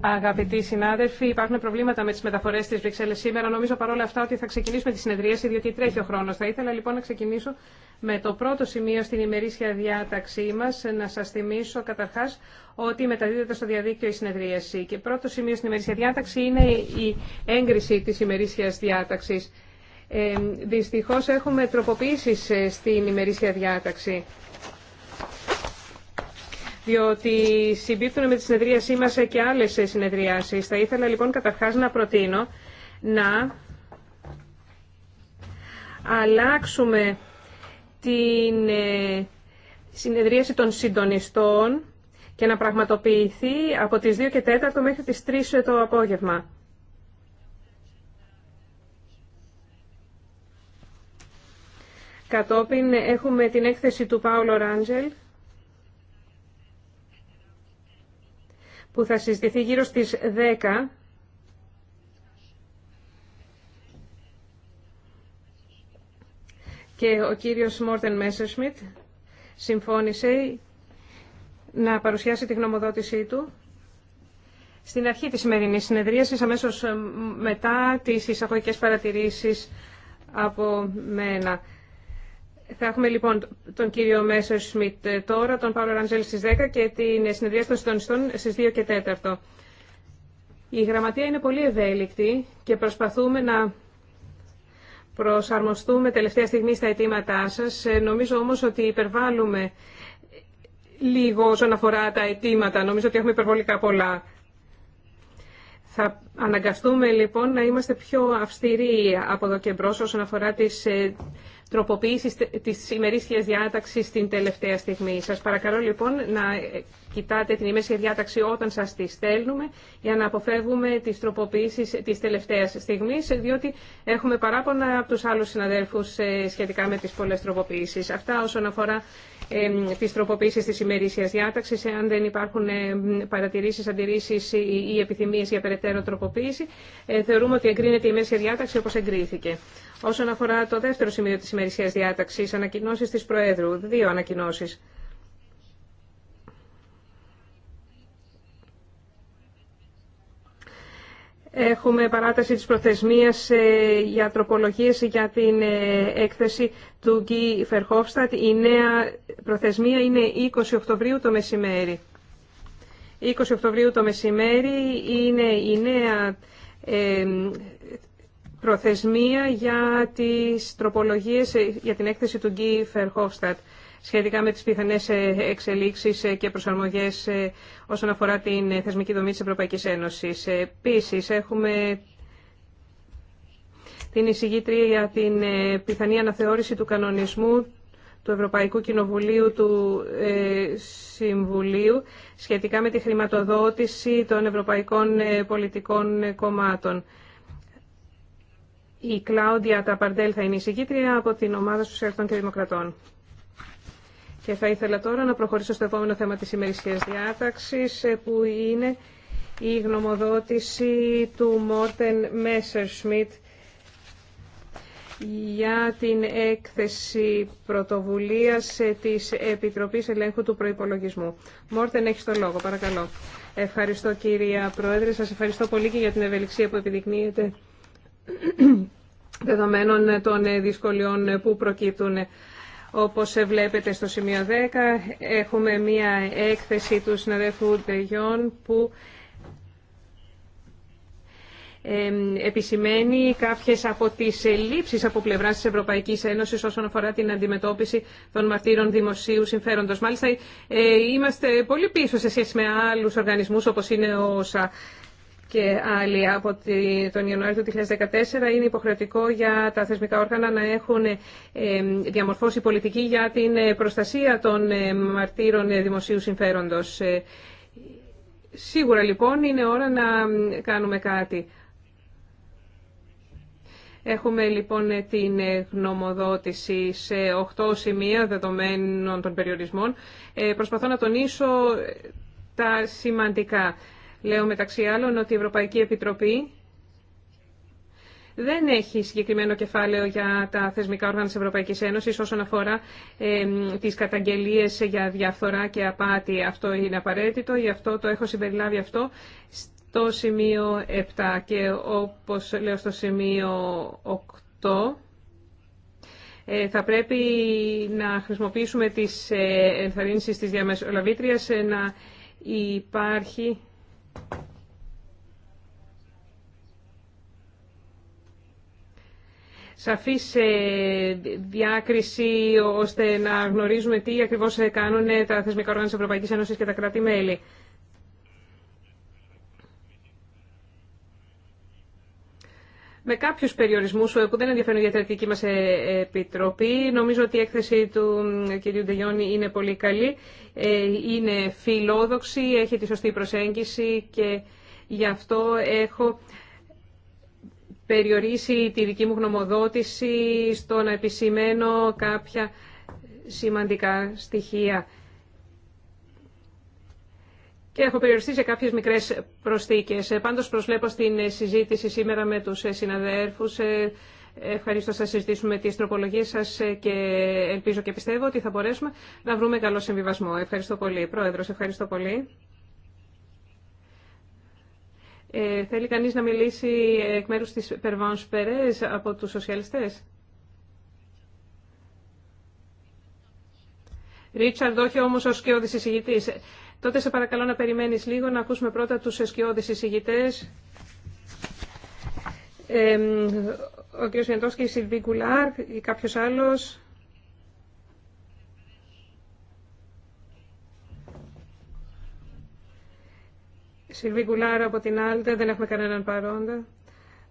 Αγαπητοί συνάδελφοι, υπάρχουν προβλήματα με τι μεταφορέ τη Βρυξέλλε σήμερα. Νομίζω παρόλα αυτά ότι θα ξεκινήσουμε τη συνεδρίαση, διότι τρέχει ο χρόνο. Θα ήθελα λοιπόν να ξεκινήσω με το πρώτο σημείο στην ημερήσια διάταξή μα. Να σα θυμίσω καταρχά ότι μεταδίδεται στο διαδίκτυο η συνεδρίαση. Και πρώτο σημείο στην ημερήσια διάταξη είναι η έγκριση τη ημερήσια διάταξη. Ε, Δυστυχώ έχουμε τροποποίησει ε, στην ημερήσια διάταξη διότι συμπίπτουν με τη συνεδρίασή μας και άλλες συνεδριάσεις. Θα ήθελα λοιπόν καταρχάς να προτείνω να αλλάξουμε την ε, συνεδρίαση των συντονιστών και να πραγματοποιηθεί από τις 2 και 4 μέχρι τις 3 το απόγευμα. Κατόπιν έχουμε την έκθεση του Πάολο Ράντζελ που θα συζητηθεί γύρω στις 10. Και ο κύριος Μόρτεν Μέσερσμιτ συμφώνησε να παρουσιάσει τη γνωμοδότησή του στην αρχή της σημερινής συνεδρίασης, αμέσως μετά τις εισαγωγικές παρατηρήσεις από μένα. Θα έχουμε λοιπόν τον κύριο Μέσο Σμιτ ε, τώρα, τον Παύλο Ραντζέλ στις 10 και την συνεδρία των συντονιστών στις 2 και 4. Η γραμματεία είναι πολύ ευέλικτη και προσπαθούμε να προσαρμοστούμε τελευταία στιγμή στα αιτήματά σας. Ε, νομίζω όμως ότι υπερβάλλουμε λίγο όσον αφορά τα αιτήματα. Νομίζω ότι έχουμε υπερβολικά πολλά. Θα αναγκαστούμε λοιπόν να είμαστε πιο αυστηροί από εδώ και μπρος όσον αφορά τις ε, τροποποίηση τη ημερήσιας διάταξη στην τελευταία στιγμή. Σα παρακαλώ λοιπόν να ε, κοιτάτε την ημερήσια διάταξη όταν σα τη στέλνουμε για να αποφεύγουμε τι τροποποίησεις τη τελευταία στιγμή, διότι έχουμε παράπονα από του άλλου συναδέλφους ε, σχετικά με τι πολλέ τροποποίησει. Αυτά όσον αφορά τις τροποποίησεις της ημερήσιας διάταξης. Εάν δεν υπάρχουν παρατηρήσεις, αντιρρήσεις ή επιθυμίες για περαιτέρω τροποποίηση, ε, θεωρούμε ότι εγκρίνεται η ημερήσια διάταξη όπως διαταξη όπω εγκριθηκε Όσον αφορά το δεύτερο σημείο της ημερησίας διάταξης, ανακοινώσεις της Προέδρου, δύο ανακοινώσεις. Έχουμε παράταση της προθεσμίας ε, για τροπολογίες για την ε, έκθεση του Γκί Φερχόφστατ. Η νέα προθεσμία είναι 20 Οκτωβρίου το μεσημέρι. 20 Οκτωβρίου το μεσημέρι είναι η νέα ε, προθεσμία για τις τροπολογίες ε, για την έκθεση του Γκί Φερχόφστατ σχετικά με τις πιθανές ε, εξελίξεις ε, και προσαρμογές όσον αφορά την θεσμική δομή της Ευρωπαϊκής Ένωσης. Επίσης, έχουμε την εισηγήτρια για την πιθανή αναθεώρηση του κανονισμού του Ευρωπαϊκού Κοινοβουλίου του Συμβουλίου σχετικά με τη χρηματοδότηση των ευρωπαϊκών πολιτικών κομμάτων. Η Κλάουντια Ταπαρντέλ θα είναι η συγκήτρια από την ομάδα Σοσιαλιστών και Δημοκρατών. Και θα ήθελα τώρα να προχωρήσω στο επόμενο θέμα της ημερησίας διάταξης, ε, που είναι η γνωμοδότηση του Μόρτεν Μέσερ Σμιτ για την έκθεση πρωτοβουλίας ε, της Επιτροπής Ελέγχου του Προϋπολογισμού. Μόρτεν, έχει το λόγο, παρακαλώ. Ευχαριστώ, κυρία Πρόεδρε. Σας ευχαριστώ πολύ και για την ευελιξία που επιδεικνύεται δεδομένων των δυσκολιών που προκύπτουν. Όπως βλέπετε στο σημείο 10, έχουμε μία έκθεση του συναδέλφου Ντεγιόν που επισημαίνει κάποιες από τις ελλείψεις από πλευράς της Ευρωπαϊκής Ένωσης όσον αφορά την αντιμετώπιση των μαρτύρων δημοσίου συμφέροντος. Μάλιστα, ε, είμαστε πολύ πίσω σε σχέση με άλλους οργανισμούς όπως είναι ο και άλλοι από τον Ιανουάριο του 2014 είναι υποχρεωτικό για τα θεσμικά όργανα να έχουν διαμορφώσει πολιτική για την ε, προστασία των ε, μαρτύρων ε, δημοσίου συμφέροντος. Σίγουρα λοιπόν είναι ώρα να κάνουμε κάτι. Έχουμε λοιπόν την γνωμοδότηση σε 8 σημεία δεδομένων των περιορισμών. Προσπαθώ να τονίσω τα σημαντικά. Λέω μεταξύ άλλων ότι η Ευρωπαϊκή Επιτροπή δεν έχει συγκεκριμένο κεφάλαιο για τα θεσμικά όργανα της Ευρωπαϊκής Ένωσης όσον αφορά ε, τις καταγγελίες για διαφθορά και απάτη. Αυτό είναι απαραίτητο, γι' αυτό το έχω συμπεριλάβει αυτό στο σημείο 7 και όπως λέω στο σημείο 8 ε, θα πρέπει να χρησιμοποιήσουμε τις ε, ενθαρρύνσεις της διαμεσολαβήτριας ε, να υπάρχει σαφής ε, διάκριση ώστε να γνωρίζουμε τι ακριβώς ε, κάνουν ε, τα θεσμικά όργανα της Ευρωπαϊκής Ένωσης και τα κράτη-μέλη. με κάποιου περιορισμού ε, που δεν ενδιαφέρουν για την μας ε, επιτροπή. Νομίζω ότι η έκθεση του κ. Ντελιών είναι πολύ καλή, ε, είναι φιλόδοξη, έχει τη σωστή προσέγγιση και γι' αυτό έχω περιορίσει τη δική μου γνωμοδότηση στο να επισημαίνω κάποια σημαντικά στοιχεία και έχω περιοριστεί σε κάποιες μικρές προσθήκες. Ε, πάντως προσβλέπω στην συζήτηση σήμερα με τους ε, συναδέρφους. Ε, ευχαριστώ σας συζητήσουμε τις τροπολογίες σας και ελπίζω και πιστεύω ότι θα μπορέσουμε να βρούμε καλό συμβιβασμό. Ευχαριστώ πολύ. Πρόεδρος, ευχαριστώ πολύ. Ε, θέλει κανείς να μιλήσει εκ μέρους της Περβάνς Περές από τους σοσιαλιστές. Ρίτσαρντ, όχι όμως ως και ο Τότε σε παρακαλώ να περιμένεις λίγο να ακούσουμε πρώτα τους εσκιώδεις εισηγητές. Ε, ο κ. Ιαντός και η Σιλβί Κουλάρ ή κάποιος άλλος. Σιλβί Κουλάρ από την Άλτε, δεν έχουμε κανέναν παρόντα.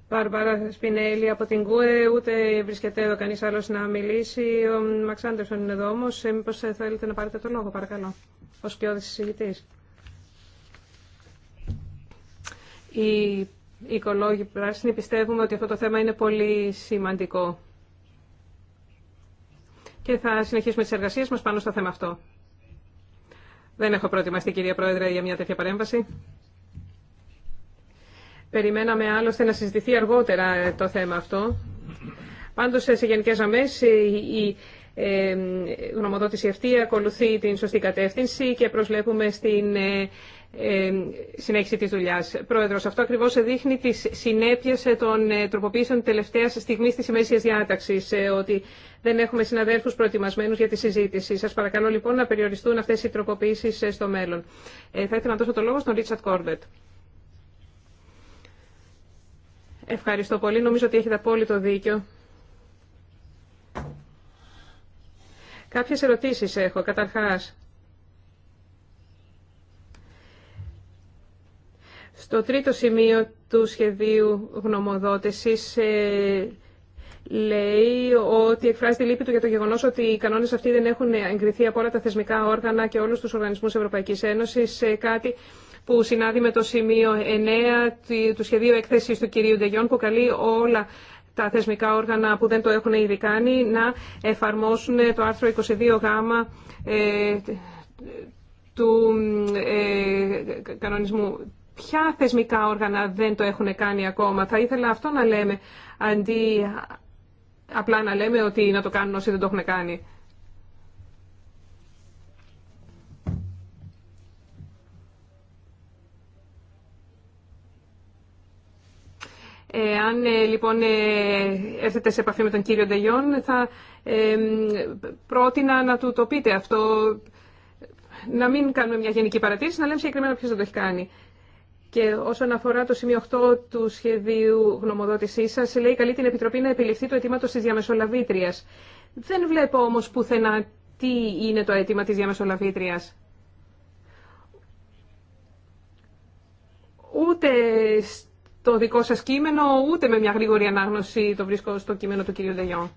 Μπάρμπαρα Σπινέλη από την ΚΟΕ, ούτε βρίσκεται εδώ κανείς άλλος να μιλήσει. Ο Μαξάντερσον είναι εδώ όμως. Ε, μήπως θέλετε να πάρετε το λόγο, παρακαλώ ως κοιόδης εισηγητής. Οι οικολόγοι πράσινοι πιστεύουμε ότι αυτό το θέμα είναι πολύ σημαντικό. Και θα συνεχίσουμε τις εργασίες μας πάνω στο θέμα αυτό. Δεν έχω προετοιμαστεί, κυρία Πρόεδρε, για μια τέτοια παρέμβαση. Περιμέναμε άλλωστε να συζητηθεί αργότερα το θέμα αυτό. Πάντως, σε γενικές η, η ε, γνωμοδότηση αυτή ακολουθεί την σωστή κατεύθυνση και προσβλέπουμε στην ε, ε, συνέχιση της δουλειάς. Πρόεδρος, αυτό ακριβώς δείχνει τις συνέπειες των τροποποίησεων τελευταίας στιγμής της ημέρησιας διάταξης, ότι δεν έχουμε συναδέλφους προετοιμασμένους για τη συζήτηση. Σας παρακαλώ λοιπόν να περιοριστούν αυτές οι τροποποίησεις στο μέλλον. θα ήθελα να δώσω το λόγο στον Ρίτσαρτ Κόρμπετ. Ευχαριστώ πολύ. Νομίζω ότι έχετε απόλυτο δίκιο. Κάποιες ερωτήσεις έχω. Καταρχάς, στο τρίτο σημείο του σχεδίου γνωμοδότησης ε, λέει ότι εκφράζει τη λύπη του για το γεγονός ότι οι κανόνες αυτοί δεν έχουν εγκριθεί από όλα τα θεσμικά όργανα και όλους τους οργανισμούς Ευρωπαϊκής Ένωσης, κάτι που συνάδει με το σημείο 9 του σχεδίου έκθεσης του κυρίου Ντεγιόν που καλεί όλα τα θεσμικά όργανα που δεν το έχουν ήδη κάνει να εφαρμόσουν το άρθρο 22 γάμα ε, του ε, κανονισμού. Ποια θεσμικά όργανα δεν το έχουν κάνει ακόμα. Θα ήθελα αυτό να λέμε αντί απλά να λέμε ότι να το κάνουν όσοι δεν το έχουν κάνει. Αν ε, λοιπόν ε, έρθετε σε επαφή με τον κύριο Ντεγιόν, θα ε, πρότεινα να του το πείτε αυτό, να μην κάνουμε μια γενική παρατήρηση, να λέμε συγκεκριμένα ποιο δεν το έχει κάνει. Και όσον αφορά το σημείο 8 του σχεδίου γνωμοδότησή σα, λέει καλή την Επιτροπή να επιληφθεί το αιτήματο τη διαμεσολαβήτρια. Δεν βλέπω όμω πουθενά τι είναι το αίτημα τη διαμεσολαβήτρια. Ούτε το δικό σας κείμενο, ούτε με μια γρήγορη ανάγνωση το βρίσκω στο κείμενο του κύριου Ντεγιόν.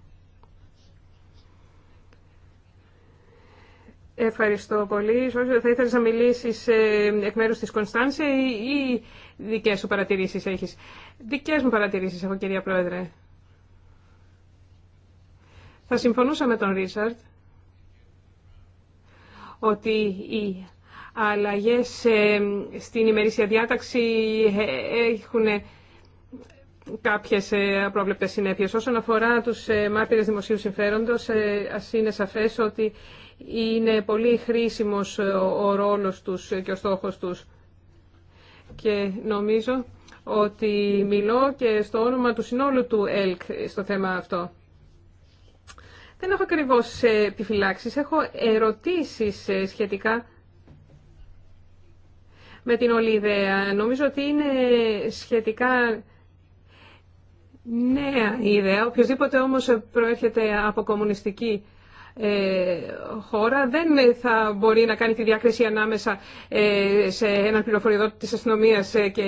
Ευχαριστώ πολύ. Θα ήθελες να μιλήσεις ε, εκ μέρους της Κωνσταντσε ή δικές σου παρατηρήσεις έχεις. Δικές μου παρατηρήσεις έχω, κυρία Πρόεδρε. Θα συμφωνούσα με τον Ρίσαρτ ότι η αλλαγές στην ημερήσια διάταξη ε, έχουν κάποιες ε, απρόβλεπτες συνέπειες. Όσον αφορά τους ε, μάρτυρες δημοσίου συμφέροντος, ας είναι σαφές ότι είναι πολύ χρήσιμος ο ρόλος τους και ο στόχος τους. Και νομίζω ότι μιλώ και στο όνομα του συνόλου του ΕΛΚ στο θέμα αυτό. Δεν έχω ακριβώ επιφυλάξει. Έχω ερωτήσεις σχετικά με την όλη ιδέα. Νομίζω ότι είναι σχετικά νέα η ιδέα. Οποιοςδήποτε όμως προέρχεται από κομμουνιστική ε, χώρα δεν θα μπορεί να κάνει τη διάκριση ανάμεσα ε, σε έναν πληροφοριοδότη της αστυνομίας ε, και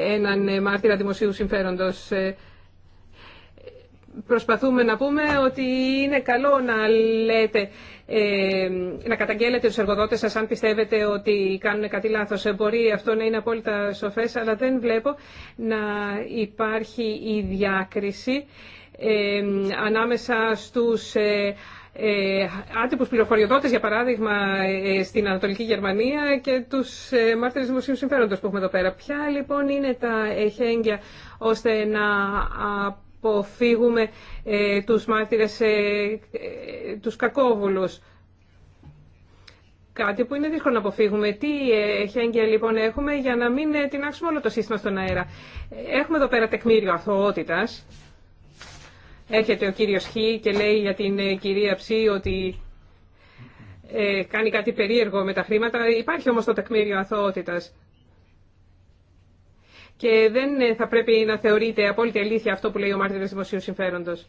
έναν μάρτυρα δημοσίου συμφέροντος. Προσπαθούμε να πούμε ότι είναι καλό να λέτε ε, να καταγγέλλετε τους εργοδότες σας αν πιστεύετε ότι κάνουν κάτι λάθος. Ε, μπορεί αυτό να είναι απόλυτα σοφές, αλλά δεν βλέπω να υπάρχει η διάκριση ε, ανάμεσα στους ε, άτυπους πληροφοριοδότες, για παράδειγμα, στην Ανατολική Γερμανία και τους ε, μάρτυρες δημοσίου συμφέροντος που έχουμε εδώ πέρα. Ποια λοιπόν είναι τα εχέγγυα ώστε να αποφύγουμε ε, τους μάρτυρες, ε, ε, τους κακόβουλους. Κάτι που είναι δύσκολο να αποφύγουμε. Τι χέγγια λοιπόν έχουμε για να μην τεινάξουμε όλο το σύστημα στον αέρα. Έχουμε εδώ πέρα τεκμήριο αθωότητας. Έρχεται ο κύριος Χ και λέει για την κυρία Ψ ότι κάνει κάτι περίεργο με τα χρήματα. Υπάρχει όμως το τεκμήριο αθωότητας και δεν ε, θα πρέπει να θεωρείται απόλυτη αλήθεια αυτό που λέει ο μάρτυρας δημοσίου συμφέροντος.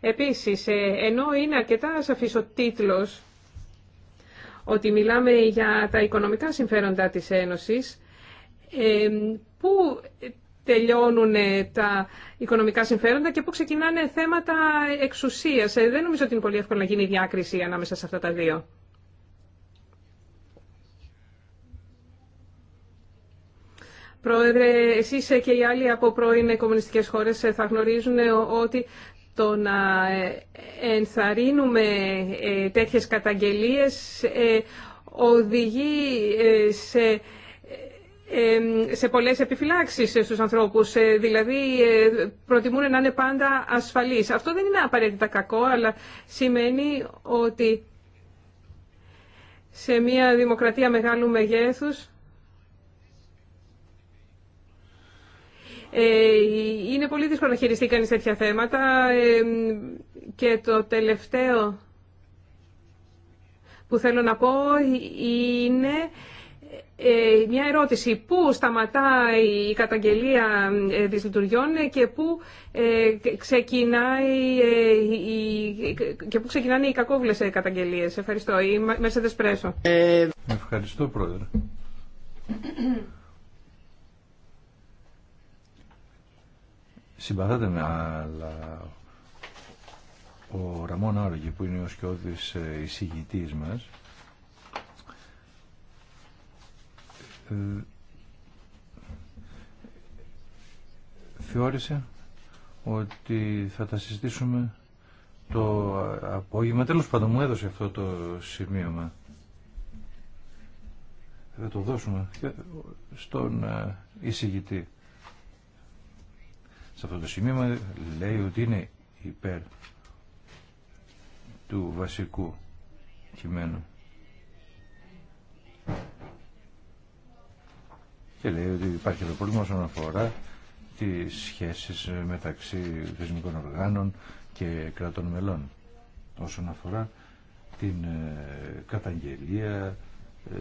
Επίσης, ε, ενώ είναι αρκετά σαφής ο τίτλος ότι μιλάμε για τα οικονομικά συμφέροντα της Ένωσης, ε, πού τελειώνουν τα οικονομικά συμφέροντα και πού ξεκινάνε θέματα εξουσίας. Δεν νομίζω ότι είναι πολύ εύκολο να γίνει διάκριση ανάμεσα σε αυτά τα δύο. Πρόεδρε, εσεί και οι άλλοι από πρώην κομμουνιστικέ χώρες θα γνωρίζουν ότι το να ενθαρρύνουμε ε, τέτοιε καταγγελίε ε, οδηγεί ε, σε σε πολλές επιφυλάξεις στους ανθρώπους, δηλαδή προτιμούν να είναι πάντα ασφαλείς. Αυτό δεν είναι απαραίτητα κακό, αλλά σημαίνει ότι σε μια δημοκρατία μεγάλου μεγέθους Ε, είναι πολύ δύσκολο να χειριστεί κανείς τέτοια θέματα ε, και το τελευταίο που θέλω να πω είναι ε, μια ερώτηση. Πού σταματάει η καταγγελία δυσλειτουργιών και πού ξεκινάει και πού ξεκινάνε οι κακόβουλες καταγγελίες. Ευχαριστώ. Η Mercedes Ευχαριστώ, Πρόεδρε. συμπαθάτε με, αλλά ο Ραμόν αργη που είναι ο σκιώδης ε, εισηγητής μας ε, θεώρησε ότι θα τα συζητήσουμε το απόγευμα. Τέλος πάντων μου έδωσε αυτό το σημείωμα. Θα το δώσουμε στον ε, εισηγητή σε αυτό το σημείο λέει ότι είναι υπέρ του βασικού κειμένου. Και λέει ότι υπάρχει το πρόβλημα όσον αφορά τις σχέσεις μεταξύ θεσμικών οργάνων και κρατών μελών. Όσον αφορά την ε, καταγγελία ε,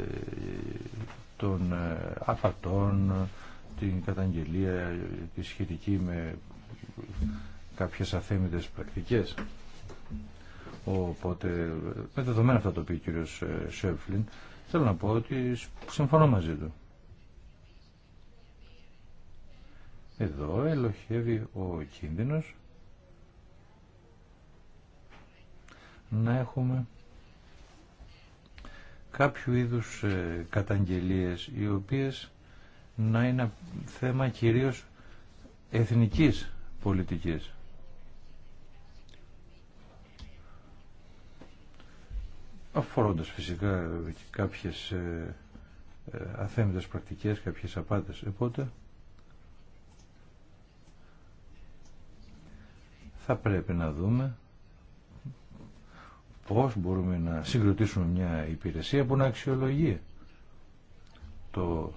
των ε, απατών, την καταγγελία τη σχετική με κάποιες αθέμητες πρακτικές. Οπότε, με δεδομένα αυτά το πει ο κύριος ε, Σέφλιν, θέλω να πω ότι συμφωνώ μαζί του. Εδώ ελοχεύει ο κίνδυνος να έχουμε κάποιου είδους ε, καταγγελίες οι οποίες να είναι θέμα κυρίως εθνικής πολιτικής. Αφορώντας φυσικά κάποιες ε, ε, αθέμητες πρακτικές, κάποιες απάτες. Επότε θα πρέπει να δούμε πώς μπορούμε να συγκροτήσουμε μια υπηρεσία που να αξιολογεί το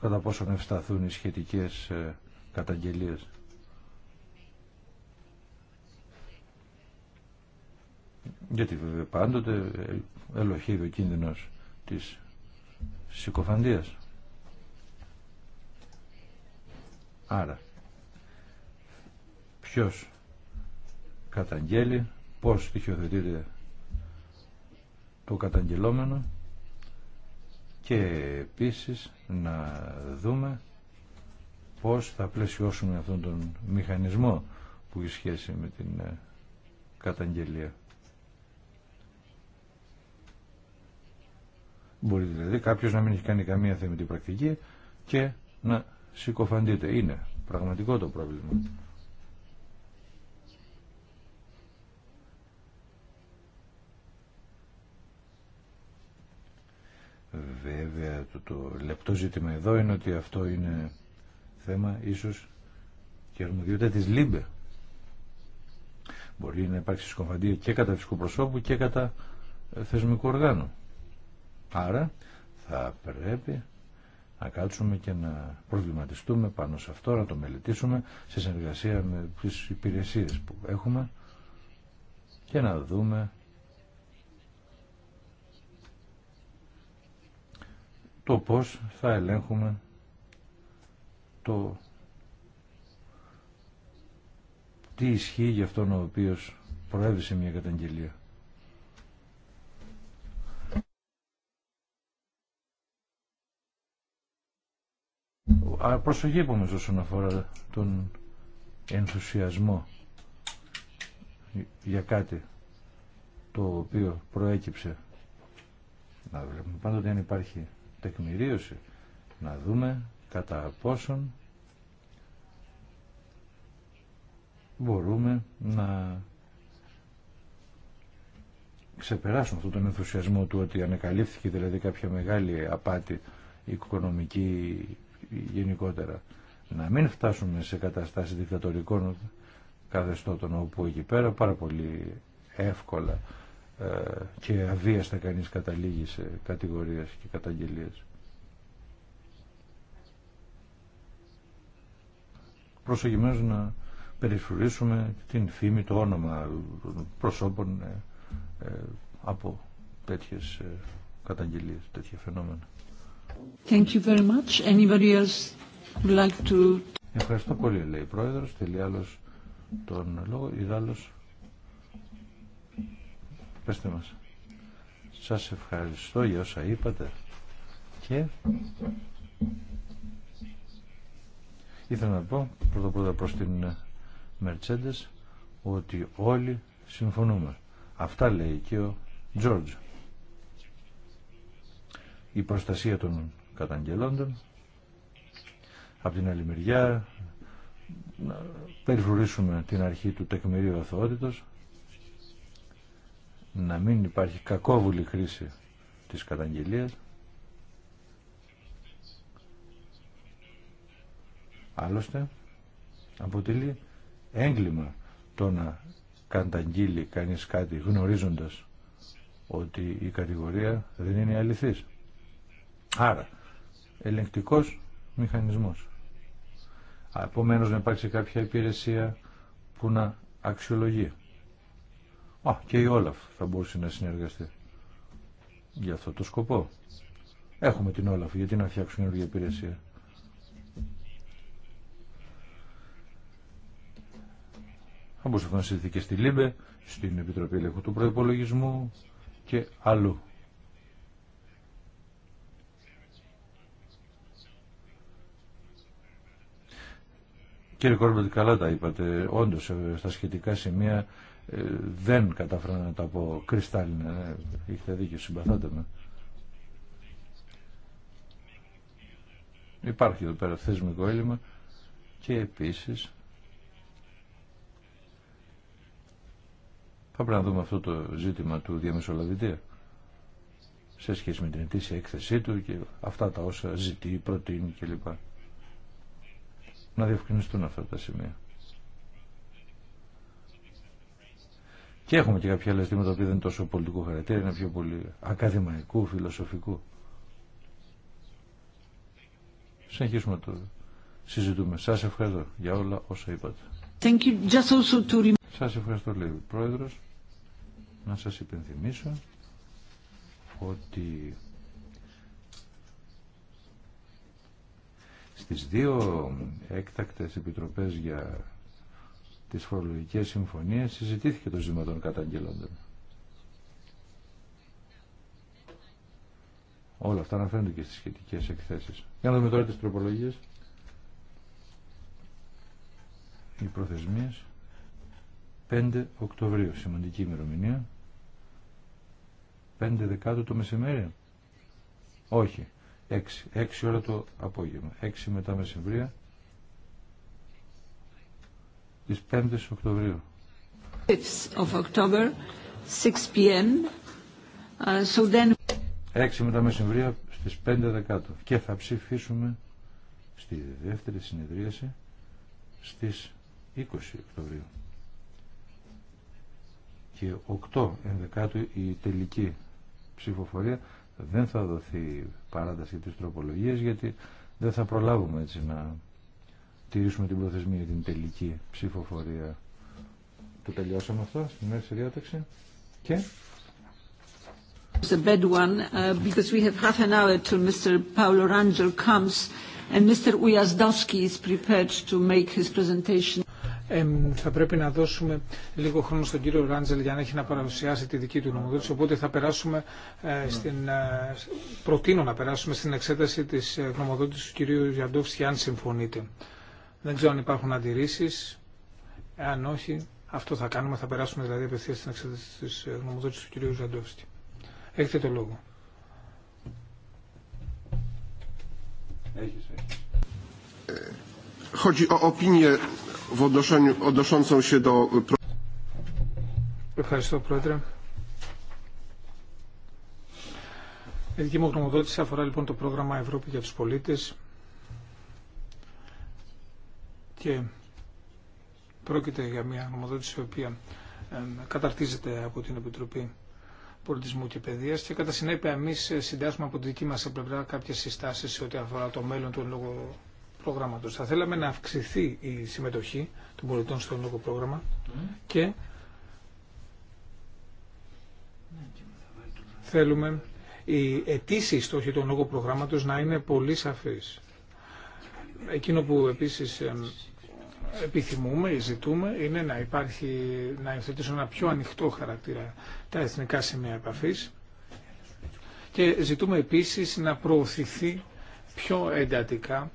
κατά πόσο ευσταθούν οι σχετικές ε, καταγγελίες. Γιατί βέβαια πάντοτε ελοχεύει ο κίνδυνος της συκοφαντίας. Άρα, ποιος καταγγέλει, πώς στοιχειοθετείται το καταγγελόμενο και επίσης να δούμε πώς θα πλαισιώσουμε αυτόν τον μηχανισμό που έχει σχέση με την ε, καταγγελία. Μπορεί δηλαδή κάποιος να μην έχει κάνει καμία θεμετή πρακτική και να συκοφαντείται. Είναι πραγματικό το πρόβλημα. Βέβαια το, το λεπτό ζήτημα εδώ είναι ότι αυτό είναι θέμα ίσως και αρμοδιότητα της ΛΥΜΠΕ. Μπορεί να υπάρξει συσκομφαντία και κατά φυσικού προσώπου και κατά ε, θεσμικού οργάνου. Άρα θα πρέπει να κάτσουμε και να προβληματιστούμε πάνω σε αυτό, να το μελετήσουμε σε συνεργασία με τις υπηρεσίες που έχουμε και να δούμε το πώς θα ελέγχουμε το τι ισχύει για αυτόν ο οποίος προέβησε μια καταγγελία. Προσοχή επομένως όσον αφορά τον ενθουσιασμό για κάτι το οποίο προέκυψε. Να βλέπουμε πάντοτε αν υπάρχει τεκμηρίωση. Να δούμε κατά πόσον μπορούμε να ξεπεράσουμε αυτόν τον ενθουσιασμό του ότι ανακαλύφθηκε δηλαδή κάποια μεγάλη απάτη οικονομική γενικότερα. Να μην φτάσουμε σε καταστάσεις δικτατορικών καθεστώτων όπου εκεί πέρα πάρα πολύ εύκολα ε, και αβίαστα κανείς καταλήγει σε κατηγορίες και καταγγελίες. Προσεγγιμένως να περιφρουρήσουμε την φήμη, το όνομα προσώπων ε, ε, από τέτοιες καταγγελίες, τέτοια φαινόμενα. Thank you very much. Anybody else would like to... Ευχαριστώ πολύ, λέει η Πρόεδρος. άλλος τον λόγο. ή Ιδάλλως Πεςτε μας. Σας ευχαριστώ για όσα είπατε και ήθελα να πω πρώτα πρώτα προς την Mercedes ότι όλοι συμφωνούμε. Αυτά λέει και ο Τζόρτζ. Η προστασία των καταγγελόντων από την άλλη μεριά να περιφρουρήσουμε την αρχή του τεκμηρίου αθωότητος να μην υπάρχει κακόβουλη χρήση της καταγγελίας άλλωστε αποτελεί έγκλημα το να καταγγείλει κανείς κάτι γνωρίζοντας ότι η κατηγορία δεν είναι αληθής. Άρα, ελεγκτικός μηχανισμός. Επομένως να υπάρξει κάποια υπηρεσία που να αξιολογεί Α, και η Όλαφ θα μπορούσε να συνεργαστεί για αυτό το σκοπό. Έχουμε την Όλαφ, γιατί να φτιάξουμε καινούργια υπηρεσία. Θα μπορούσε αυτό να συζητηθεί και στη ΛΥΜΠΕ, στην Επιτροπή Ελέγχου του Προπολογισμού και αλλού. Κύριε Κόρμπετ, καλά τα είπατε. Όντω, ε, στα σχετικά σημεία ε, δεν κατάφερα να τα πω κρυστάλλινα. Ε, έχετε δίκιο, συμπαθάτε με. Υπάρχει εδώ πέρα θεσμικό έλλειμμα και επίσης θα πρέπει να δούμε αυτό το ζήτημα του διαμεσολαβητή σε σχέση με την ετήσια έκθεσή του και αυτά τα όσα ζητεί, προτείνει κλπ. Να διευκρινιστούν αυτά τα σημεία. Και έχουμε και κάποια άλλα ζητήματα που δεν είναι τόσο πολιτικού χαρακτήρα, είναι πιο πολύ ακαδημαϊκού, φιλοσοφικού. Συνεχίσουμε το συζητούμε. Σας ευχαριστώ για όλα όσα είπατε. Thank Σας ευχαριστώ λέει ο Πρόεδρος. Να σας υπενθυμίσω ότι στις δύο έκτακτες επιτροπές για τις φορολογικές συμφωνίες συζητήθηκε το ζήτημα των καταγγελόντων. Όλα αυτά αναφέρονται και στις σχετικές εκθέσεις. Για να δούμε τώρα τις τροπολογίες. Οι προθεσμίες 5 Οκτωβρίου, σημαντική ημερομηνία. 5 Δεκάτου το μεσημέρι. Όχι. 6. 6 ώρα το απόγευμα. 6 μετά μεσημβρία της 5ης Οκτωβρίου. of 6 p.m. Uh, μεσημβρία στις 5 Δεκάτου και θα ψηφίσουμε στη δεύτερη συνεδρίαση στις 20 Οκτωβρίου και 8 ενδεκάτου η τελική ψηφοφορία δεν θα δοθεί παράταση της τροπολογίας γιατί δεν θα προλάβουμε έτσι να τηρήσουμε την προθεσμία την τελική ψηφοφορία. Το τελειώσαμε αυτό στην μέση διάταξη. Και... It's a bad one uh, because we have half an hour till Mr. Paolo Rangel comes and Mr. Ujazdowski is prepared to make his presentation. Ε, θα πρέπει να δώσουμε λίγο χρόνο στον κύριο Ράντζελ για να έχει να παρουσιάσει τη δική του νομοδότηση. Οπότε θα περάσουμε ε, στην. Ε, προτείνω να περάσουμε στην εξέταση της ε, του κυρίου Γιαντόφσκι, αν συμφωνείτε. Δεν ξέρω αν υπάρχουν αντιρρήσει, Εάν όχι, αυτό θα κάνουμε. Θα περάσουμε δηλαδή απευθεία στην εξέταση τη ε, γνωμοδότησης του κ. Ζαντόφσκι. Έχετε το λόγο. Έχεις, ε, Ευχαριστώ, Πρόεδρε. Η δική μου γνωμοδότηση αφορά λοιπόν το πρόγραμμα Ευρώπη για τους πολίτες και πρόκειται για μια γνωμοδότηση η οποία ε, καταρτίζεται από την Επιτροπή Πολιτισμού και Παιδεία και κατά συνέπεια εμεί συντάσσουμε από τη δική μα πλευρά κάποιε συστάσει σε ό,τι αφορά το μέλλον του λόγου προγράμματο. Θα θέλαμε να αυξηθεί η συμμετοχή των πολιτών στο λόγο πρόγραμμα και θέλουμε οι αιτήσει στόχοι του λόγω προγράμματος να είναι πολύ σαφείς. Εκείνο που επίσης ε, επιθυμούμε, ζητούμε, είναι να υπάρχει, να υιοθετήσουν ένα πιο ανοιχτό χαρακτήρα τα εθνικά σημεία επαφής και ζητούμε επίσης να προωθηθεί πιο εντατικά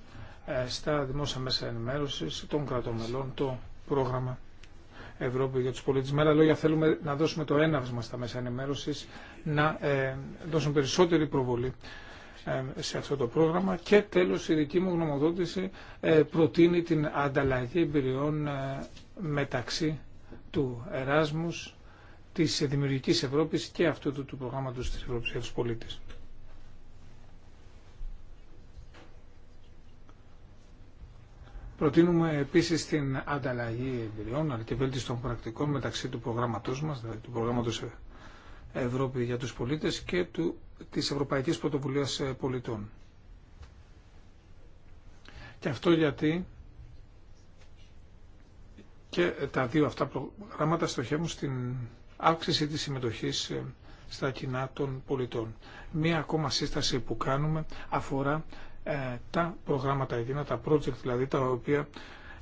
ε, στα δημόσια μέσα ενημέρωσης των κρατομελών το πρόγραμμα Ευρώπη για τους πολίτες. Με άλλα λόγια θέλουμε να δώσουμε το έναυσμα στα μέσα ενημέρωσης να ε, δώσουν περισσότερη προβολή ε, σε αυτό το πρόγραμμα και τέλος η δική μου γνωμοδότηση ε, προτείνει την ανταλλαγή εμπειριών ε, μεταξύ του Εράσμους, της Δημιουργικής Ευρώπης και αυτού του, του προγράμματος της Ευρώπης για τους Προτείνουμε επίση την ανταλλαγή εμπειριών αλλά και βέλτιση των πρακτικών μεταξύ του προγράμματος μας, δηλαδή του προγράμματο Ευρώπη για τους πολίτες και του, της Ευρωπαϊκής Πρωτοβουλίας ε, Πολιτών. Και αυτό γιατί και τα δύο αυτά προγράμματα στοχεύουν στην αύξηση της συμμετοχής ε, στα κοινά των πολιτών. Μία ακόμα σύσταση που κάνουμε αφορά ε, τα προγράμματα εκείνα, τα project δηλαδή, τα οποία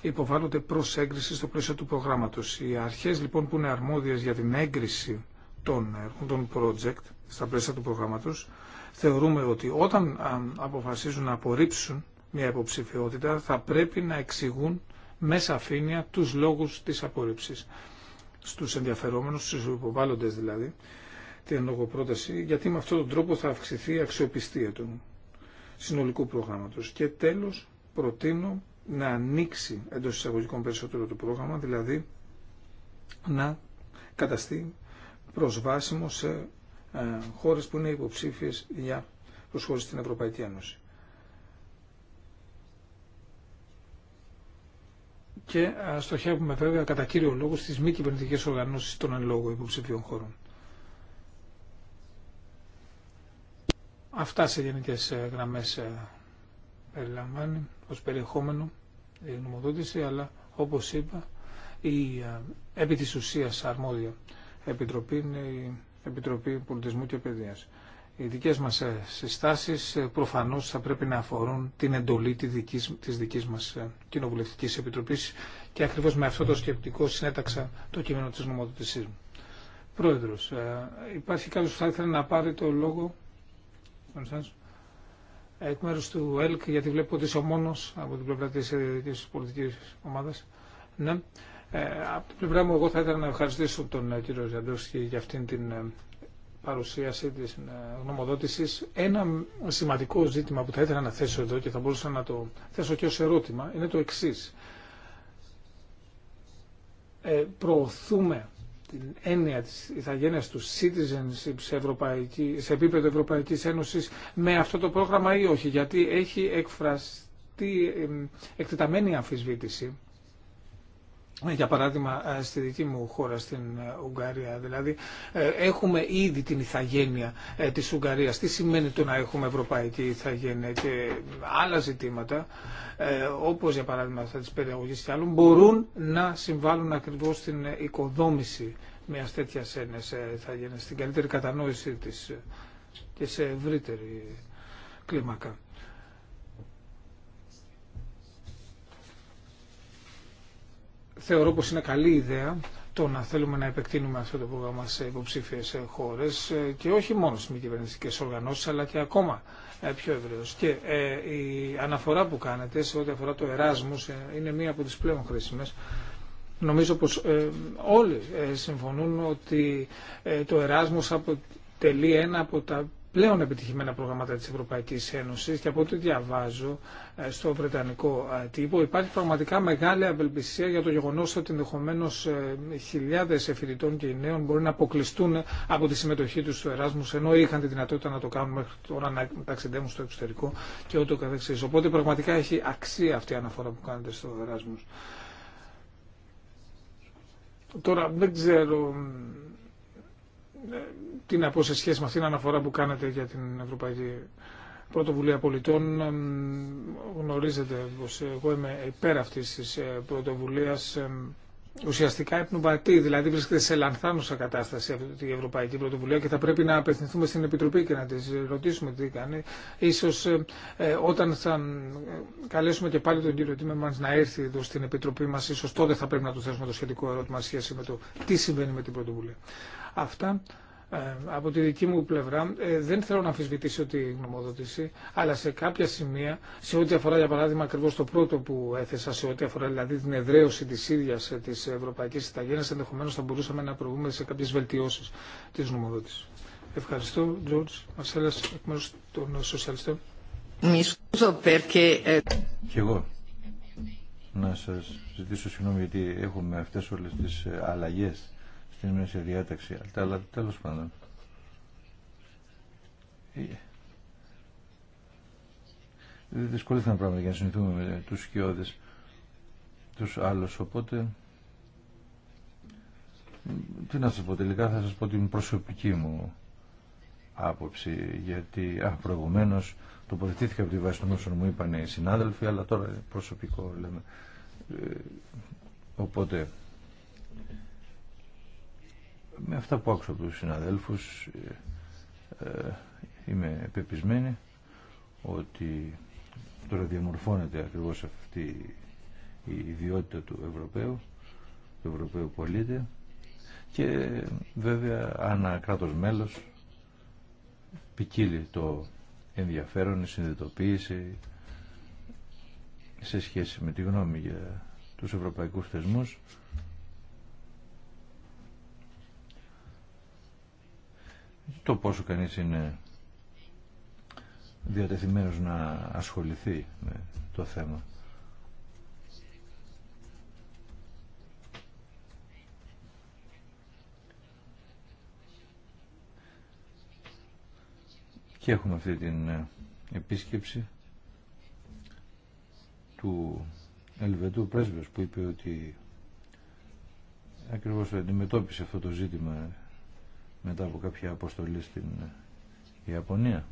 υποβάλλονται προς έγκριση στο πλαίσιο του προγράμματος. Οι αρχές λοιπόν που είναι αρμόδιες για την έγκριση των ε, project, στα πλαίσια του προγράμματος, θεωρούμε ότι όταν ε, αποφασίζουν να απορρίψουν μια υποψηφιότητα θα πρέπει να εξηγούν με σαφήνεια τους λόγους της απορρίψης στους ενδιαφερόμενους, στους υποβάλλοντες δηλαδή, την λογοπρόταση, γιατί με αυτόν τον τρόπο θα αυξηθεί η αξιοπιστία του συνολικού προγράμματος. Και τέλος, προτείνω να ανοίξει εντός εισαγωγικών περισσότερο το πρόγραμμα, δηλαδή να καταστεί προσβάσιμο σε ε, χώρες που είναι υποψήφιες για προσχώρηση στην Ευρωπαϊκή Ένωση. Και ε, στοχεύουμε βέβαια κατά κύριο λόγο στις μη κυβερνητικές οργανώσεις των εν λόγω υποψηφίων χωρών. Αυτά σε γενικές ε, γραμμές περιλαμβάνει ως περιεχόμενο η νομοδότηση, αλλά όπως είπα η επί της ουσίας αρμόδια Επιτροπή είναι η Επιτροπή Πολιτισμού και Παιδείας. Οι δικές μας ε, συστάσεις ε, προφανώς θα πρέπει να αφορούν την εντολή της δικής, της δικής μας ε, Κοινοβουλευτικής Επιτροπής και ακριβώς με αυτό το σκεπτικό συνέταξα το κείμενο της νομοδοτησής μου. Πρόεδρος, υπάρχει κάποιος που θα ήθελε να πάρει το λόγο εκ μέρους του ΕΛΚ, γιατί βλέπω ότι είσαι ο μόνος από την πλευρά της πολιτικής ομάδας. Ναι. Ε, από την πλευρά μου, εγώ θα ήθελα να ευχαριστήσω τον ε, κύριο Ζαντόφσκι για αυτήν την ε, παρουσίαση της γνωμοδότηση. Ένα σημαντικό ζήτημα που θα ήθελα να θέσω εδώ και θα μπορούσα να το θέσω και ω ερώτημα είναι το εξή. Ε, προωθούμε την έννοια της ηθαγένειας του citizenship σε, ευρωπαϊκή, σε επίπεδο Ευρωπαϊκής Ένωσης με αυτό το πρόγραμμα ή όχι, γιατί έχει εκφραστεί εκτεταμένη αμφισβήτηση ε, για παράδειγμα ε, στη δική μου χώρα στην ε, Ουγγαρία δηλαδή έχουμε ήδη την ηθαγένεια της Ουγγαρίας τι σημαίνει το να έχουμε ευρωπαϊκή ηθαγένεια και άλλα ζητήματα όπως για παράδειγμα αυτά της περιαγωγής και άλλων μπορούν να συμβάλλουν ακριβώς στην οικοδόμηση μιας τέτοιας έννοιας ηθαγένεια, στην καλύτερη κατανόησή της και σε ευρύτερη κλίμακα. θεωρώ πως είναι καλή ιδέα το να θέλουμε να επεκτείνουμε αυτό το πρόγραμμα σε υποψήφιε χώρε ε, και όχι μόνο στι μη κυβερνητικέ οργανώσει, αλλά και ακόμα ε, πιο ευρέω. Και ε, η αναφορά που κάνετε σε ό,τι αφορά το Εράσμου είναι μία από τι πλέον χρήσιμε. Νομίζω πως όλοι συμφωνούν ότι το Εράσμος αποτελεί ένα από τα πλέον επιτυχημένα προγράμματα της Ευρωπαϊκής Ένωσης και από ό,τι διαβάζω ε, στο Βρετανικό ε, τύπο υπάρχει πραγματικά μεγάλη απελπισία για το γεγονός ότι ενδεχομένω ε, χιλιάδες εφηρητών και νέων μπορεί να αποκλειστούν από τη συμμετοχή τους στο Εράσμους ενώ είχαν τη δυνατότητα να το κάνουν μέχρι τώρα να ταξιδεύουν στο εξωτερικό και ούτω καθεξής. Οπότε πραγματικά έχει αξία αυτή η αναφορά που κάνετε στο Εράσμους. Τώρα δεν ξέρω την να πω σε σχέση με αυτήν την αναφορά που κάνατε για την Ευρωπαϊκή Πρωτοβουλία Πολιτών. Γνωρίζετε πως εγώ είμαι υπέρ αυτής της ε, πρωτοβουλίας ουσιαστικά υπνοβατή, δηλαδή βρίσκεται σε λανθάνουσα κατάσταση αυτή η Ευρωπαϊκή Πρωτοβουλία και θα πρέπει να απευθυνθούμε στην Επιτροπή και να τη ρωτήσουμε τι κάνει. Ίσως ε, ε, όταν θα καλέσουμε και πάλι τον κύριο Τίμερμαν να έρθει εδώ στην Επιτροπή μα, ίσως τότε θα πρέπει να του θέσουμε το σχετικό ερώτημα σχέση με το τι συμβαίνει με την Πρωτοβουλία. Αυτά ε, από τη δική μου πλευρά ε, δεν θέλω να αμφισβητήσω τη γνωμοδότηση, αλλά σε κάποια σημεία, σε ό,τι αφορά για παράδειγμα ακριβώ το πρώτο που έθεσα, σε ό,τι αφορά δηλαδή την εδραίωση τη ίδια ε, τη Ευρωπαϊκή Ιταγένεια, ενδεχομένω θα μπορούσαμε να προβούμε σε κάποιε βελτιώσει τη γνωμοδότηση. Ευχαριστώ, Τζορτζ Μαρσέλα, εκ μέρου των Σοσιαλιστών. Και εγώ να σας ζητήσω συγγνώμη γιατί έχουμε αυτές όλε τι αλλαγέ στην μέση διάταξη. Αλλά τέλος πάντων. Ε, δυσκολήθηκαν πράγματα για να συνηθούμε με τους σκιώδες τους άλλους. Οπότε, τι να σας πω τελικά, θα σας πω την προσωπική μου άποψη, γιατί α, προηγουμένως τοποθετήθηκα από τη βάση των όσων μου είπαν οι συνάδελφοι, αλλά τώρα προσωπικό λέμε. Ε, οπότε, με αυτά που άκουσα από τους συναδέλφους ε, ε, είμαι πεπισμένη ότι τώρα διαμορφώνεται ακριβώς αυτή η ιδιότητα του Ευρωπαίου του Ευρωπαίου πολίτη και βέβαια ανά κράτος μέλος ποικίλει το ενδιαφέρον, η συνειδητοποίηση σε σχέση με τη γνώμη για τους ευρωπαϊκούς θεσμούς το πόσο κανείς είναι διατεθειμένος να ασχοληθεί με το θέμα. Και έχουμε αυτή την επίσκεψη του Ελβετού πρέσβεως που είπε ότι ακριβώς αντιμετώπισε αυτό το ζήτημα μετά από κάποια αποστολή στην Ιαπωνία.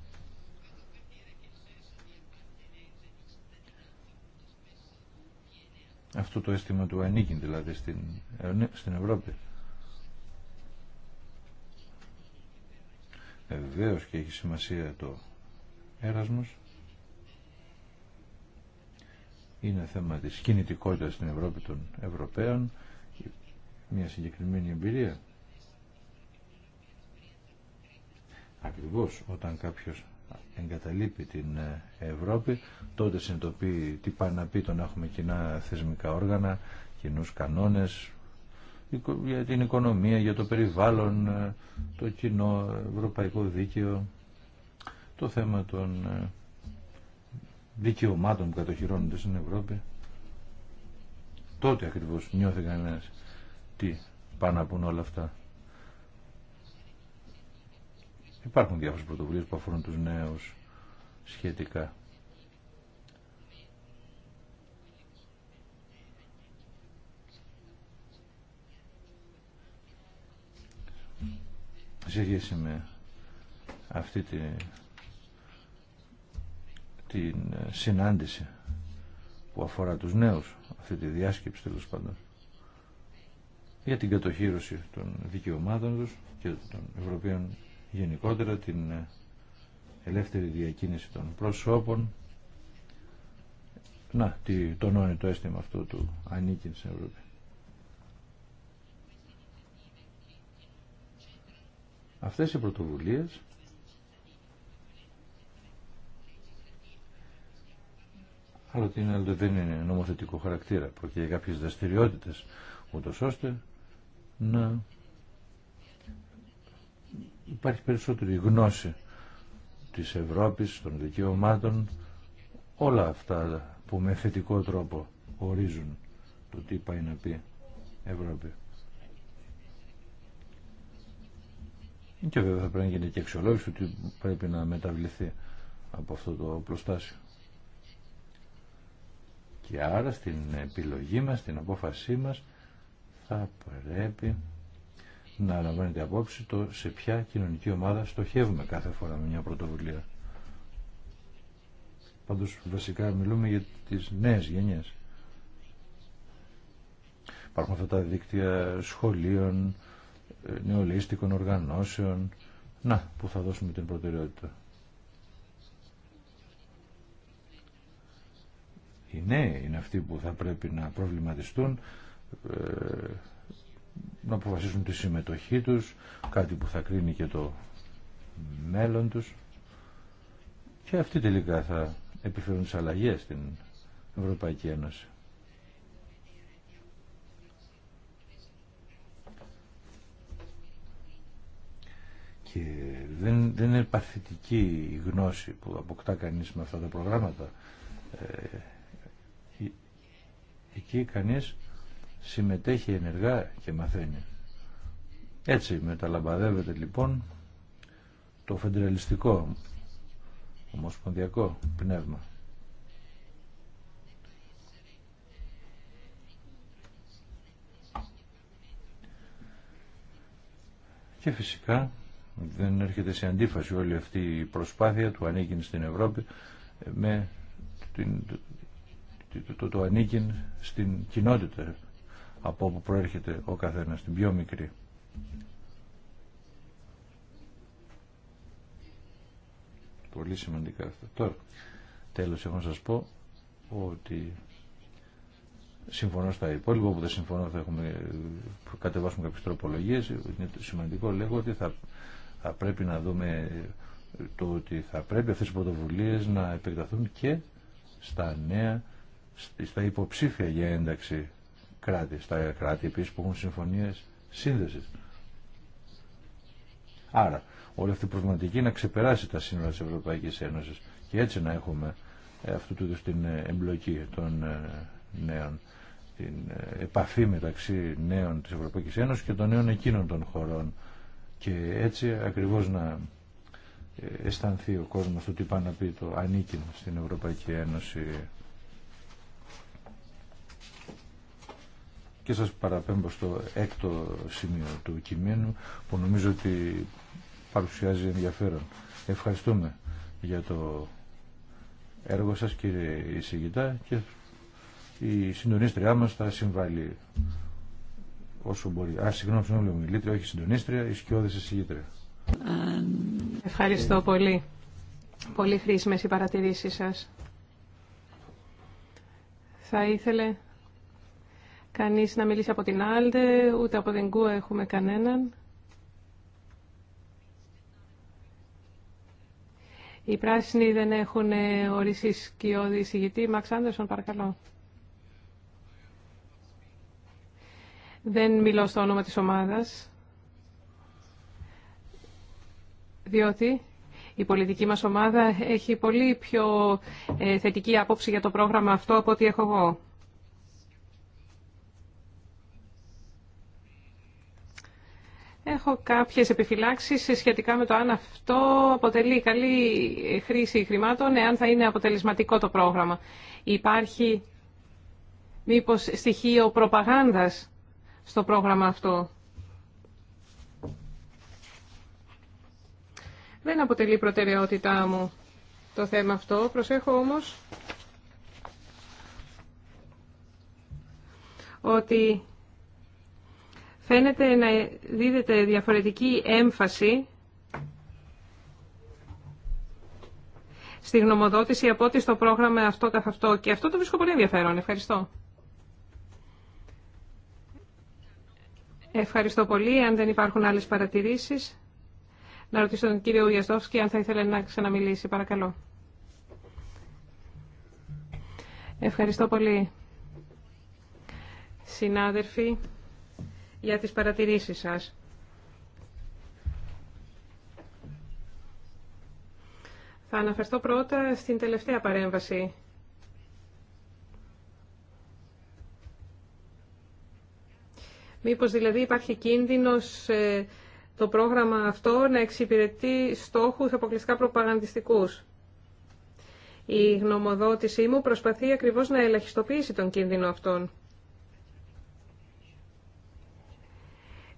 Αυτό το αίσθημα του ανήκει δηλαδή στην, ε, στην Ευρώπη. Βεβαίω και έχει σημασία το έρασμος. Είναι θέμα της κινητικότητας στην Ευρώπη των Ευρωπαίων. Μια συγκεκριμένη εμπειρία Ακριβώς όταν κάποιος εγκαταλείπει την ε, Ευρώπη, τότε συνειδητοποιεί τι πάει να πει το να έχουμε κοινά θεσμικά όργανα, κοινούς κανόνες, για την οικονομία, για το περιβάλλον, ε, το κοινό ευρωπαϊκό δίκαιο, το θέμα των ε, δικαιωμάτων που κατοχυρώνονται στην Ευρώπη. Τότε ακριβώς νιώθει τι πάνε να πούν όλα αυτά. Υπάρχουν διάφορες πρωτοβουλίες που αφορούν τους νέους σχετικά. Σε σχέση με αυτή τη, την συνάντηση που αφορά τους νέους, αυτή τη διάσκεψη τέλο πάντων, για την κατοχήρωση των δικαιωμάτων τους και των Ευρωπαίων γενικότερα την ε, ελεύθερη διακίνηση των προσώπων να, τι τονώνει το αίσθημα αυτό του ανήκει στην Ευρώπη. Αυτές οι πρωτοβουλίες αλλά ότι είναι, δεν είναι νομοθετικό χαρακτήρα, Προκειμένου για κάποιες δραστηριότητες, ούτως ώστε να υπάρχει περισσότερη γνώση της Ευρώπης, των δικαιωμάτων, όλα αυτά που με θετικό τρόπο ορίζουν το τι πάει να πει Ευρώπη. Και βέβαια θα πρέπει να γίνει και αξιολόγηση ότι πρέπει να μεταβληθεί από αυτό το προστάσιο. Και άρα στην επιλογή μας, στην απόφασή μας θα πρέπει να λαμβάνετε απόψη το σε ποια κοινωνική ομάδα στοχεύουμε κάθε φορά με μια πρωτοβουλία. Πάντως βασικά μιλούμε για τις νέες γενιές. Υπάρχουν αυτά τα δίκτυα σχολείων, ε, νεολαίστικων οργανώσεων, να, που θα δώσουμε την προτεραιότητα. Οι νέοι είναι αυτοί που θα πρέπει να προβληματιστούν, ε, να αποφασίσουν τη συμμετοχή τους, κάτι που θα κρίνει και το μέλλον τους και αυτοί τελικά θα επιφέρουν τις αλλαγές στην Ευρωπαϊκή Ένωση. Και δεν, δεν είναι παθητική η γνώση που αποκτά κανείς με αυτά τα προγράμματα. Ε, εκεί κανείς συμμετέχει ενεργά και μαθαίνει. Έτσι μεταλαμπαδεύεται λοιπόν το φεντρελιστικό ομοσπονδιακό πνεύμα. Και φυσικά δεν έρχεται σε αντίφαση όλη αυτή η προσπάθεια του ανήκειν στην Ευρώπη με την, το, το, το ανήκειν στην κοινότητα, από όπου προέρχεται ο καθένας, την πιο μικρή. Πολύ σημαντικά αυτό. Τώρα, τέλος έχω να σας πω ότι συμφωνώ στα υπόλοιπα, όπου δεν συμφωνώ θα έχουμε, κατεβάσουμε κάποιες τροπολογίες. Είναι σημαντικό λέγω ότι θα, θα πρέπει να δούμε το ότι θα πρέπει αυτές οι πρωτοβουλίες να επεκταθούν και στα νέα, στα υποψήφια για ένταξη κράτη, στα κράτη επίση που έχουν συμφωνίε σύνδεση. Άρα, όλη αυτή η προβληματική να ξεπεράσει τα σύνορα της Ευρωπαϊκής Ένωσης και έτσι να έχουμε ε, αυτού του είδου την ε, εμπλοκή των ε, νέων, την επαφή μεταξύ νέων της Ευρωπαϊκής Ένωσης και των νέων εκείνων των χωρών και έτσι ακριβώς να αισθανθεί ο κόσμος ότι πάει να πει το ανήκει στην Ευρωπαϊκή Ένωση Και σας παραπέμπω στο έκτο σημείο του κειμένου που νομίζω ότι παρουσιάζει ενδιαφέρον. Ευχαριστούμε για το έργο σας κύριε Ισηγητά και η συντονίστριά μας θα συμβάλλει όσο μπορεί. Α, συγγνώμη, συγγνώμη, μιλήτρια, όχι συντονίστρια, η σκιώδηση εισηγήτρια. Ευχαριστώ πολύ. Πολύ χρήσιμες οι παρατηρήσεις σας. Θα ήθελε κανείς να μιλήσει από την Άλτε, ούτε από την Κούα έχουμε κανέναν. Οι πράσινοι δεν έχουν ορίσει σκιώδη εισηγητή. Μαξ Άντερσον, παρακαλώ. Δεν μιλώ στο όνομα της ομάδας, διότι η πολιτική μας ομάδα έχει πολύ πιο ε, θετική άποψη για το πρόγραμμα αυτό από ό,τι έχω εγώ. έχω κάποιες επιφυλάξεις σχετικά με το αν αυτό αποτελεί καλή χρήση χρημάτων, εάν θα είναι αποτελεσματικό το πρόγραμμα. Υπάρχει μήπως στοιχείο προπαγάνδας στο πρόγραμμα αυτό. Δεν αποτελεί προτεραιότητά μου το θέμα αυτό. Προσέχω όμως ότι φαίνεται να δίδεται διαφορετική έμφαση στη γνωμοδότηση από ό,τι στο πρόγραμμα αυτό καθ' αυτό. Και αυτό το βρίσκω πολύ ενδιαφέρον. Ευχαριστώ. Ευχαριστώ πολύ. Αν δεν υπάρχουν άλλες παρατηρήσεις, να ρωτήσω τον κύριο Ουιαστόφσκι αν θα ήθελε να ξαναμιλήσει. Παρακαλώ. Ευχαριστώ πολύ. Συνάδελφοι για τις παρατηρήσεις σας. Θα αναφερθώ πρώτα στην τελευταία παρέμβαση. Μήπως δηλαδή υπάρχει κίνδυνος ε, το πρόγραμμα αυτό να εξυπηρετεί στόχους αποκλειστικά προπαγανδιστικούς. Η γνωμοδότησή μου προσπαθεί ακριβώς να ελαχιστοποιήσει τον κίνδυνο αυτόν.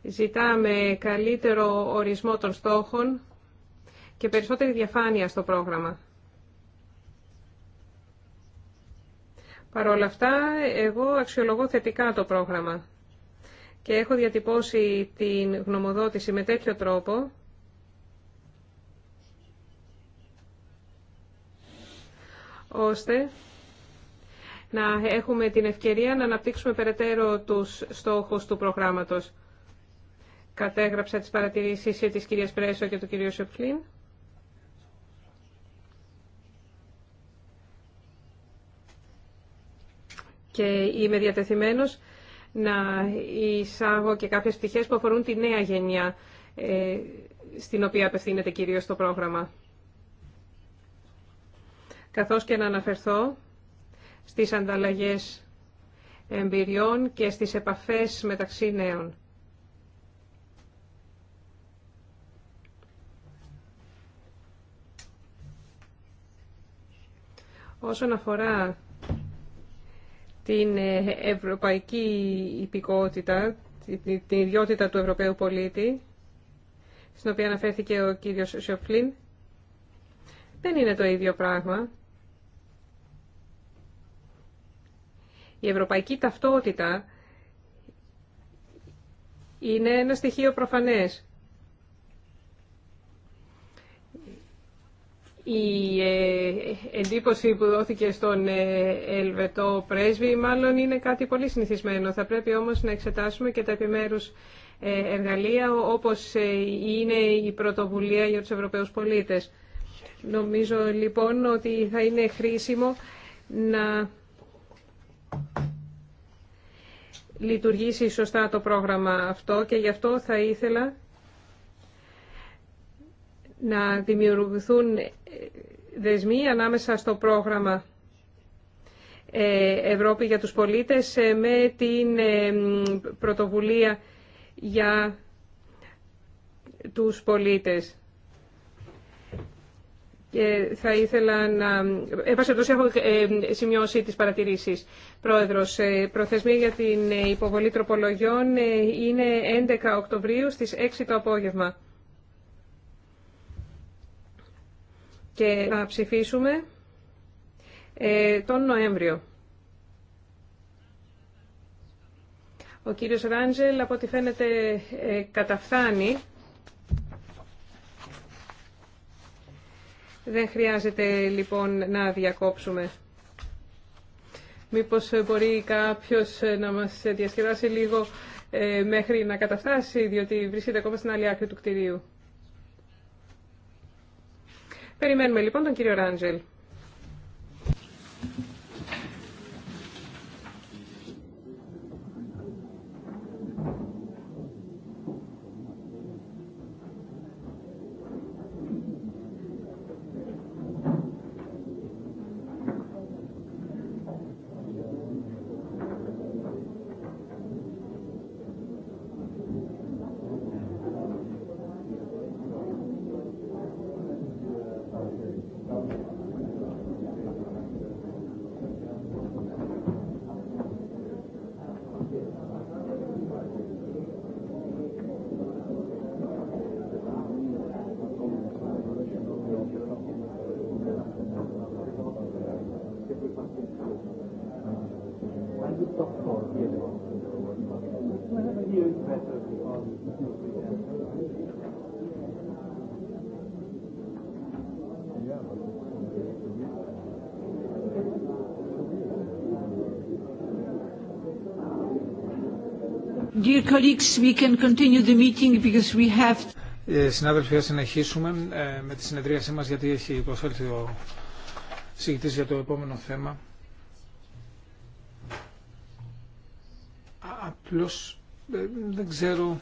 Ζητάμε καλύτερο ορισμό των στόχων και περισσότερη διαφάνεια στο πρόγραμμα. Παρ' όλα αυτά, εγώ αξιολογώ θετικά το πρόγραμμα και έχω διατυπώσει την γνωμοδότηση με τέτοιο τρόπο ώστε να έχουμε την ευκαιρία να αναπτύξουμε περαιτέρω τους στόχους του προγράμματος κατέγραψα τις παρατηρήσεις της κυρίας Πρέσο και του κυρίου Σοπφλίν. Και είμαι διατεθειμένος να εισάγω και κάποιες πτυχές που αφορούν τη νέα γενιά, ε, στην οποία απευθύνεται κυρίως το πρόγραμμα. Καθώς και να αναφερθώ στις ανταλλαγές εμπειριών και στις επαφές μεταξύ νέων. Όσον αφορά την ε, ευρωπαϊκή υπηκότητα, την ιδιότητα του Ευρωπαίου πολίτη, στην οποία αναφέρθηκε ο κύριος Σιωφλίν, δεν είναι το ίδιο πράγμα. Η ευρωπαϊκή ταυτότητα είναι ένα στοιχείο προφανές. η ε, εντύπωση που δόθηκε στον ε, Ελβετό πρέσβη μάλλον είναι κάτι πολύ συνηθισμένο. Θα πρέπει όμως να εξετάσουμε και τα επιμέρους ε, εργαλεία όπως είναι η πρωτοβουλία για τους Ευρωπαίους πολίτες. Νομίζω λοιπόν ότι θα είναι χρήσιμο να λειτουργήσει σωστά το πρόγραμμα αυτό και γι' αυτό θα ήθελα να δημιουργηθούν δεσμοί ανάμεσα στο πρόγραμμα ε, Ευρώπη για τους πολίτες ε, με την ε, πρωτοβουλία για τους πολίτες. Και θα ήθελα να... Έπασε τόσο έχω σημειώσει τις παρατηρήσεις. Πρόεδρος, προθεσμία για την υποβολή τροπολογιών είναι 11 Οκτωβρίου στις 6 το απόγευμα. και να ψηφίσουμε ε, τον Νοέμβριο. Ο κύριος Ράντζελ, από ό,τι φαίνεται, ε, καταφθάνει. Δεν χρειάζεται, λοιπόν, να διακόψουμε. Μήπως μπορεί κάποιος ε, να μας διασκεδάσει λίγο μέχρι να καταφθάσει, διότι βρίσκεται ακόμα στην άλλη άκρη του κτηρίου. Περιμένουμε λοιπόν τον κύριο Ράντζελ. Συνάδελφοι, θα συνεχίσουμε ε, με τη συνεδρίασή μας γιατί έχει προσέλθει ο συγκητής για το επόμενο θέμα. Απλώς ε, δεν ξέρω...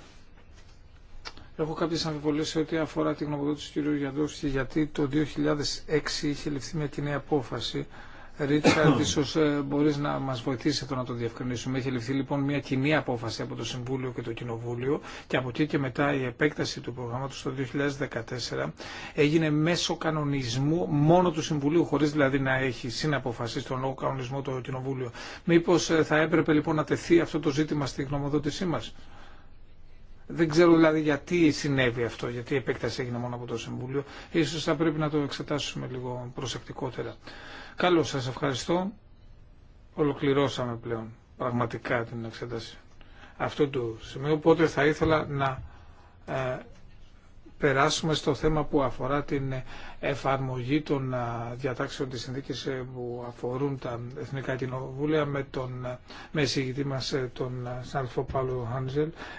Έχω κάποιες αμφιβολίες σε ό,τι αφορά την γνωμοδότηση του κ. και γιατί το 2006 είχε ληφθεί μια κοινή απόφαση Ρίτσαρντ, ίσω ε, μπορεί να μα βοηθήσει εδώ να το διευκρινίσουμε. Έχει ληφθεί λοιπόν μια κοινή απόφαση από το Συμβούλιο και το Κοινοβούλιο και από εκεί και μετά η επέκταση του προγράμματο το 2014 έγινε μέσω κανονισμού μόνο του Συμβουλίου, χωρί δηλαδή να έχει συναποφασίσει τον νόμο κανονισμό το Κοινοβούλιο. Μήπω ε, θα έπρεπε λοιπόν να τεθεί αυτό το ζήτημα στη γνωμοδότησή μα. Δεν ξέρω δηλαδή γιατί συνέβη αυτό, γιατί η επέκταση έγινε μόνο από το Συμβούλιο. Ίσως θα πρέπει να το εξετάσουμε λίγο προσεκτικότερα. Καλώς σας ευχαριστώ. Ολοκληρώσαμε πλέον πραγματικά την εξέταση αυτού του σημείου. Οπότε θα ήθελα να ε, περάσουμε στο θέμα που αφορά την εφαρμογή των ε, διατάξεων της συνθήκης ε, που αφορούν τα Εθνικά Κοινοβούλια με τον με μας τον Σάρφο Παύλο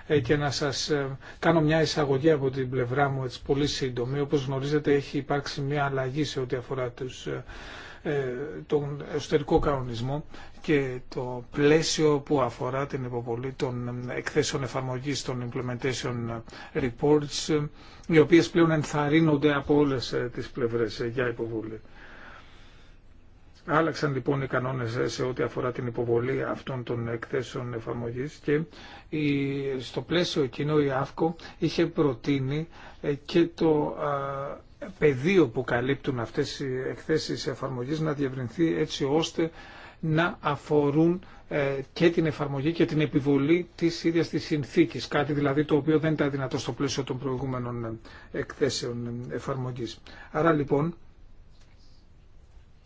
ε, και να σας κάνω μια εισαγωγή από την πλευρά μου έτσι πολύ σύντομη. Όπως γνωρίζετε έχει υπάρξει μια αλλαγή σε ό,τι αφορά τους ε, τον εσωτερικό κανονισμό και το πλαίσιο που αφορά την υποβολή των ε, εκθέσεων εφαρμογής των implementation reports, ε, οι οποίες πλέον ενθαρρύνονται από όλες τις πλευρές για υποβολή. Άλλαξαν λοιπόν οι κανόνες σε ό,τι αφορά την υποβολή αυτών των εκθέσεων εφαρμογής και στο πλαίσιο εκείνο η ΑΦΚΟ είχε προτείνει και το πεδίο που καλύπτουν αυτές οι εκθέσεις εφαρμογής να διευρυνθεί έτσι ώστε να αφορούν ε, και την εφαρμογή και την επιβολή της ίδιας της συνθήκης, κάτι δηλαδή το οποίο δεν ήταν δυνατό στο πλαίσιο των προηγούμενων ε, εκθέσεων ε, εφαρμογής. Άρα λοιπόν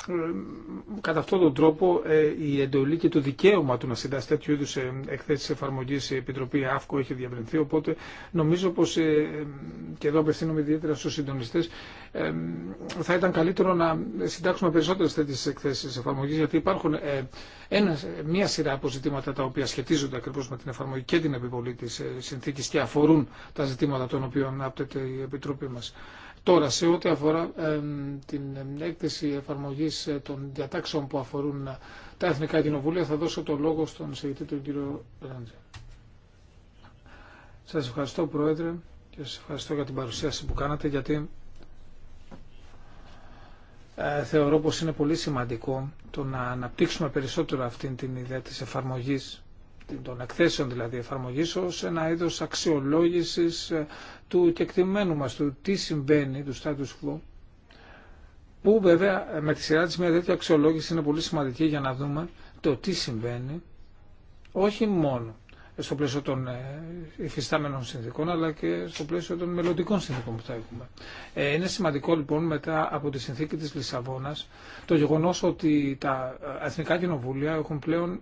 ε, κατά αυτόν τον τρόπο ε, η εντολή και το δικαίωμα του να συντάσσει τέτοιου είδου ε, εκθέσει εφαρμογή η Επιτροπή ΑΦΚΟ έχει διαβρινθεί Οπότε νομίζω πω και εδώ απευθύνομαι ιδιαίτερα στου συντονιστέ. Θα ήταν καλύτερο να συντάξουμε περισσότερε τέτοιε εκθέσει εφαρμογή γιατί υπάρχουν ένα, μια σειρά από ζητήματα τα οποία σχετίζονται ακριβώ με την εφαρμογή και την επιβολή τη συνθήκη και αφορούν τα ζητήματα των οποίων άπτεται η Επιτροπή μα. Τώρα, σε ό,τι αφορά την έκθεση εφαρμογή ε, των διατάξεων που αφορούν ε, τα Εθνικά Κοινοβούλια, θα δώσω το λόγο στον συγητή του κύριο Ράντζε. Σας ευχαριστώ, Πρόεδρε, και σας ευχαριστώ για την παρουσίαση που κάνατε, γιατί ε, θεωρώ πως είναι πολύ σημαντικό το να αναπτύξουμε περισσότερο αυτή την ιδέα της εφαρμογής των εκθέσεων δηλαδή εφαρμογής ως ένα είδος αξιολόγησης ε, του κεκτημένου μας, του τι συμβαίνει, του status quo, που βέβαια με τη σειρά της μια τέτοια αξιολόγηση είναι πολύ σημαντική για να δούμε το τι συμβαίνει, όχι μόνο στο πλαίσιο των ε, υφιστάμενων συνθήκων, αλλά και στο πλαίσιο των μελλοντικών συνθήκων που θα έχουμε. Ε, είναι σημαντικό λοιπόν μετά από τη συνθήκη της Λισαβόνας το γεγονός ότι τα εθνικά κοινοβούλια έχουν πλέον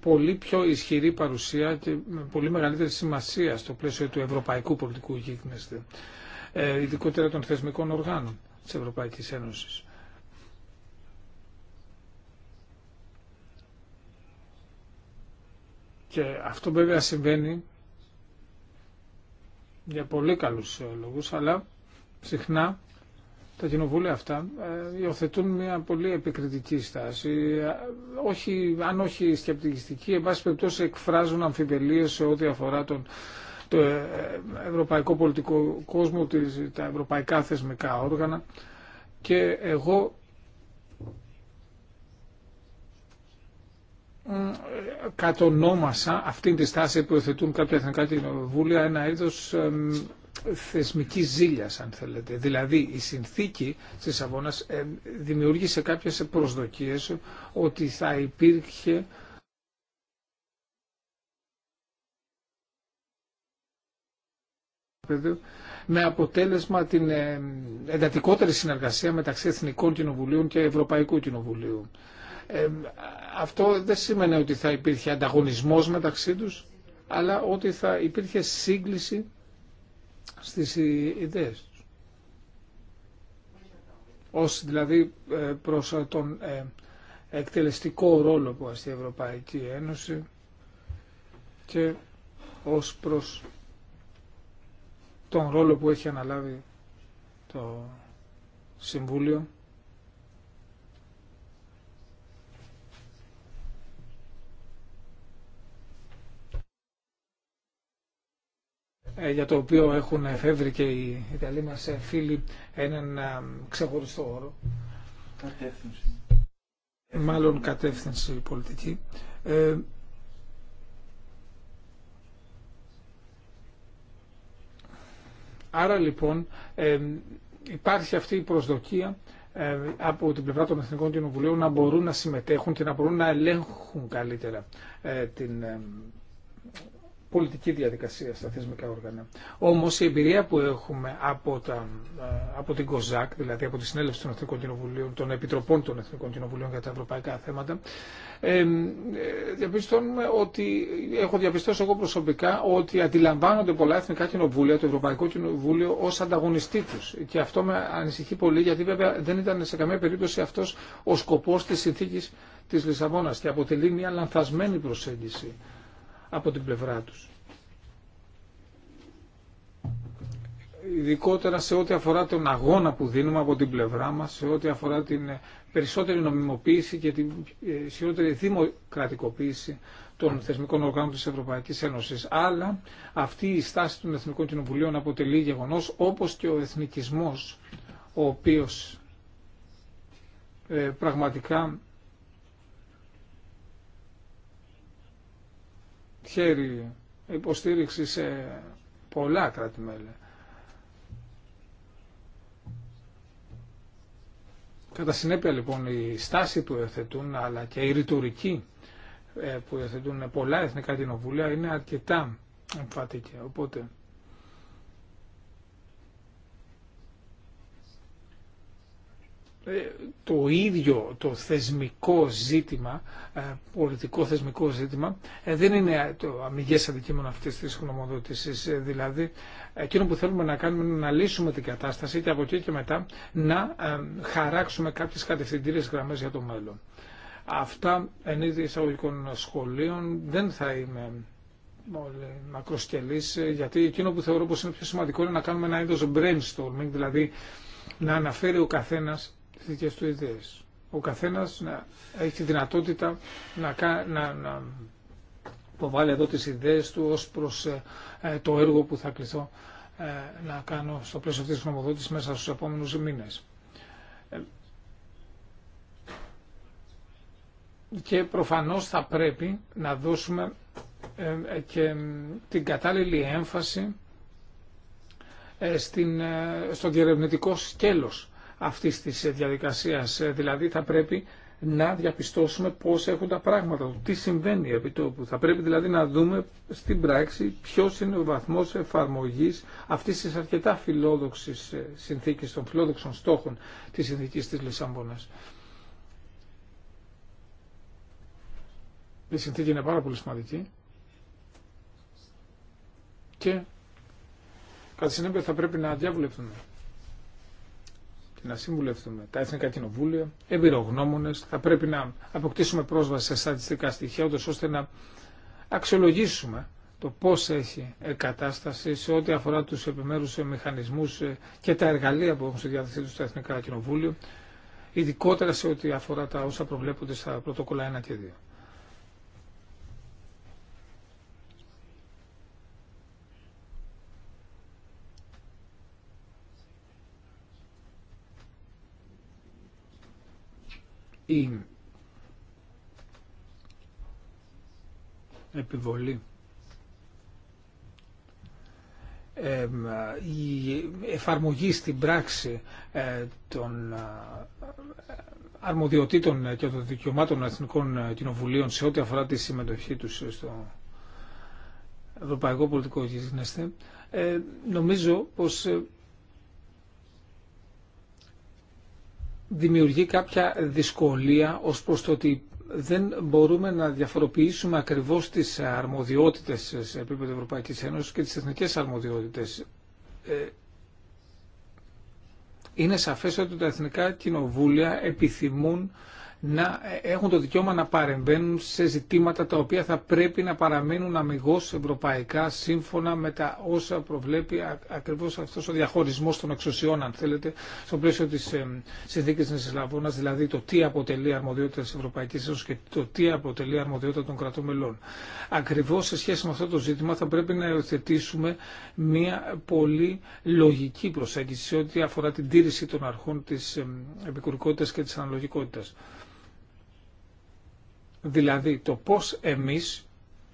πολύ πιο ισχυρή παρουσία και πολύ μεγαλύτερη σημασία στο πλαίσιο του ευρωπαϊκού πολιτικού γίγνεσθε, ε, ειδικότερα των θεσμικών οργάνων της Ευρωπαϊκής Ένωσης. Και αυτό βέβαια συμβαίνει για πολύ καλούς λόγους, αλλά συχνά τα κοινοβούλια αυτά ε, υιοθετούν μια πολύ επικριτική στάση, ε, όχι, αν όχι σκεπτικιστική, εν πάση περιπτώσει εκφράζουν αμφιβελίες σε ό,τι αφορά τον, το ε, ευρωπαϊκό πολιτικό κόσμο, τα ευρωπαϊκά θεσμικά όργανα και εγώ κατονόμασα αυτή τη στάση που υιοθετούν κάποια εθνικά κοινοβούλια ένα είδος θεσμική ζήλια, αν θέλετε. Δηλαδή, η συνθήκη τη Αβώνα ε, δημιούργησε κάποιε προσδοκίε ότι θα υπήρχε με αποτέλεσμα την ε, εντατικότερη συνεργασία μεταξύ Εθνικών Κοινοβουλίων και Ευρωπαϊκού Κοινοβουλίου. Ε, αυτό δεν σημαίνει ότι θα υπήρχε ανταγωνισμός μεταξύ τους, αλλά ότι θα υπήρχε σύγκληση στις ιδέες τους. Ως δηλαδή ε, προς ε, τον ε, εκτελεστικό ρόλο που έχει η Ευρωπαϊκή Ένωση και ως προς τον ρόλο που έχει αναλάβει το Συμβούλιο Ε, για το οποίο έχουν εφεύρει και οι Ιταλοί μας ε, φίλοι έναν ε, ξεχωριστό όρο. Κατεύθυνση. Μάλλον κατεύθυνση πολιτική. άρα λοιπόν υπάρχει αυτή η προσδοκία από την πλευρά των Εθνικών Κοινοβουλίων να μπορούν να συμμετέχουν και να μπορούν να ελέγχουν καλύτερα την πολιτική διαδικασία στα θεσμικά όργανα. Όμω η εμπειρία που έχουμε από, τα, ε, από την ΚΟΖΑΚ, δηλαδή από τη Συνέλευση των Εθνικών Κοινοβουλίων, των Επιτροπών των Εθνικών Κοινοβουλίων για τα Ευρωπαϊκά Θέματα, ε, διαπιστώνουμε ότι, έχω διαπιστώσει εγώ προσωπικά, ότι αντιλαμβάνονται πολλά εθνικά κοινοβούλια, το Ευρωπαϊκό Κοινοβούλιο, ω ανταγωνιστή του. Και αυτό με ανησυχεί πολύ, γιατί βέβαια δεν ήταν σε καμία περίπτωση αυτό ο σκοπό τη συνθήκη τη Λισαβόνα και αποτελεί μια λανθασμένη προσέγγιση από την πλευρά τους. Ειδικότερα σε ό,τι αφορά τον αγώνα που δίνουμε από την πλευρά μας, σε ό,τι αφορά την ε, περισσότερη νομιμοποίηση και την ε, ισχυρότερη δημοκρατικοποίηση των θεσμικών οργάνων της Ευρωπαϊκής Ένωσης. Αλλά αυτή η στάση των Εθνικών Κοινοβουλίων αποτελεί γεγονός όπως και ο εθνικισμός ο οποίος ε, πραγματικά χέρι υποστήριξη σε πολλά κράτη-μέλη. Κατά συνέπεια λοιπόν η στάση που έθετουν αλλά και η ρητορική ε, που υιοθετούν πολλά εθνικά κοινοβούλια είναι αρκετά εμφατική. Οπότε Ε, το ίδιο το θεσμικό ζήτημα, ε, πολιτικό θεσμικό ζήτημα, ε, δεν είναι το αμυγές αντικείμενο αυτής της γνωμοδότησης. Δηλαδή, εκείνο που θέλουμε να κάνουμε είναι να λύσουμε την κατάσταση και από εκεί και μετά να χαράξουμε κάποιες κατευθυντήριες γραμμές για το μέλλον. Αυτά εν είδη εισαγωγικών σχολείων δεν θα είμαι μακροσκελής, γιατί εκείνο που θεωρώ πως είναι πιο σημαντικό είναι να κάνουμε ένα είδος brainstorming, δηλαδή να αναφέρει ο καθένας τις του ιδέες. Ο καθένας να έχει τη δυνατότητα να, να, να υποβάλει εδώ τις ιδέες του ως προς ε, ε, το έργο που θα κληθώ ε, να κάνω στο πλαίσιο αυτής της νομοδότησης μέσα στους επόμενους μήνες. Και προφανώς θα πρέπει να δώσουμε και την κατάλληλη έμφαση στην, στο διερευνητικό σκέλος αυτής τη διαδικασία. Ε, δηλαδή θα πρέπει να διαπιστώσουμε πώς έχουν τα πράγματα, τι συμβαίνει επί τόπου. Θα πρέπει δηλαδή να δούμε στην πράξη ποιο είναι ο βαθμός εφαρμογή αυτή τη αρκετά φιλόδοξή ε, συνθήκη των φιλόδοξων στόχων της συνθήκης της Λισαμπόνας. Η συνθήκη είναι πάρα πολύ σημαντική και κατά συνέπεια θα πρέπει να διαβουλευτούμε να συμβουλευτούμε τα Εθνικά Κοινοβούλια, εμπειρογνώμονε. θα πρέπει να αποκτήσουμε πρόσβαση σε στατιστικά στοιχεία, ώστε να αξιολογήσουμε το πώς έχει κατάσταση σε ό,τι αφορά τους επιμέρους μηχανισμούς και τα εργαλεία που έχουν στη διάθεσή τους στα Εθνικά Κοινοβούλια, ειδικότερα σε ό,τι αφορά τα όσα προβλέπονται στα πρωτοκολλά 1 και 2. η επιβολή η εφαρμογή στην πράξη ε, των ε, αρμοδιοτήτων και των δικαιωμάτων των εθνικών κοινοβουλίων σε ό,τι αφορά τη συμμετοχή τους στο Ευρωπαϊκό Πολιτικό ε, νομίζω πως ε, δημιουργεί κάποια δυσκολία ως προς το ότι δεν μπορούμε να διαφοροποιήσουμε ακριβώς τις αρμοδιότητες σε επίπεδο Ευρωπαϊκής Ένωσης και τις εθνικές αρμοδιότητες. Ε, είναι σαφές ότι τα εθνικά κοινοβούλια επιθυμούν να ε, έχουν το δικαίωμα να παρεμβαίνουν σε ζητήματα τα οποία θα πρέπει να παραμείνουν αμυγός ευρωπαϊκά σύμφωνα με τα όσα προβλέπει ακριβώς αυτός ο διαχωρισμός των εξουσιών αν θέλετε στο πλαίσιο της ε, συνθήκης της Ισλαβώνας δηλαδή το τι αποτελεί αρμοδιότητα της Ευρωπαϊκής Ένωσης και το τι αποτελεί αρμοδιότητα των κρατών μελών. Ακριβώς σε σχέση με αυτό το ζήτημα θα πρέπει να υιοθετήσουμε μια πολύ λογική προσέγγιση σε ό,τι αφορά την τήρηση των αρχών της ε, επικουρικότητας και της αναλογικότητας. Δηλαδή το πώς εμείς,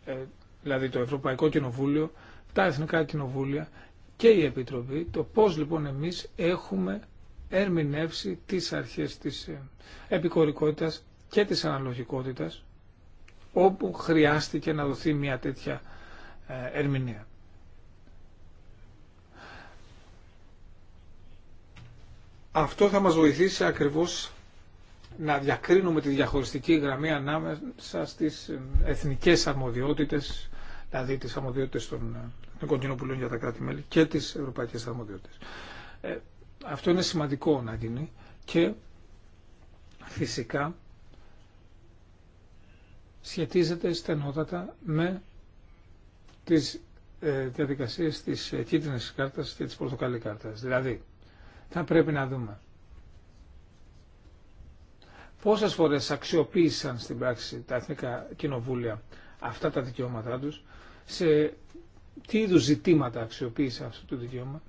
ε, δηλαδή το Ευρωπαϊκό Κοινοβούλιο, τα Εθνικά Κοινοβούλια και η Επιτροπή, το πώς λοιπόν εμείς έχουμε ερμηνεύσει τις αρχές της ε, επικορικότητας και της αναλογικότητας όπου χρειάστηκε να δοθεί μια τέτοια ε, ερμηνεία. Αυτό θα μας βοηθήσει ακριβώς να διακρίνουμε τη διαχωριστική γραμμή ανάμεσα στις ε, εθνικές αρμοδιότητες, δηλαδή τις αρμοδιότητες των ε, κοντινόπουλών για τα κράτη-μέλη και τις ευρωπαϊκές αρμοδιότητες. Ε, αυτό είναι σημαντικό να γίνει και φυσικά σχετίζεται στενότατα με τις ε, διαδικασίες της κίτρινης κάρτας και της πορτοκαλί κάρτας. Δηλαδή, θα πρέπει να δούμε πόσες φορές αξιοποίησαν στην πράξη τα εθνικά κοινοβούλια αυτά τα δικαιώματά τους, σε τι είδους ζητήματα αξιοποίησαν αυτό το δικαίωμα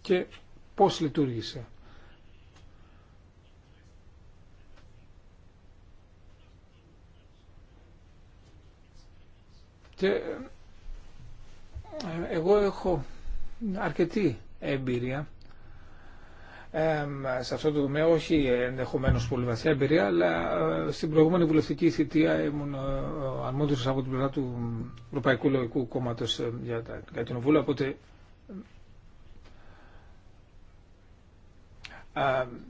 και πώς λειτουργήσε. Και ε, εγώ έχω αρκετή εμπειρία σε αυτό το τομέα, όχι ενδεχομένω πολύ βαθιά εμπειρία, αλλά στην προηγούμενη βουλευτική θητεία ήμουν αρμόδιο από την πλευρά του Ευρωπαϊκού Λογικού Κόμματο για τα κοινοβούλια. Οπότε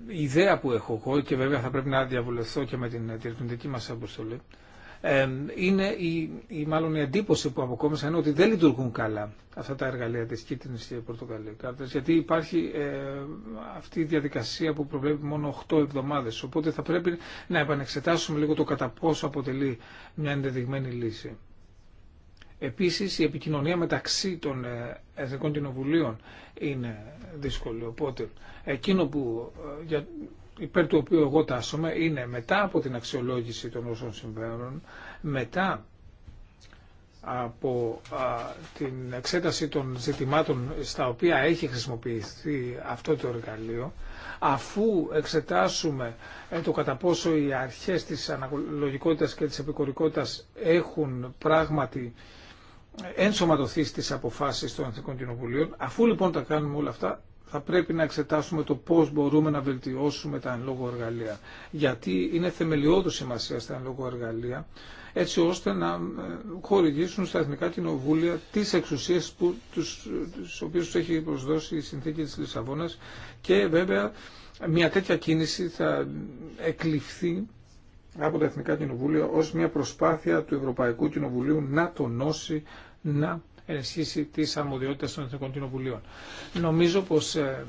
η ιδέα που έχω εγώ και βέβαια θα πρέπει να διαβουλευθώ και με την διευθυντική μα αποστολή είναι η, η, μάλλον η εντύπωση που αποκόμισα είναι ότι δεν λειτουργούν καλά αυτά τα εργαλεία της κίτρινης και πορτοκαλίου κάρτας γιατί υπάρχει ε, αυτή η διαδικασία που προβλέπει μόνο 8 εβδομάδες οπότε θα πρέπει να επανεξετάσουμε λίγο το κατά πόσο αποτελεί μια ενδεδειγμένη λύση. Επίσης η επικοινωνία μεταξύ των ε, Εθνικών Κοινοβουλίων είναι δύσκολη οπότε εκείνο που ε, για, υπέρ του οποίου εγώ τάσσομαι είναι μετά από την αξιολόγηση των όσων συμβαίνουν, μετά από την εξέταση των ζητημάτων στα οποία έχει χρησιμοποιηθεί αυτό το εργαλείο, αφού εξετάσουμε ε, το κατά πόσο οι αρχές της αναλογικότητας και της επικορικότητας έχουν πράγματι ε, ενσωματωθεί στις αποφάσεις των Εθνικών Κοινοβουλίων, αφού λοιπόν τα κάνουμε όλα αυτά, θα πρέπει να εξετάσουμε το πώς μπορούμε να βελτιώσουμε τα εν λόγω εργαλεία. Γιατί είναι θεμελιώδου σημασία στα εν λόγω εργαλεία, έτσι ώστε να ε, χορηγήσουν στα εθνικά κοινοβούλια τις εξουσίες που, τους, τους έχει προσδώσει η συνθήκη της Λισαβόνας και βέβαια μια τέτοια κίνηση θα εκλειφθεί από τα Εθνικά Κοινοβούλια ως μια προσπάθεια του Ευρωπαϊκού Κοινοβουλίου να τονώσει, να ενισχύσει τι αρμοδιότητε των Εθνικών Κοινοβουλίων. Νομίζω πως ε,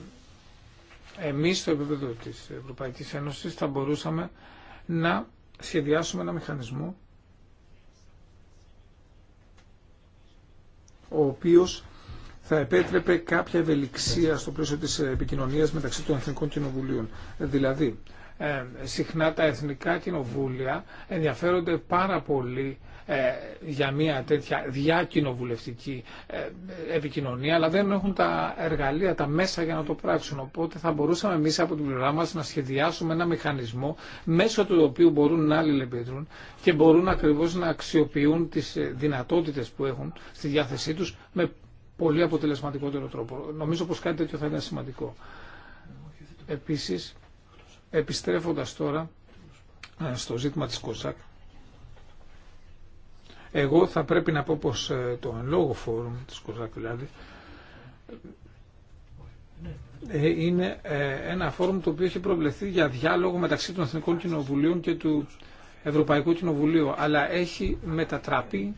εμείς στο επίπεδο τη Ευρωπαϊκή Ένωση θα μπορούσαμε να σχεδιάσουμε ένα μηχανισμό ο οποίος θα επέτρεπε κάποια ευελιξία στο πλαίσιο της επικοινωνίας μεταξύ των Εθνικών Κοινοβουλίων. Δηλαδή, ε, συχνά τα Εθνικά Κοινοβούλια ενδιαφέρονται πάρα πολύ ε, για μια τέτοια διακοινοβουλευτική ε, επικοινωνία, αλλά δεν έχουν τα εργαλεία, τα μέσα για να το πράξουν. Οπότε θα μπορούσαμε εμεί από την πλευρά μα να σχεδιάσουμε ένα μηχανισμό μέσω του οποίου μπορούν να αλληλεπιδρούν και μπορούν ακριβώ να αξιοποιούν τι δυνατότητε που έχουν στη διάθεσή του με πολύ αποτελεσματικότερο τρόπο. Νομίζω πω κάτι τέτοιο θα ήταν σημαντικό. Επίση, επιστρέφοντα τώρα ε, στο ζήτημα της ΚΟΣΑΚ, εγώ θα πρέπει να πω πως ε, το εν λόγω φόρουμ της Κοζάκ δηλαδή ε, είναι ε, ένα φόρουμ το οποίο έχει προβλεφθεί για διάλογο μεταξύ των Εθνικών Κοινοβουλίων και του Ευρωπαϊκού Κοινοβουλίου αλλά έχει μετατραπεί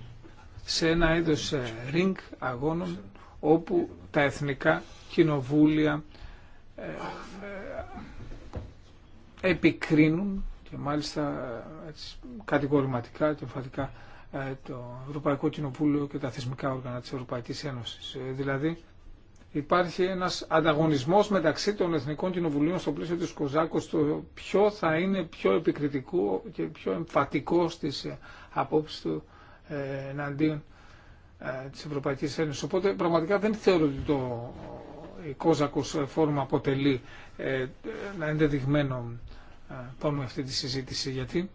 σε ένα είδος ring αγώνων όπου τα εθνικά κοινοβούλια επικρίνουν και μάλιστα κατηγορηματικά και εμφαντικά ε, το Ευρωπαϊκό Κοινοβούλιο και τα θεσμικά όργανα της Ευρωπαϊκής Ένωσης. Ε, δηλαδή υπάρχει ένας ανταγωνισμός μεταξύ των Εθνικών Κοινοβουλίων στο πλαίσιο της Κοζάκος το ποιο θα είναι πιο επικριτικό και πιο εμφατικό στις ε, απόψεις του εναντίον της Ευρωπαϊκής Ένωσης. Οπότε πραγματικά δεν θεωρώ ότι το η Κόζακος Φόρουμ αποτελεί ένα ενδεδειγμένο πόνο αυτή τη συζήτηση γιατί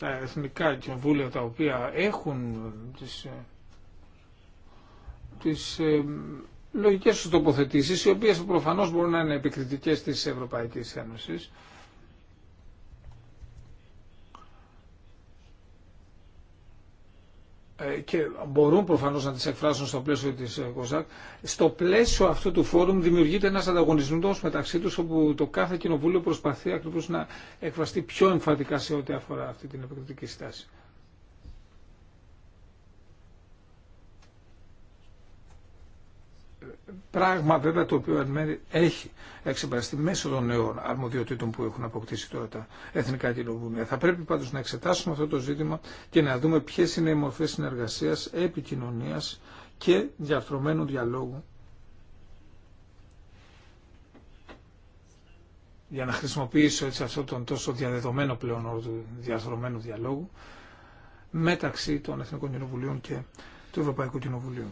τα εθνικά κοινοβούλια τα οποία έχουν τις, ε, τις ε, λογικές τους τοποθετήσεις, οι οποίες προφανώς μπορούν να είναι επικριτικές της Ευρωπαϊκής Ένωσης, Ε, και μπορούν προφανώς να τις εκφράσουν στο πλαίσιο της ε, ΚΟΖΑΚ. Στο πλαίσιο αυτού του φόρουμ δημιουργείται ένας ανταγωνισμός μεταξύ τους όπου το κάθε κοινοβούλιο προσπαθεί ακριβώς να εκφραστεί πιο εμφαντικά σε ό,τι αφορά αυτή την επικριτική στάση. Πράγμα βέβαια το οποίο εν μέρει έχει εξεπαραστεί μέσω των νέων αρμοδιοτήτων που έχουν αποκτήσει τώρα τα εθνικά κοινοβούλια. Θα πρέπει πάντως να εξετάσουμε αυτό το ζήτημα και να δούμε ποιε είναι οι μορφέ συνεργασία, επικοινωνία και διαρθρωμένου διαλόγου για να χρησιμοποιήσω έτσι αυτόν τον τόσο διαδεδομένο πλέον όρο του διαρθρωμένου διαλόγου μεταξύ των Εθνικών Κοινοβουλίων και του Ευρωπαϊκού Κοινοβουλίου.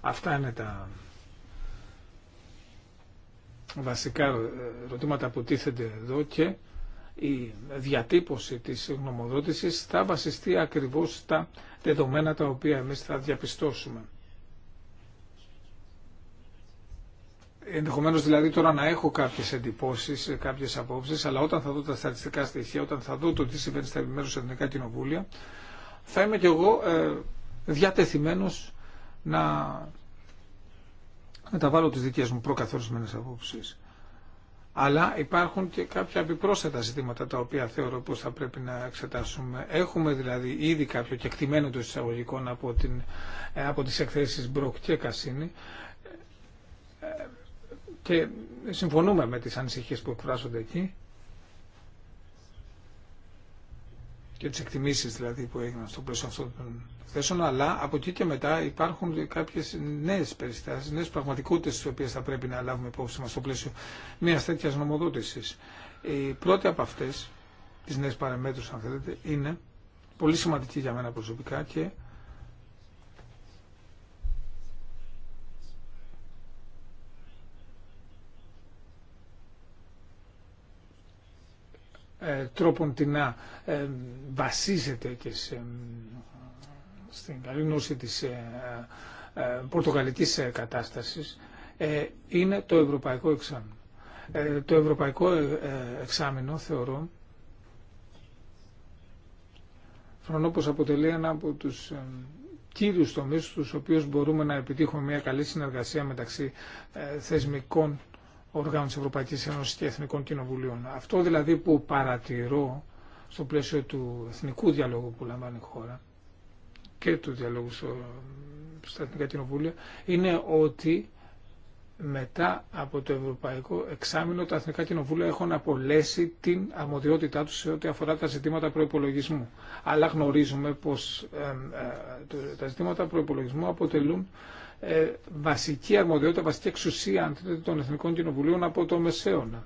Αυτά είναι τα βασικά ερωτήματα που τίθενται εδώ και η διατύπωση της γνωμοδότησης θα βασιστεί ακριβώς στα δεδομένα τα οποία εμείς θα διαπιστώσουμε. Ενδεχομένως δηλαδή τώρα να έχω κάποιες εντυπώσεις, κάποιες απόψεις, αλλά όταν θα δω τα στατιστικά στοιχεία, όταν θα δω το τι συμβαίνει στα επιμέρους ελληνικά κοινοβούλια, θα είμαι κι εγώ ε, διατεθειμένος να μεταβάλω τις δικές μου προκαθορισμένες απόψεις. Αλλά υπάρχουν και κάποια επιπρόσθετα ζητήματα τα οποία θεωρώ πως θα πρέπει να εξετάσουμε. Έχουμε δηλαδή ήδη κάποιο κεκτημένο των εισαγωγικών από, την, ε, από τις εκθέσεις Μπροκ και Κασίνη ε, ε, και συμφωνούμε με τις ανησυχίες που εκφράζονται εκεί. και τις εκτιμήσεις δηλαδή που έγιναν στο πλαίσιο αυτών των θέσεων, αλλά από εκεί και μετά υπάρχουν κάποιες νέες περιστάσεις, νέες πραγματικότητες τις οποίες θα πρέπει να λάβουμε υπόψη μας στο πλαίσιο μιας τέτοιας νομοδότησης. Η πρώτη από αυτές, τις νέες παραμέτρους αν θέλετε, είναι πολύ σημαντική για μένα προσωπικά και Ε, τρόπον την να ε, βασίζεται και σε, στην καλή γνώση της ε, πορτογαλικής κατάστασης είναι το ευρωπαϊκό εξάμεινο. Το ευρωπαϊκό εξάμεινο θεωρώ φρονώ πως αποτελεί ένα από τους κύριους τομείς στους οποίους μπορούμε να επιτύχουμε μια καλή συνεργασία μεταξύ θεσμικών οργάνωση της Ευρωπαϊκής Ένωσης και Εθνικών Κοινοβουλίων. Αυτό δηλαδή που παρατηρώ στο πλαίσιο του εθνικού διαλόγου που λαμβάνει η χώρα και του διαλόγου στο, στα Εθνικά Κοινοβούλια είναι ότι μετά από το Ευρωπαϊκό Εξάμεινο τα Εθνικά Κοινοβούλια έχουν απολέσει την αρμοδιότητά τους σε ό,τι αφορά τα ζητήματα προϋπολογισμού. Αλλά γνωρίζουμε πως ε, τα ζητήματα προϋπολογισμού αποτελούν ε, βασική αρμοδιότητα, βασική εξουσία των Εθνικών Κοινοβουλίων από το Μεσαίωνα.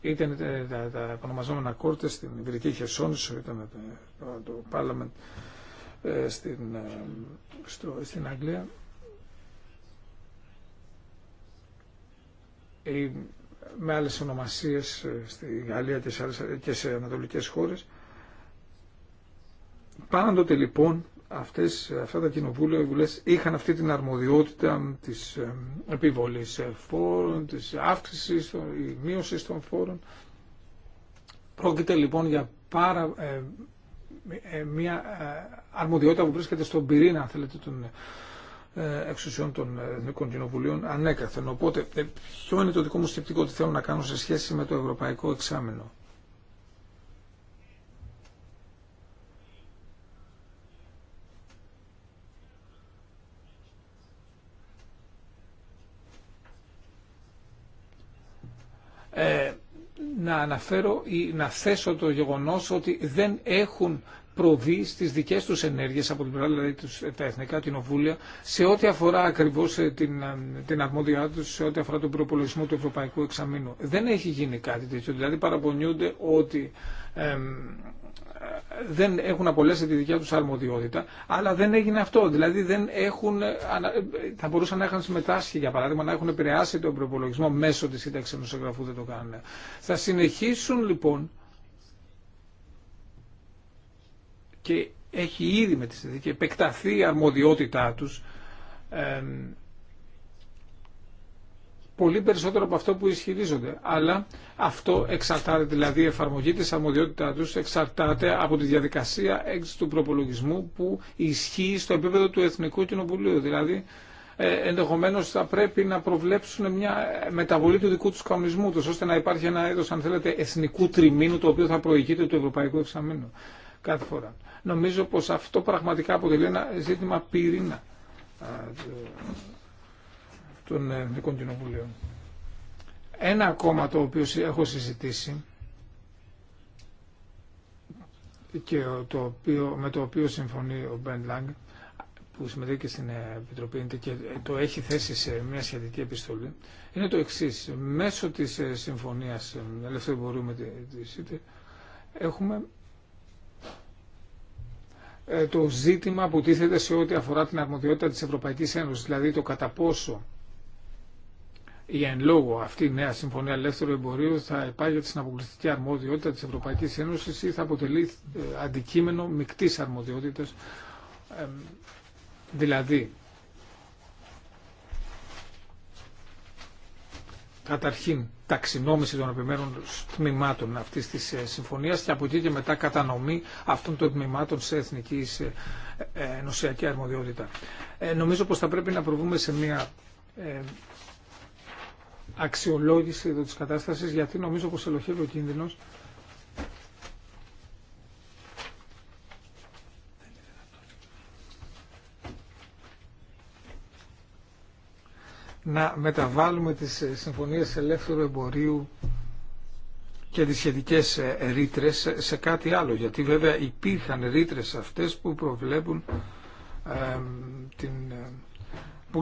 Ήταν ε, τα, τα επανομαζόμενα κόρτε στην Ιβρική Χερσόνησο, ήταν ε, το, Parliament στην, στο, στην Αγγλία. με άλλες ονομασίες στη Γαλλία και σε, και σε ανατολικές χώρες. Πάντοτε λοιπόν αυτές, αυτά τα κοινοβούλια, οι βουλές είχαν αυτή την αρμοδιότητα της ε, επιβολής ε, φόρων, της αύξησης, η μείωση των φόρων. Πρόκειται λοιπόν για πάρα, ε, μια αρμοδιότητα που βρίσκεται στον πυρήνα, θέλετε, των εξουσιών των Εθνικών Κοινοβουλίων ανέκαθεν. Οπότε, ποιο είναι το δικό μου σκεπτικό ότι θέλω να κάνω σε σχέση με το Ευρωπαϊκό Εξάμεινο. Ε, να αναφέρω ή να θέσω το γεγονός ότι δεν έχουν προβεί στις δικές τους ενέργειες από την πλευρά, δηλαδή τους, τα εθνικά κοινοβούλια, σε ό,τι αφορά ακριβώς ε, την, ε, την αρμόδια τους, σε ό,τι αφορά τον προπολογισμό του Ευρωπαϊκού Εξαμήνου. Δεν έχει γίνει κάτι τέτοιο, δηλαδή παραπονιούνται ότι δεν έχουν απολέσει τη δικιά τους αρμοδιότητα, αλλά δεν έγινε αυτό. Δηλαδή δεν έχουν, θα μπορούσαν να έχουν συμμετάσχει, για παράδειγμα, να έχουν επηρεάσει τον προπολογισμό μέσω της σύνταξης ενός εγγραφού, δεν το κάνουν. Θα συνεχίσουν λοιπόν και έχει ήδη με τη συνθήκη επεκταθεί η αρμοδιότητά τους πολύ περισσότερο από αυτό που ισχυρίζονται. Αλλά αυτό εξαρτάται, δηλαδή η εφαρμογή της αρμοδιότητά τους εξαρτάται από τη διαδικασία έξι του προπολογισμού που ισχύει στο επίπεδο του Εθνικού Κοινοβουλίου. Δηλαδή ε, ενδεχομένω θα πρέπει να προβλέψουν μια μεταβολή του δικού του κανονισμού του, ώστε να υπάρχει ένα είδο, αν θέλετε, εθνικού τριμήνου, το οποίο θα προηγείται του Ευρωπαϊκού Εξαμήνου κάθε φορά. Νομίζω πω αυτό πραγματικά αποτελεί ένα ζήτημα πυρήνα των Εθνικών Κοινοβουλίων. Ένα ακόμα το οποίο έχω συζητήσει και το οποίο, με το οποίο συμφωνεί ο Μπεν Λάγκ που συμμετέχει και στην ε, Επιτροπή και ε, το έχει θέσει σε μια σχετική επιστολή είναι το εξή. Μέσω της ε, συμφωνίας ελεύθερου μπορούμε με τη ΣΥΤΕ έχουμε το ζήτημα που τίθεται σε ό,τι αφορά την αρμοδιότητα της Ευρωπαϊκής Ένωσης, δηλαδή το κατά πόσο η εν λόγω αυτή η νέα συμφωνία ελεύθερου εμπορίου θα για την αποκλειστική αρμοδιότητα της Ευρωπαϊκής Ένωσης ή θα αποτελεί ε, αντικείμενο μεικτής αρμοδιότητας. δηλαδή, καταρχήν ταξινόμηση των επιμέρων τμήματων αυτής της ε, συμφωνίας και από εκεί και μετά κατανομή αυτών των τμήματων σε εθνική σε ε, ενωσιακή αρμοδιότητα. νομίζω πως θα πρέπει να προβούμε σε μια αξιολόγηση εδώ της κατάστασης γιατί νομίζω πως ελοχεύει ο κίνδυνος να μεταβάλουμε τις ε, συμφωνίες ελεύθερου εμπορίου και τις σχετικές ε, ρήτρε σε κάτι άλλο. Γιατί βέβαια υπήρχαν ρήτρε αυτές που προβλέπουν ε, την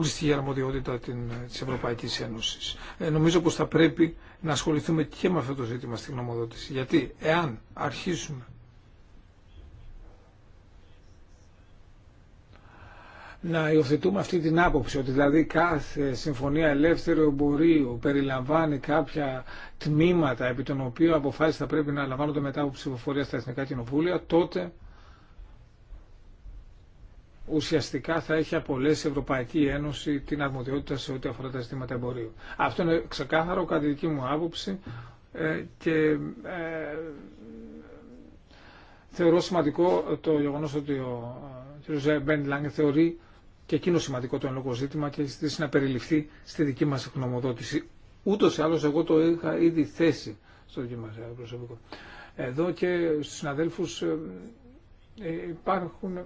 στη αρμοδιότητα της Ευρωπαϊκής Ένωσης. Ε, νομίζω πως θα πρέπει να ασχοληθούμε και με αυτό το ζήτημα στην γνωμοδότηση. Γιατί εάν αρχίσουμε να υιοθετούμε αυτή την άποψη ότι δηλαδή κάθε συμφωνία ελεύθερου εμπορίου περιλαμβάνει κάποια τμήματα επί των οποίων αποφάσεις θα πρέπει να λαμβάνονται μετά από ψηφοφορία στα Εθνικά Κοινοβούλια, τότε ουσιαστικά θα έχει απολέσει η Ευρωπαϊκή Ένωση την αρμοδιότητα σε ό,τι αφορά τα ζητήματα εμπορίου. Αυτό είναι ξεκάθαρο κατά τη δική μου άποψη ε, και ε, θεωρώ σημαντικό το γεγονό ότι ο κ. Ζέμπεν Λάγκε θεωρεί και εκείνο σημαντικό το εν ζήτημα και έχει ζητήσει να περιληφθεί στη δική μα εκνομοδότηση. Ούτω ή άλλω, εγώ το είχα ήδη θέσει στο δική μα προσωπικό. Εδώ και στους συναδέλφους ε, υπάρχουν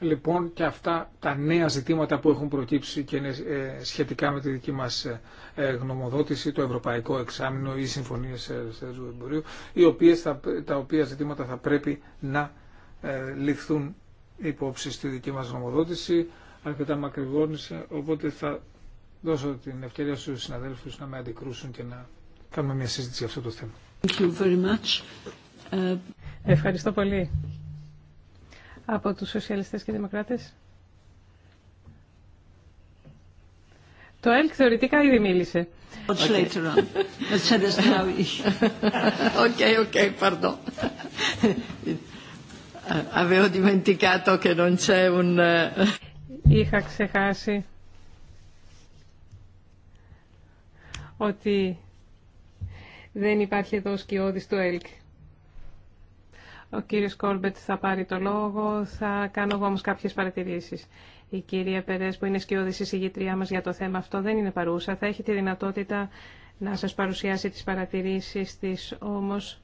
λοιπόν και αυτά τα νέα ζητήματα που έχουν προκύψει και είναι ε, σχετικά με τη δική μας ε, ε, γνωμοδότηση, το Ευρωπαϊκό Εξάμεινο ή συμφωνίες Ελευθερού Εμπορίου, οι οποίες τα οποία ζητήματα θα πρέπει να ληφθούν υπόψη στη δική μας γνωμοδότηση. Αρκετά μακρυγόνησε, οπότε θα δώσω την ευκαιρία στους συναδέλφους να με αντικρούσουν και να κάνουμε μια συζήτηση για αυτό το θέμα. Ευχαριστώ πολύ από τους σοσιαλιστές και δημοκράτες. Το ΕΛΚ θεωρητικά ήδη μίλησε. Είχα ξεχάσει ότι δεν υπάρχει εδώ σκιώδης του ΕΛΚ. Ο κύριος Κόλμπετ θα πάρει το λόγο, θα κάνω εγώ όμως κάποιες παρατηρήσεις. Η κυρία Περές που είναι σκιώδης εισηγητριά μας για το θέμα αυτό δεν είναι παρούσα. Θα έχει τη δυνατότητα να σας παρουσιάσει τις παρατηρήσεις της όμως.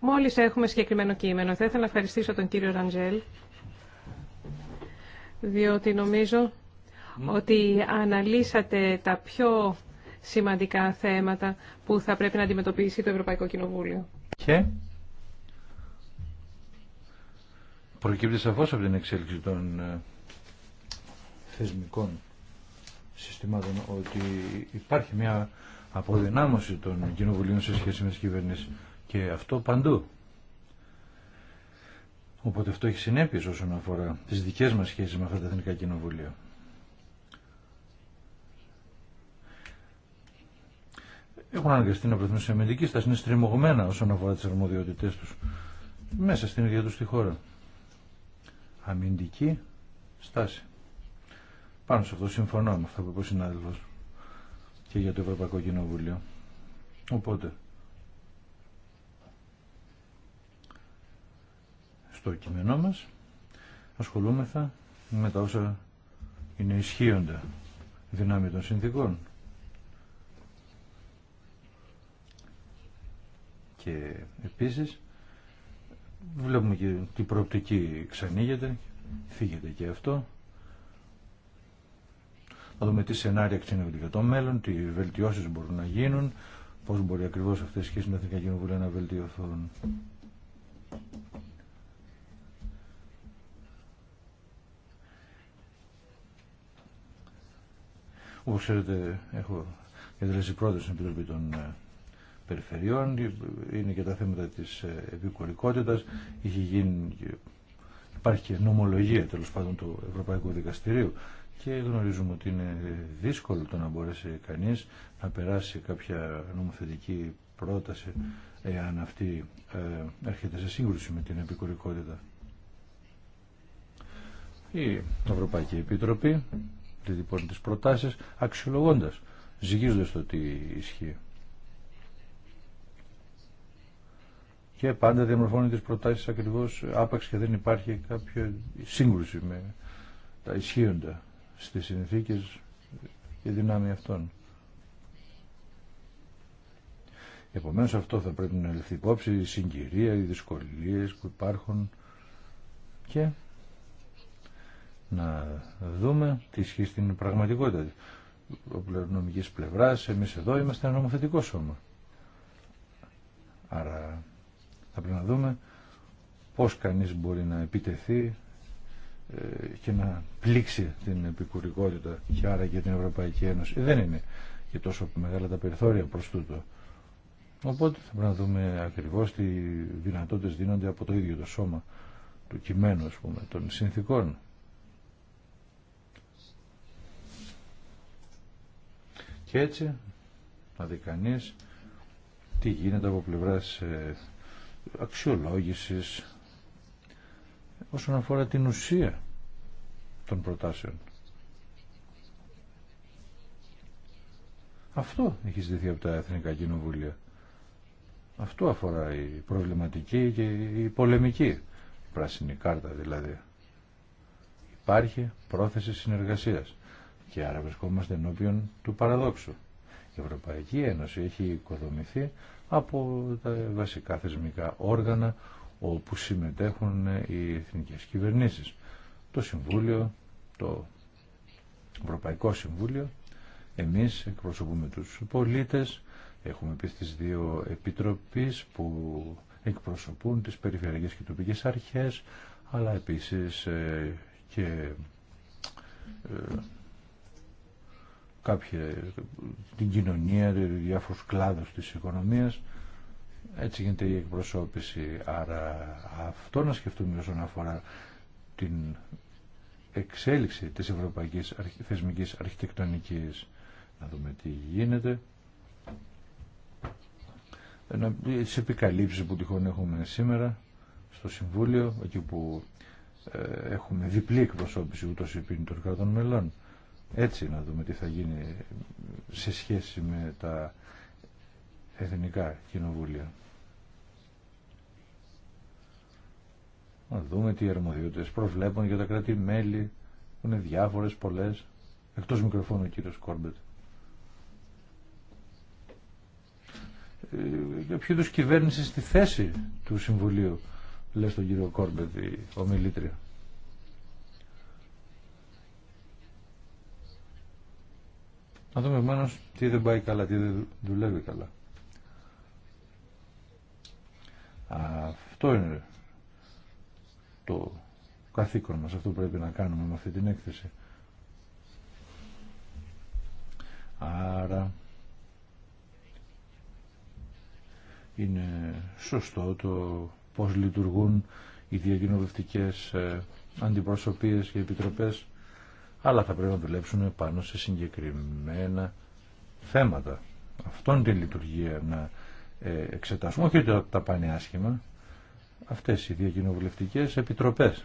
Μόλις έχουμε συγκεκριμένο κείμενο, θα ήθελα να ευχαριστήσω τον κύριο Ραντζέλ, διότι νομίζω ότι αναλύσατε τα πιο σημαντικά θέματα που θα πρέπει να αντιμετωπίσει το Ευρωπαϊκό Κοινοβούλιο. Και προκύπτει σαφώς από την εξέλιξη των ε, θεσμικών συστημάτων ότι υπάρχει μια αποδυνάμωση των κοινοβουλίων σε σχέση με τις κυβερνήσεις και αυτό παντού. Οπότε αυτό έχει συνέπειες όσον αφορά τις δικές μας σχέσεις με αυτά τα εθνικά κοινοβουλία. Έχουν αναγκαστεί να βρεθούν σε αμυντική στάση, είναι στριμωγμένα όσον αφορά τις αρμοδιότητές τους μέσα στην ίδια τους τη χώρα αμυντική στάση. Πάνω σε αυτό συμφωνώ με αυτό που είπε ο συνάδελφος και για το Ευρωπαϊκό Κοινοβούλιο. Οπότε, στο κείμενό μας ασχολούμεθα με τα όσα είναι ισχύοντα δυνάμει των συνθήκων. Και επίσης Βλέπουμε και τι προοπτική ξανήγεται, φύγεται και αυτό. Θα δούμε τι σενάρια ξενεύονται για το μέλλον, τι βελτιώσεις μπορούν να γίνουν, πώς μπορεί ακριβώς αυτές οι σχέσεις με την Κοινοβούλια να βελτιωθούν. Όπως ξέρετε, έχω διατελέσει πρώτα στην Επιτροπή των ε, περιφερειών, είναι και τα θέματα της ε, επικουρικότητας, είχε γίνει, υπάρχει και νομολογία τέλος πάντων του Ευρωπαϊκού Δικαστηρίου και γνωρίζουμε ότι είναι δύσκολο το να μπορέσει κανείς να περάσει κάποια νομοθετική πρόταση εάν αυτή ε, έρχεται σε σύγκρουση με την επικουρικότητα. Η Ευρωπαϊκή Επιτροπή, λοιπόν τις προτάσεις, αξιολογώντας, ζυγίζοντας το τι ισχύει. και πάντα διαμορφώνει τις προτάσεις ακριβώς άπαξ και δεν υπάρχει κάποια σύγκρουση με τα ισχύοντα στις συνθήκες και δυνάμει αυτών. Επομένως αυτό θα πρέπει να ληφθεί υπόψη, η συγκυρία, οι δυσκολίε που υπάρχουν και να δούμε τι ισχύει στην πραγματικότητα. ο πλευράς, εμείς εδώ είμαστε ένα νομοθετικό σώμα. Άρα θα πρέπει να δούμε πώς κανείς μπορεί να επιτεθεί ε, και να πλήξει την επικουρικότητα και άρα και την Ευρωπαϊκή Ένωση. Δεν είναι και τόσο μεγάλα τα περιθώρια προς τούτο. Οπότε θα πρέπει να δούμε ακριβώς τι δυνατότητες δίνονται από το ίδιο το σώμα του κειμένου, ας πούμε, των συνθήκων. Και έτσι να δει κανείς τι γίνεται από πλευράς ε, αξιολόγησης όσον αφορά την ουσία των προτάσεων. Αυτό έχει ζητηθεί από τα Εθνικά Κοινοβούλια. Αυτό αφορά η προβληματική και η πολεμική η πράσινη κάρτα δηλαδή. Υπάρχει πρόθεση συνεργασίας και άρα βρισκόμαστε ενώπιον του παραδόξου. Η Ευρωπαϊκή Ένωση έχει οικοδομηθεί από τα βασικά θεσμικά όργανα όπου συμμετέχουν οι εθνικές κυβερνήσεις. Το Συμβούλιο, το Ευρωπαϊκό Συμβούλιο, εμείς εκπροσωπούμε τους πολίτες, έχουμε επίσης δύο επιτροπές που εκπροσωπούν τις περιφερειακές και τοπικές αρχές, αλλά επίσης ε, και ε, κάποια, την κοινωνία, διάφορους κλάδους της οικονομίας. Έτσι γίνεται η εκπροσώπηση. Άρα αυτό να σκεφτούμε όσον αφορά την εξέλιξη της ευρωπαϊκής θεσμικής αρχιτεκτονικής. Να δούμε τι γίνεται. Τις επικαλύψεις που τυχόν έχουμε σήμερα στο Συμβούλιο, εκεί που ε, έχουμε διπλή εκπροσώπηση ούτως επί των κρατών μελών. Έτσι να δούμε τι θα γίνει σε σχέση με τα εθνικά κοινοβούλια. Να δούμε τι αρμοδιότητες προβλέπουν για τα κράτη-μέλη που είναι διάφορες, πολλές. Εκτός μικροφώνου ο κύριος Κόρμπετ. Ε, για ποιο τους κυβέρνηση στη θέση του Συμβουλίου, λέει στον κύριο Κόρμπετ ο ομιλήτρια. να δούμε μόνο τι δεν πάει καλά, τι δεν δουλεύει καλά. Αυτό είναι το καθήκον μας, αυτό πρέπει να κάνουμε με αυτή την έκθεση. Άρα είναι σωστό το πώς λειτουργούν οι διακοινοβευτικές ε, αντιπροσωπείες και επιτροπές αλλά θα πρέπει να δουλέψουν πάνω σε συγκεκριμένα θέματα. Αυτόν τη λειτουργία να ε, εξετάσουμε, όχι ότι τα πάνε άσχημα, αυτές οι διακοινοβουλευτικές επιτροπές.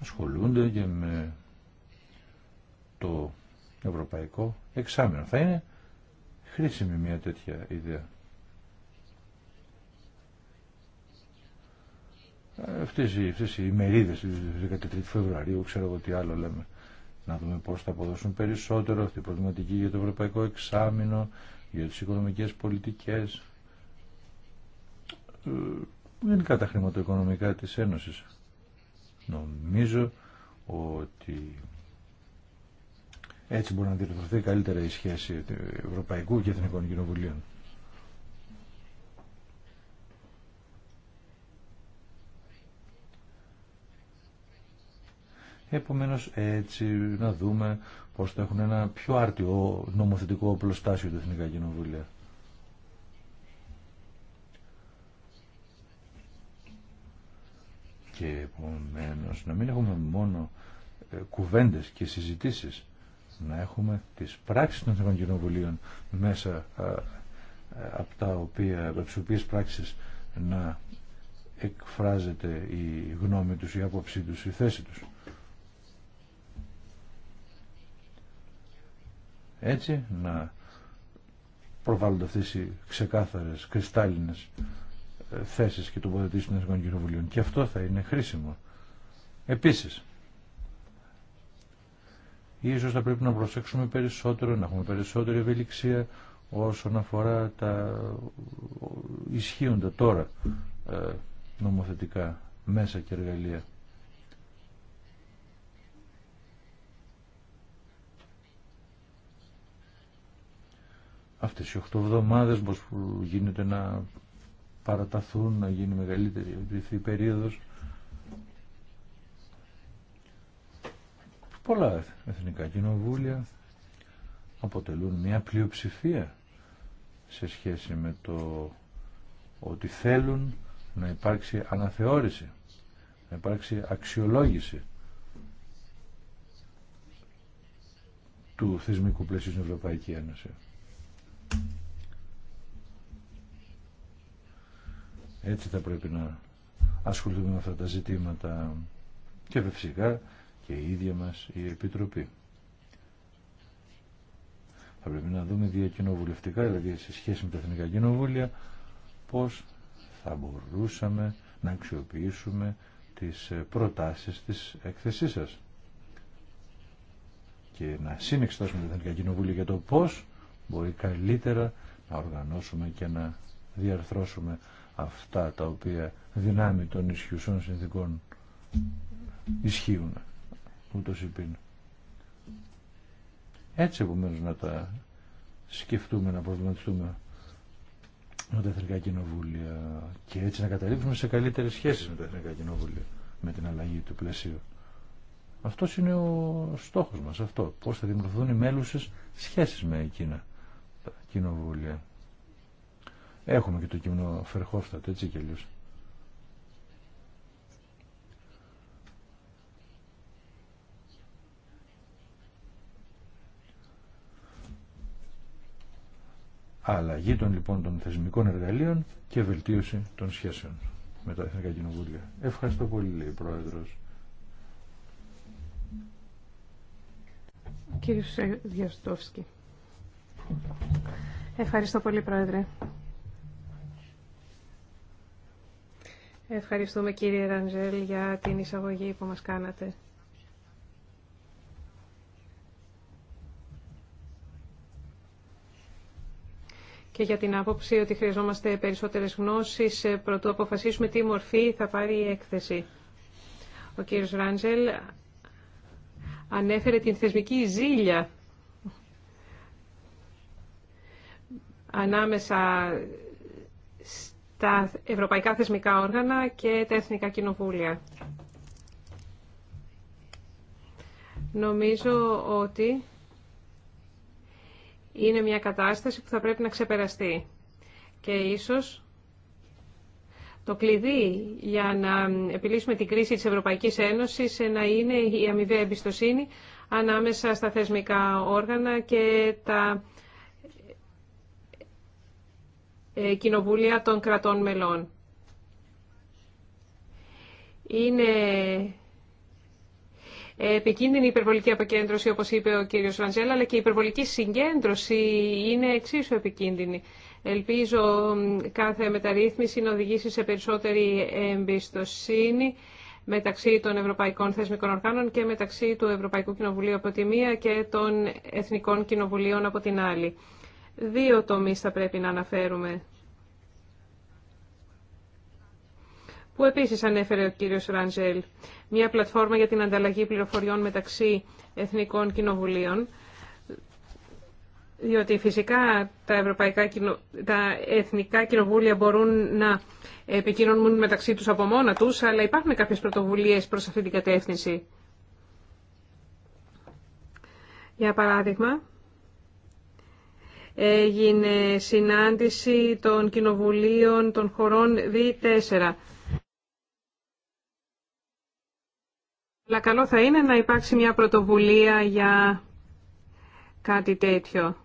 Ασχολούνται και με το ευρωπαϊκό εξάμεινο. Θα είναι χρήσιμη μια τέτοια ιδέα. αυτές, οι, αυτές οι ημερίδες 13 Φεβρουαρίου, ξέρω εγώ τι άλλο λέμε, να δούμε πώς θα αποδώσουν περισσότερο αυτή η προβληματική για το ευρωπαϊκό εξάμεινο, για τις οικονομικές πολιτικές, γενικά ε, τα χρηματοοικονομικά της Ένωσης. Νομίζω ότι έτσι μπορεί να διορθωθεί καλύτερα η σχέση Ευρωπαϊκού και Εθνικών Κοινοβουλίων. Επομένως έτσι να δούμε πώς θα έχουν ένα πιο άρτιο νομοθετικό οπλοστάσιο του Εθνικά Κοινοβούλια. Και επομένως να μην έχουμε μόνο ε, κουβέντες και συζητήσεις να έχουμε τις πράξεις των Εθνικών Κοινοβουλίων μέσα ε, ε, από τα οποία, από τις πράξεις να εκφράζεται η γνώμη τους, η άποψή τους, η θέση τους. Έτσι να προβάλλονται αυτές οι ξεκάθαρες, κρυστάλλινες ε, θέσεις και τοποθετήσεις των Εθνικών Κοινοβουλίων. Και αυτό θα είναι χρήσιμο. Επίσης, ίσως θα πρέπει να προσέξουμε περισσότερο, να έχουμε περισσότερη ευελιξία όσον αφορά τα ισχύοντα τώρα ε, νομοθετικά μέσα και εργαλεία. αυτές οι 8 εβδομάδες πως που γίνεται να παραταθούν, να γίνει μεγαλύτερη η περίοδος. Πολλά εθνικά κοινοβούλια αποτελούν μια πλειοψηφία σε σχέση με το ότι θέλουν να υπάρξει αναθεώρηση, να υπάρξει αξιολόγηση του θεσμικού πλαίσιου στην Ευρωπαϊκή Ένωση. Έτσι θα πρέπει να ασχοληθούμε με αυτά τα ζητήματα και φυσικά και η ίδια μας η Επιτροπή. Θα πρέπει να δούμε διακοινοβουλευτικά, δηλαδή σε σχέση με τα εθνικά κοινοβούλια, πώς θα μπορούσαμε να αξιοποιήσουμε τις ε, προτάσεις της εκθεσής σας και να συνεξετάσουμε τα εθνικά κοινοβούλια για το πώς μπορεί καλύτερα να οργανώσουμε και να διαρθρώσουμε αυτά τα οποία δυνάμει των ισχυουσών συνθήκων ισχύουν ούτως υπήν. Έτσι επομένως να τα σκεφτούμε, να προβληματιστούμε με τα εθνικά κοινοβούλια και έτσι να καταλήξουμε σε καλύτερες σχέσεις με τα εθνικά κοινοβούλια με την αλλαγή του πλαισίου. Αυτό είναι ο στόχος μας, αυτό. Πώς θα δημιουργηθούν οι μέλουσες σχέσεις με εκείνα τα κοινοβούλια. Έχουμε και το κείμενο Φερχόφστατ, έτσι και αλλιώς. Αλλαγή των λοιπόν των θεσμικών εργαλείων και βελτίωση των σχέσεων με τα Εθνικά Κοινοβούλια. Ευχαριστώ πολύ, λέει Πρόεδρος. Κύριε Ευχαριστώ πολύ, Πρόεδρε. Ευχαριστούμε κύριε Ραντζέλ για την εισαγωγή που μας κάνατε. και για την άποψη ότι χρειαζόμαστε περισσότερες γνώσεις ε, προτού αποφασίσουμε τι μορφή θα πάρει η έκθεση. Ο κύριος Ράντζελ ανέφερε την θεσμική ζήλια ανάμεσα τα ευρωπαϊκά θεσμικά όργανα και τα εθνικά κοινοβούλια. Νομίζω ότι είναι μια κατάσταση που θα πρέπει να ξεπεραστεί και ίσως το κλειδί για να επιλύσουμε την κρίση της Ευρωπαϊκής Ένωσης να είναι η αμοιβαία εμπιστοσύνη ανάμεσα στα θεσμικά όργανα και τα ε, κοινοβούλια των κρατών μελών. Είναι ε, επικίνδυνη η υπερβολική αποκέντρωση, όπως είπε ο κύριος Βαντζέλα, αλλά και η υπερβολική συγκέντρωση είναι εξίσου επικίνδυνη. Ελπίζω κάθε μεταρρύθμιση να οδηγήσει σε περισσότερη εμπιστοσύνη μεταξύ των Ευρωπαϊκών Θεσμικών Οργάνων και μεταξύ του Ευρωπαϊκού Κοινοβουλίου από τη μία και των Εθνικών Κοινοβουλίων από την άλλη. Δύο τομείς θα πρέπει να αναφέρουμε. Που επίσης ανέφερε ο κύριος Ραντζέλ. Μια πλατφόρμα για την ανταλλαγή πληροφοριών μεταξύ εθνικών κοινοβουλίων. Διότι φυσικά τα, ευρωπαϊκά, τα εθνικά κοινοβούλια μπορούν να επικοινωνούν μεταξύ τους από μόνα τους, αλλά υπάρχουν κάποιες πρωτοβουλίες προς αυτή την κατεύθυνση. Για παράδειγμα, έγινε συνάντηση των κοινοβουλίων των χωρών D4. Αλλά καλό θα είναι να υπάρξει μια πρωτοβουλία για κάτι τέτοιο.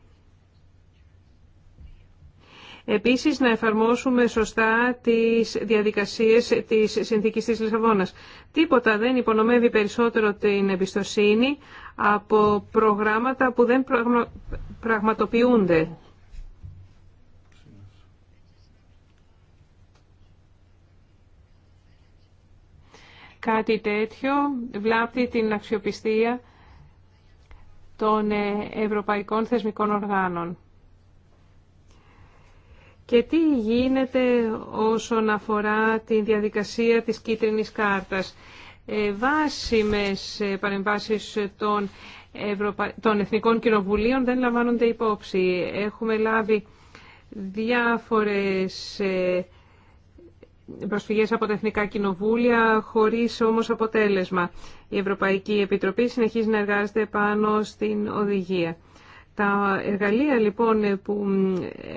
Επίσης, να εφαρμόσουμε σωστά τις διαδικασίες της Συνθήκης της Λισαβόνας. Τίποτα δεν υπονομεύει περισσότερο την εμπιστοσύνη από προγράμματα που δεν πραγματοποιούνται. Κάτι τέτοιο βλάπτει την αξιοπιστία των ε, ευρωπαϊκών θεσμικών οργάνων. Και τι γίνεται όσον αφορά τη διαδικασία της κίτρινης κάρτας. Ε, βάσιμες ε, παρεμβάσεις των, των Εθνικών Κοινοβουλίων δεν λαμβάνονται υπόψη. Έχουμε λάβει διάφορες ε, προσφυγές από τα Εθνικά Κοινοβούλια χωρίς όμως αποτέλεσμα. Η Ευρωπαϊκή Επιτροπή συνεχίζει να εργάζεται πάνω στην οδηγία. Τα εργαλεία λοιπόν που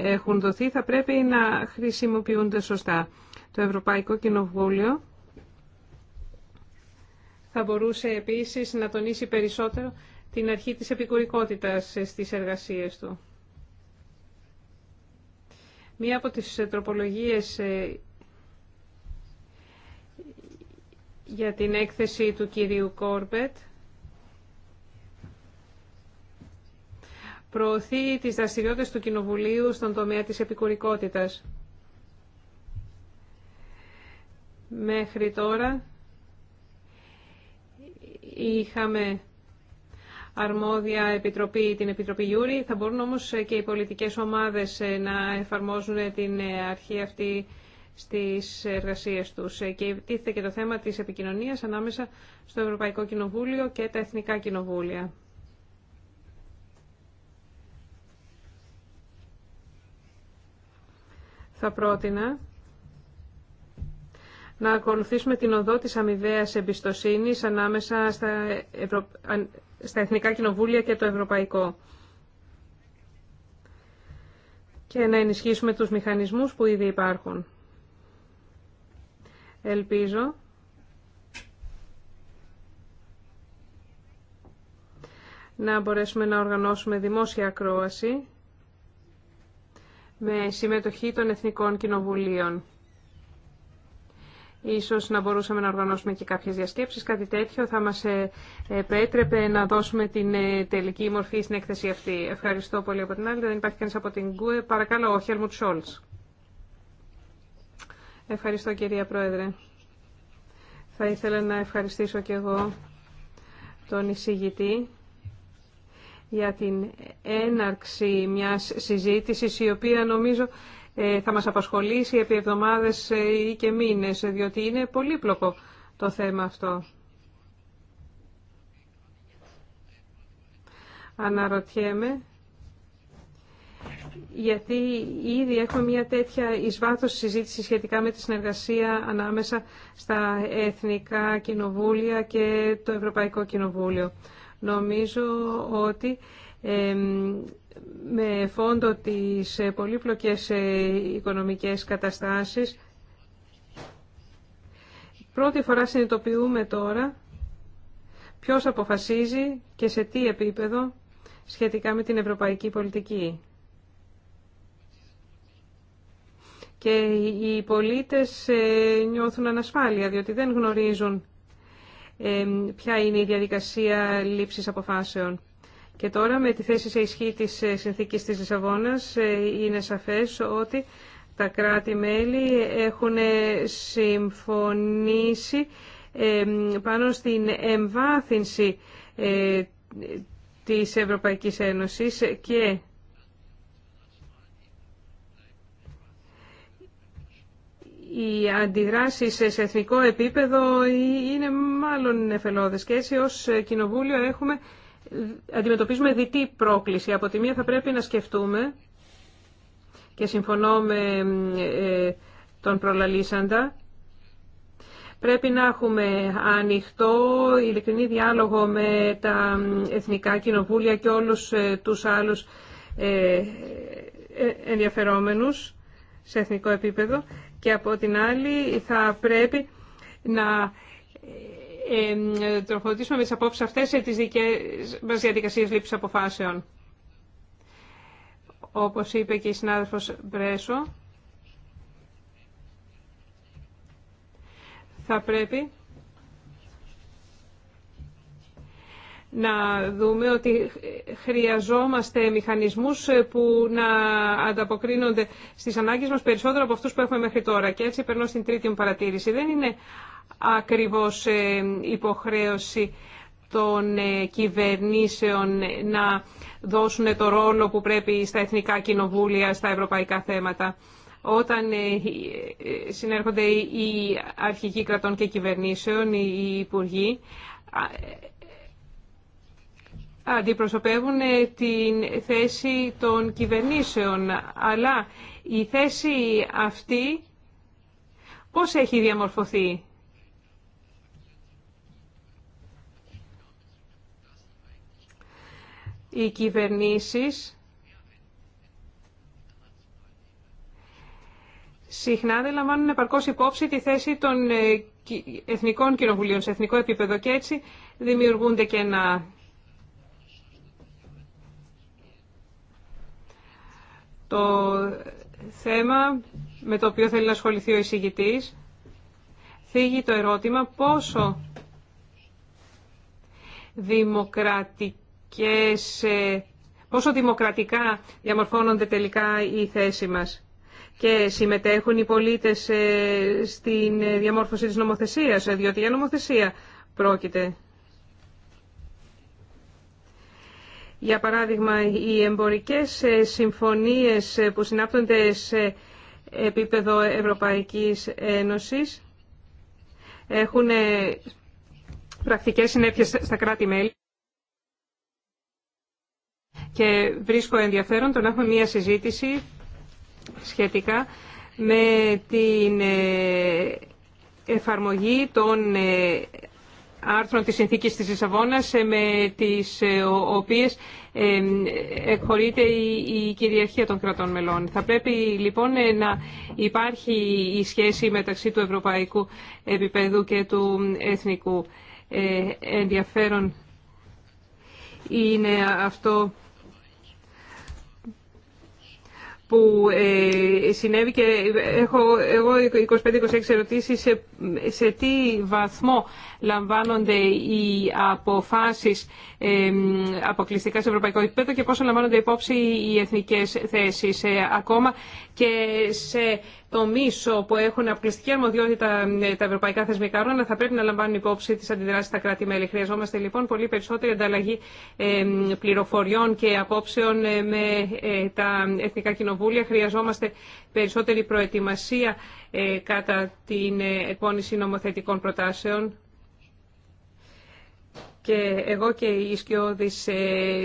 έχουν δοθεί θα πρέπει να χρησιμοποιούνται σωστά. Το Ευρωπαϊκό Κοινοβούλιο θα μπορούσε επίσης να τονίσει περισσότερο την αρχή της επικουρικότητας στις εργασίες του. Μία από τις τροπολογίες ε, για την έκθεση του κυρίου Κόρπετ προωθεί τις δραστηριότητες του Κοινοβουλίου στον τομέα της επικουρικότητας. Μέχρι τώρα είχαμε αρμόδια επιτροπή, την Επιτροπή Γιούρη. Θα μπορούν όμως και οι πολιτικές ομάδες ε, να εφαρμόζουν την ε, αρχή αυτή στις εργασίες τους. Ε, και τίθεται και το θέμα της επικοινωνίας ανάμεσα στο Ευρωπαϊκό Κοινοβούλιο και τα Εθνικά Κοινοβούλια. Θα πρότεινα να ακολουθήσουμε την οδό της αμοιβαίας εμπιστοσύνης ανάμεσα στα, Εθνικά Κοινοβούλια και το Ευρωπαϊκό και να ενισχύσουμε τους μηχανισμούς που ήδη υπάρχουν. Ελπίζω να μπορέσουμε να οργανώσουμε δημόσια ακρόαση με συμμετοχή των Εθνικών Κοινοβουλίων. Ίσως να μπορούσαμε να οργανώσουμε και κάποιες διασκέψεις, κάτι τέτοιο θα μας ε, επέτρεπε να δώσουμε την ε, τελική μορφή στην έκθεση αυτή. Ευχαριστώ πολύ από την άλλη. Δεν υπάρχει κανείς από την ΚΟΕ. Παρακαλώ, ο Χέρμουτ Σόλτς. Ευχαριστώ κυρία Πρόεδρε. Θα ήθελα να ευχαριστήσω και εγώ τον εισηγητή για την έναρξη μιας συζήτησης η οποία νομίζω ε, θα μας απασχολήσει επί εβδομάδες ε, ή και μήνες, διότι είναι πολύπλοκο το θέμα αυτό. Αναρωτιέμαι γιατί ήδη έχουμε μια τέτοια εισβάθος συζήτηση σχετικά με τη συνεργασία ανάμεσα στα Εθνικά Κοινοβούλια και το Ευρωπαϊκό Κοινοβούλιο. Νομίζω ότι με φόντο τις ε, πολύπλοκες ε, οικονομικές καταστάσεις. Πρώτη φορά συνειδητοποιούμε τώρα ποιος αποφασίζει και σε τι επίπεδο σχετικά με την ευρωπαϊκή πολιτική. Και οι πολίτες ε, νιώθουν ανασφάλεια, διότι δεν γνωρίζουν ποια είναι η διαδικασία λήψης αποφάσεων. Και τώρα με τη θέση σε ισχύ της ε, συνθήκης της Λισαβόνας ε, είναι σαφές ότι τα κράτη-μέλη έχουν ε, συμφωνήσει πάνω στην εμβάθυνση της Ευρωπαϊκής Ένωσης και οι αντιδράσεις σε εθνικό επίπεδο είναι μάλλον εφελώδες και έτσι ως Κοινοβούλιο έχουμε αντιμετωπίζουμε διτή πρόκληση. Από τη μία θα πρέπει να σκεφτούμε και συμφωνώ με ε, τον προλαλήσαντα, πρέπει να έχουμε ανοιχτό, ειλικρινή διάλογο με τα εθνικά κοινοβούλια και όλους ε, τους άλλους ε, ενδιαφερόμενους σε εθνικό επίπεδο και από την άλλη θα πρέπει να τροφοδοτήσουμε με τις απόψεις αυτές τις δικές μας διαδικασίες λήψης αποφάσεων. Όπως είπε και η συνάδελφος Μπρέσο, θα πρέπει να δούμε ότι χρειαζόμαστε μηχανισμούς που να ανταποκρίνονται στις ανάγκες μας περισσότερο από αυτούς που έχουμε μέχρι τώρα. Και έτσι περνώ στην τρίτη μου παρατήρηση. Δεν είναι ακριβώς ε, υποχρέωση των ε, κυβερνήσεων να δώσουν το ρόλο που πρέπει στα εθνικά κοινοβούλια, στα ευρωπαϊκά θέματα. Όταν ε, συνέρχονται οι αρχικοί κρατών και κυβερνήσεων, οι υπουργοί, αντιπροσωπεύουν την θέση των κυβερνήσεων. Αλλά η θέση αυτή πώς έχει διαμορφωθεί. οι κυβερνήσεις συχνά δεν λαμβάνουν επαρκώς υπόψη τη θέση των ε, εθνικών κοινοβουλίων σε εθνικό επίπεδο και έτσι δημιουργούνται και ένα το θέμα με το οποίο θέλει να ασχοληθεί ο εισηγητής θίγει το ερώτημα πόσο δημοκρατικό και σε πόσο δημοκρατικά διαμορφώνονται τελικά οι θέσει μας. Και συμμετέχουν οι πολίτες ε, στην διαμόρφωση της νομοθεσίας, ε, διότι για νομοθεσία πρόκειται. Για παράδειγμα, οι εμπορικές ε, συμφωνίες που συνάπτονται σε επίπεδο Ευρωπαϊκής Ένωσης έχουν πρακτικές συνέπειες στα κράτη-μέλη και βρίσκω ενδιαφέρον το να έχουμε μία συζήτηση σχετικά με την ε, εφαρμογή των ε, άρθρων της συνθήκης της Λισαβόνας ε, με τις οποίες εκχωρείται η κυριαρχία των κρατών μελών. Θα πρέπει λοιπόν να υπάρχει η σχέση μεταξύ του ευρωπαϊκού επίπεδου και του εθνικού ενδιαφέρον. Είναι αυτό που ε, συνέβη και έχω εγώ 25-26 ερωτήσεις σε, σε τι βαθμό λαμβάνονται οι αποφάσεις ε, αποκλειστικά σε ευρωπαϊκό επίπεδο και πόσο λαμβάνονται υπόψη οι εθνικές θέσεις ε, ακόμα και σε το μίσο που έχουν αποκλειστική αρμοδιότητα ε, τα ευρωπαϊκά θεσμικά όργανα θα πρέπει να λαμβάνουν υπόψη τι αντιδράσει στα κράτη-μέλη. Χρειαζόμαστε λοιπόν πολύ περισσότερη ανταλλαγή ε, πληροφοριών και απόψεων ε, με τα εθνικά κοινοβούλια. Χρειαζόμαστε περισσότερη προετοιμασία κατά την εκπόνηση νομοθετικών προτάσεων. Και εγώ και η Ισκιώδης, ε, ε,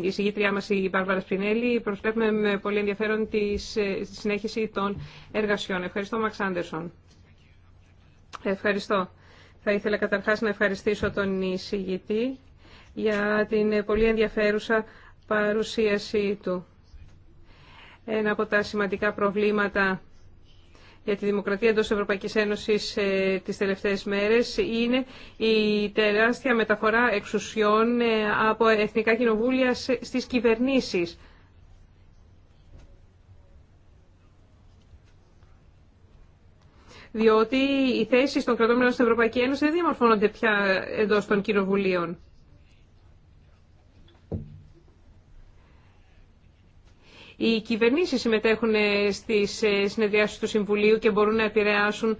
η συγγήτριά μας η Μπάρβαρα Σπινέλη, προσβλέπουμε με πολύ ενδιαφέρον ε, τη συνέχιση των εργασιών. Ευχαριστώ, Μαξ Άντερσον. Ευχαριστώ. Θα ήθελα καταρχάς να ευχαριστήσω τον εισηγητή για την πολύ ενδιαφέρουσα παρουσίασή του. Ένα από τα σημαντικά προβλήματα για τη δημοκρατία εντός Ευρωπαϊκής Ένωσης ε, τις τελευταίες μέρες είναι η τεράστια μεταφορά εξουσιών ε, από εθνικά κοινοβούλια στις κυβερνήσεις. Διότι οι θέσεις των κρατών στην Ευρωπαϊκή Ένωση δεν διαμορφώνονται πια εντός των κοινοβουλίων. Οι κυβερνήσεις συμμετέχουν ε, στις ε, συνεδριάσεις του Συμβουλίου και μπορούν να επηρεάσουν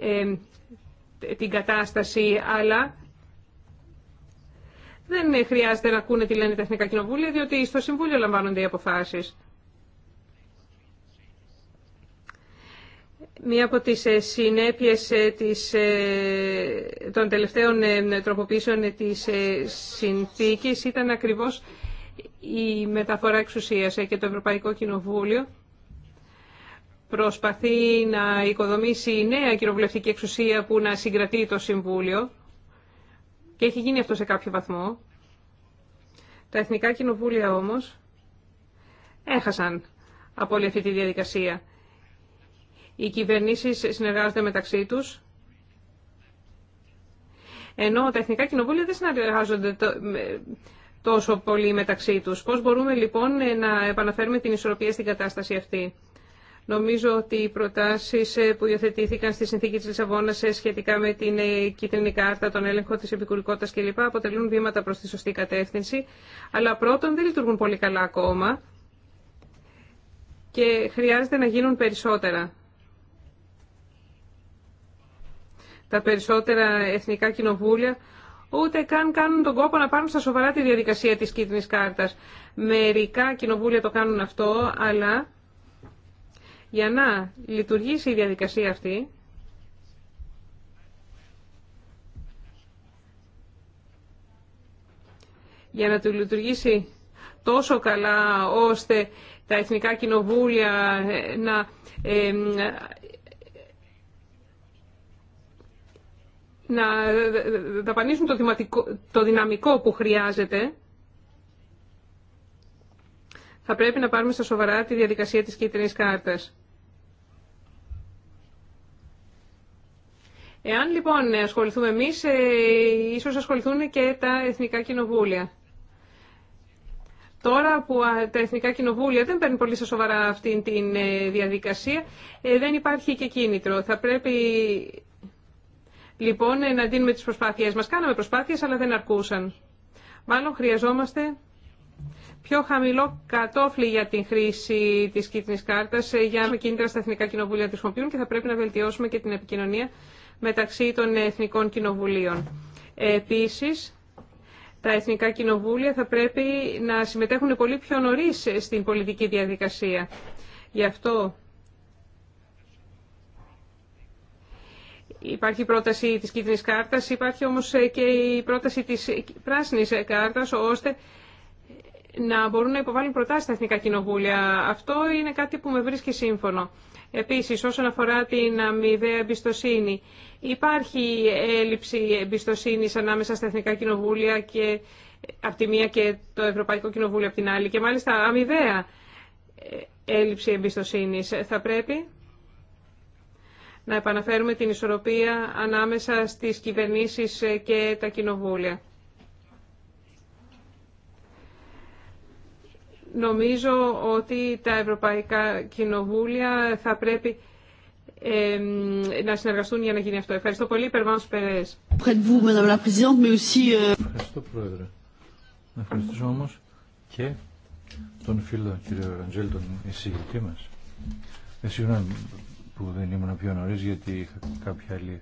ε, την κατάσταση, αλλά δεν χρειάζεται να ακούνε τι λένε τα Εθνικά Κοινοβούλια, διότι στο Συμβούλιο λαμβάνονται οι αποφάσεις. Μία από τις συνέπειες της, των τελευταίων τροποποίησεων της συνθήκης ήταν ακριβώς η μεταφορά εξουσίας ε, και το Ευρωπαϊκό Κοινοβούλιο προσπαθεί να οικοδομήσει νέα κοινοβουλευτική εξουσία που να συγκρατεί το Συμβούλιο και έχει γίνει αυτό σε κάποιο βαθμό. Τα Εθνικά Κοινοβούλια όμως έχασαν από όλη αυτή τη διαδικασία. Οι κυβερνήσεις συνεργάζονται μεταξύ τους, ενώ τα Εθνικά Κοινοβούλια δεν συνεργάζονται τόσο πολύ μεταξύ τους. Πώς μπορούμε λοιπόν ε, να επαναφέρουμε την ισορροπία στην κατάσταση αυτή. Νομίζω ότι οι προτάσεις ε, που υιοθετήθηκαν στη συνθήκη της Λισαβόνας ε, σχετικά με την κίτρινη κάρτα, τον έλεγχο της επικουρικότητας κλπ. αποτελούν βήματα προς τη σωστή κατεύθυνση. Αλλά πρώτον δεν λειτουργούν πολύ καλά ακόμα και χρειάζεται να γίνουν περισσότερα. Τα περισσότερα εθνικά κοινοβούλια ούτε καν κάνουν τον κόπο να πάρουν στα σοβαρά τη διαδικασία της κίτρινης κάρτας. Μερικά κοινοβούλια το κάνουν αυτό, αλλά για να λειτουργήσει η διαδικασία αυτή, για να του λειτουργήσει τόσο καλά ώστε τα εθνικά κοινοβούλια να να δαπανίσουν το, το δυναμικό που χρειάζεται, θα πρέπει να πάρουμε στα σοβαρά τη διαδικασία της κίτρινης κάρτας. Εάν λοιπόν ασχοληθούμε εμείς, ε, ίσως ασχοληθούν και τα εθνικά κοινοβούλια. Τώρα που τα εθνικά κοινοβούλια δεν παίρνουν πολύ στα σοβαρά αυτή τη ε, διαδικασία, ε, δεν υπάρχει και κίνητρο. Θα πρέπει λοιπόν ε, να δίνουμε τις προσπάθειές μας. Κάναμε προσπάθειες αλλά δεν αρκούσαν. Μάλλον χρειαζόμαστε πιο χαμηλό κατόφλι για την χρήση της κίτρινης κάρτας ε, για να κίνητρα στα εθνικά κοινοβούλια τη χρησιμοποιούν και θα πρέπει να βελτιώσουμε και την επικοινωνία μεταξύ των εθνικών κοινοβουλίων. Επίσης, τα εθνικά κοινοβούλια θα πρέπει να συμμετέχουν πολύ πιο νωρίς στην πολιτική διαδικασία. Γι' αυτό Υπάρχει πρόταση της κίτρινης κάρτας, υπάρχει όμως ε, και η πρόταση της πράσινης κάρτας, ώστε να μπορούν να υποβάλουν προτάσεις στα εθνικά κοινοβούλια. Αυτό είναι κάτι που με βρίσκει σύμφωνο. Επίσης, όσον αφορά την αμοιβαία εμπιστοσύνη, υπάρχει έλλειψη εμπιστοσύνης ανάμεσα στα εθνικά κοινοβούλια και από τη μία και το Ευρωπαϊκό Κοινοβούλιο από την άλλη και μάλιστα αμοιβαία ε, έλλειψη εμπιστοσύνης. Θα πρέπει να επαναφέρουμε την ισορροπία ανάμεσα στις κυβερνήσεις ε, και τα κοινοβούλια. Νομίζω ότι τα ευρωπαϊκά κοινοβούλια θα πρέπει να συνεργαστούν για να γίνει αυτό. Ευχαριστώ πολύ. Περβάνω Περές. Euh, Ευχαριστώ, Πρόεδρε. Να ευχαριστήσω όμως και τον φίλο κύριο Ραντζέλ, τον εισηγητή μας. Ε, που δεν ήμουν πιο νωρί γιατί είχα κάποια άλλη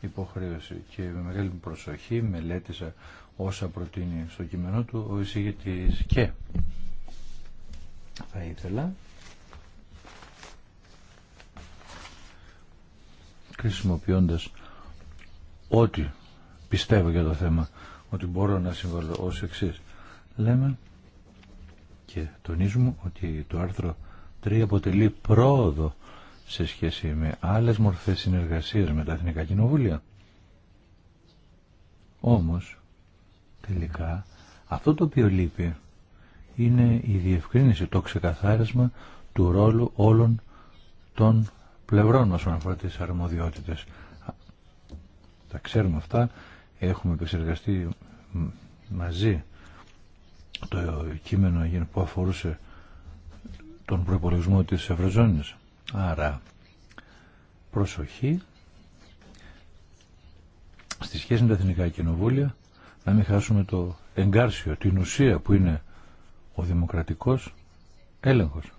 υποχρέωση και με μεγάλη προσοχή μελέτησα όσα προτείνει στο κείμενό του ο εισηγητής και θα ήθελα χρησιμοποιώντας ό,τι πιστεύω για το θέμα ότι μπορώ να συμβαλώ ως εξή. λέμε και τονίζουμε ότι το άρθρο 3 αποτελεί πρόοδο σε σχέση με άλλες μορφές συνεργασίας με τα Εθνικά Κοινοβούλια. Όμως, τελικά, αυτό το οποίο λείπει είναι η διευκρίνηση, το ξεκαθάρισμα του ρόλου όλων των πλευρών όσον αφορά τις αρμοδιότητες. Τα ξέρουμε αυτά, έχουμε επεξεργαστεί μαζί το κείμενο που αφορούσε τον προπολογισμό της Ευρωζώνης. Άρα προσοχή στη σχέση με τα εθνικά κοινοβούλια να μην χάσουμε το εγκάρσιο, την ουσία που είναι ο δημοκρατικός έλεγχος.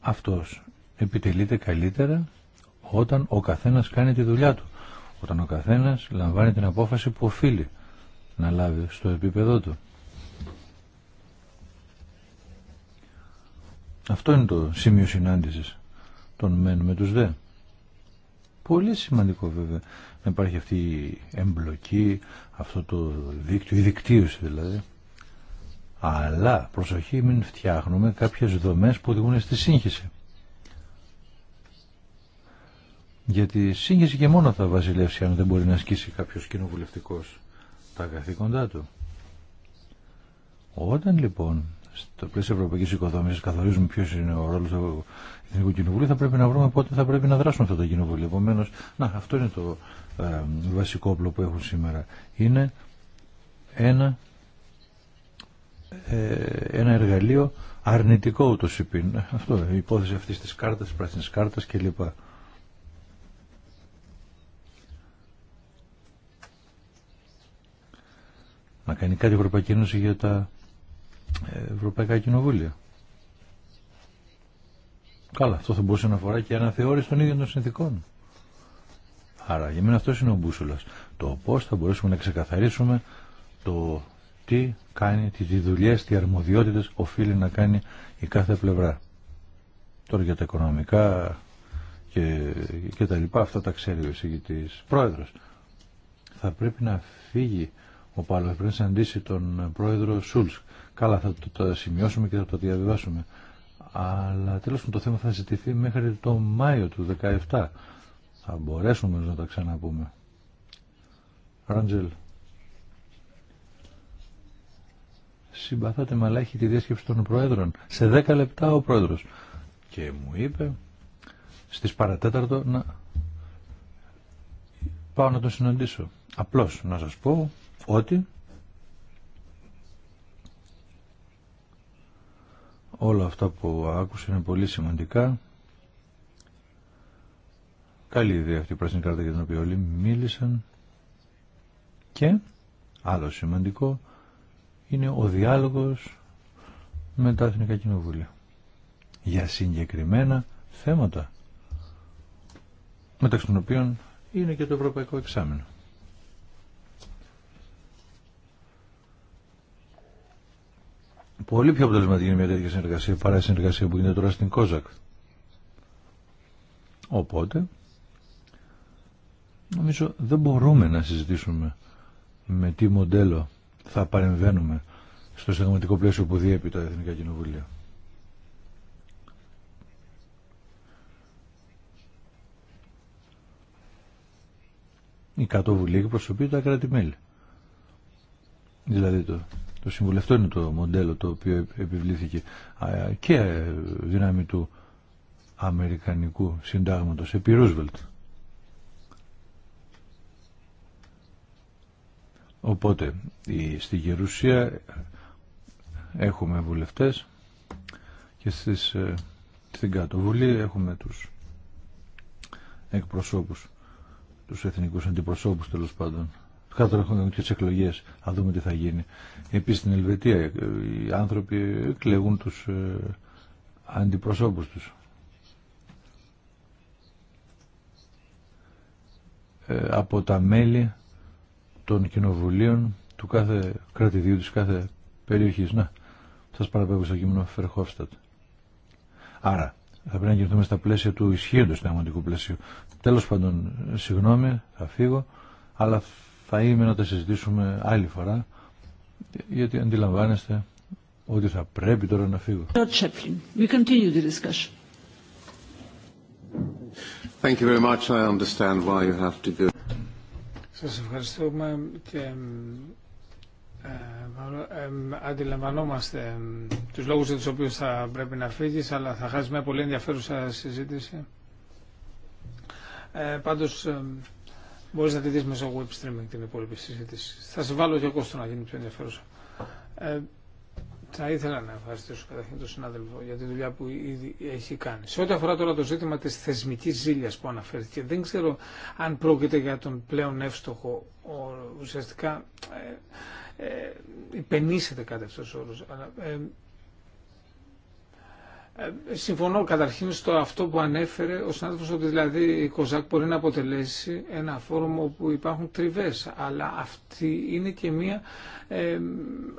Αυτός επιτελείται καλύτερα όταν ο καθένας κάνει τη δουλειά του. Όταν ο καθένας λαμβάνει την απόφαση που οφείλει να λάβει στο επίπεδό του. Αυτό είναι το σημείο συνάντησης των μεν με τους δε. Πολύ σημαντικό βέβαια να υπάρχει αυτή η εμπλοκή, αυτό το δίκτυο, η δικτύωση δηλαδή. Αλλά προσοχή μην φτιάχνουμε κάποιες δομές που οδηγούν στη σύγχυση. Γιατί σύγχυση και μόνο θα βασιλεύσει αν δεν μπορεί να ασκήσει κάποιος κοινοβουλευτικός τα καθήκοντά του. Όταν λοιπόν στο πλαίσιο ευρωπαϊκή οικοδόμηση καθορίζουμε ποιο είναι ο ρόλο του Εθνικού Κοινοβουλίου, θα πρέπει να βρούμε πότε θα πρέπει να δράσουν αυτό το κοινοβούλια. Επομένω, αυτό είναι το βασικό όπλο που έχουν σήμερα. Είναι ένα, ε, ένα εργαλείο αρνητικό ούτω ή Αυτό, η υπόθεση αυτή τη κάρτα, τη πράσινη κάρτα κλπ. Να κάνει κάτι η Ευρωπαϊκή Ένωση για τα Ευρωπαϊκά Κοινοβούλια. Καλά, αυτό θα μπορούσε να αφορά και αναθεώρηση των ίδιων των συνθηκών. Άρα, για μένα αυτό είναι ο μπούσουλα. Το πώ θα μπορέσουμε να ξεκαθαρίσουμε το τι κάνει, τι, δουλειέ, τι αρμοδιότητε οφείλει να κάνει η κάθε πλευρά. Τώρα για τα οικονομικά και, και τα λοιπά, αυτά τα ξέρει ο εισηγητή πρόεδρο. Θα πρέπει να φύγει ο Παλαιός να τον πρόεδρο Σούλσκ. Καλά, θα το, σημειώσουμε και θα το διαβιβάσουμε. Αλλά τέλος πάντων το θέμα θα ζητηθεί μέχρι το Μάιο του 2017. Θα μπορέσουμε να τα ξαναπούμε. Ραντζελ. Συμπαθάτε με αλλά έχει τη διάσκεψη των Προέδρων. Σε 10 λεπτά ο Πρόεδρος. Και μου είπε στις παρατέταρτο να πάω να τον συναντήσω. Απλώς να σας πω ότι Όλα αυτά που άκουσα είναι πολύ σημαντικά. Καλή ιδέα αυτή η πράσινη κάρτα για την οποία όλοι μίλησαν. Και άλλο σημαντικό είναι ο διάλογος με τα Εθνικά Κοινοβούλια. Για συγκεκριμένα θέματα μεταξύ των οποίων είναι και το Ευρωπαϊκό Εξάμεινο. πολύ πιο αποτελεσματική είναι μια τέτοια συνεργασία παρά η συνεργασία που γίνεται τώρα στην Κόζακ. Οπότε, νομίζω δεν μπορούμε να συζητήσουμε με τι μοντέλο θα παρεμβαίνουμε στο συνταγματικό πλαίσιο που διέπει τα Εθνικά Κοινοβούλια. Η κατοβουλία εκπροσωπεί τα κράτη-μέλη. Δηλαδή το το συμβουλευτό είναι το μοντέλο το οποίο επιβλήθηκε και δύναμη του Αμερικανικού Συντάγματος επί Ρούσβελτ. Οπότε, στη Γερουσία έχουμε βουλευτές και στις, ε, στην Κατοβουλή Βουλή έχουμε τους εκπροσώπους, τους εθνικούς αντιπροσώπους τέλος πάντων κάτω έχουμε και τι εκλογέ, να δούμε τι θα γίνει. Επίση στην Ελβετία ε, οι άνθρωποι εκλεγούν του ε, αντιπροσώπου του. Ε, από τα μέλη των κοινοβουλίων του κάθε κρατηδίου της κάθε περιοχής. Να, σας παραπέμπω στο κείμενο Φερχόφστατ. Άρα, θα πρέπει να γυρθούμε στα πλαίσια του ισχύοντος συνταγματικού πλαίσιου. Τέλος πάντων, συγγνώμη, θα φύγω, αλλά θα είμαι να τα συζητήσουμε άλλη φορά γιατί αντιλαμβάνεστε ότι θα πρέπει τώρα να φύγω. We Thank you very much. I understand why you have to Σας ευχαριστούμε και ε, αντιλαμβανόμαστε τους λόγους για τους οποίους θα πρέπει να φύγεις αλλά θα χάσει μια πολύ ενδιαφέρουσα συζήτηση. Ε, πάντως Μπορεί να τη δεις μέσω web streaming την υπόλοιπη συζήτηση. Θα σε βάλω και εγώ στο να γίνει πιο ενδιαφέρουσα. Ε, θα ήθελα να ευχαριστήσω καταρχήν τον συνάδελφο για τη δουλειά που ήδη έχει κάνει. Σε ό,τι αφορά τώρα το ζήτημα τη θεσμική ζήλια που αναφέρθηκε, δεν ξέρω αν πρόκειται για τον πλέον εύστοχο. Ουσιαστικά ε, ε, υπενήσεται κάτι αυτό ο όρο. Ε, συμφωνώ καταρχήν στο αυτό που ανέφερε ο συνάδελφος ότι δηλαδή η ΚΟΖΑΚ μπορεί να αποτελέσει ένα φόρουμ όπου υπάρχουν τριβές αλλά αυτή είναι και μια ε,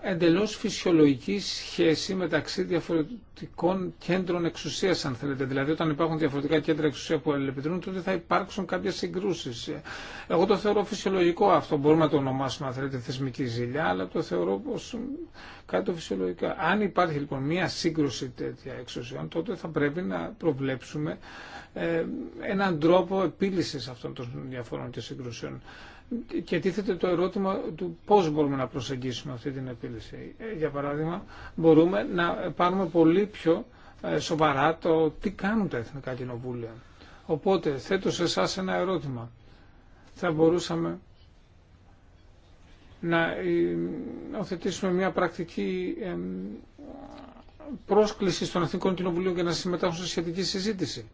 εντελώς φυσιολογική σχέση μεταξύ διαφορετικών κέντρων εξουσίας αν θέλετε. Δηλαδή όταν υπάρχουν διαφορετικά κέντρα εξουσία που αλληλεπιδρούν τότε θα υπάρξουν κάποιες συγκρούσεις. Ε, εγώ το θεωρώ φυσιολογικό αυτό. Μπορούμε να το ονομάσουμε αν θέλετε θεσμική ζηλιά αλλά το θεωρώ πως κάτι το φυσιολογικό. Αν υπάρχει λοιπόν μια σύγκρουση τέτοια εξουσία τότε θα πρέπει να προβλέψουμε ε, έναν τρόπο επίλυσης αυτών των διαφόρων και συγκρουσιών. Και τίθεται το ερώτημα του πώς μπορούμε να προσεγγίσουμε αυτή την επίλυση. Ε, για παράδειγμα, μπορούμε να πάρουμε πολύ πιο ε, σοβαρά το τι κάνουν τα Εθνικά Κοινοβούλια. Οπότε θέτω σε εσά ένα ερώτημα. Θα μπορούσαμε να οθετήσουμε μια πρακτική πρόσκληση των Εθνικών Κοινοβούλιο για να συμμετάσχουν στη σχετική συζήτηση.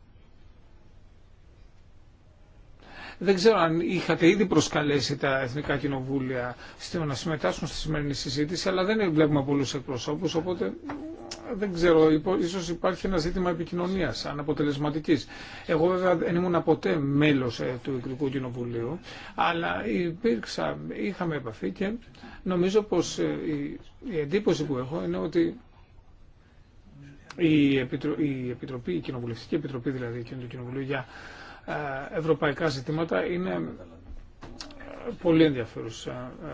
Δεν ξέρω αν είχατε ήδη προσκαλέσει τα Εθνικά Κοινοβούλια στο να συμμετάσχουν στη σημερινή συζήτηση, αλλά δεν βλέπουμε πολλούς εκπροσώπους, οπότε δεν ξέρω, ίσως υπάρχει ένα ζήτημα επικοινωνίας, αναποτελεσματικής. Εγώ βέβαια δεν ήμουν ποτέ μέλος ε, του Εθνικού Κοινοβουλίου, αλλά υπήρξα, είχαμε επαφή και νομίζω πως ε, η εντύπωση που έχω είναι ότι η, Επιτρο... η, Επιτροπή, η Κοινοβουλευτική Επιτροπή δηλαδή και για ε, ευρωπαϊκά ζητήματα είναι ε, πολύ ενδιαφέρουσα ε,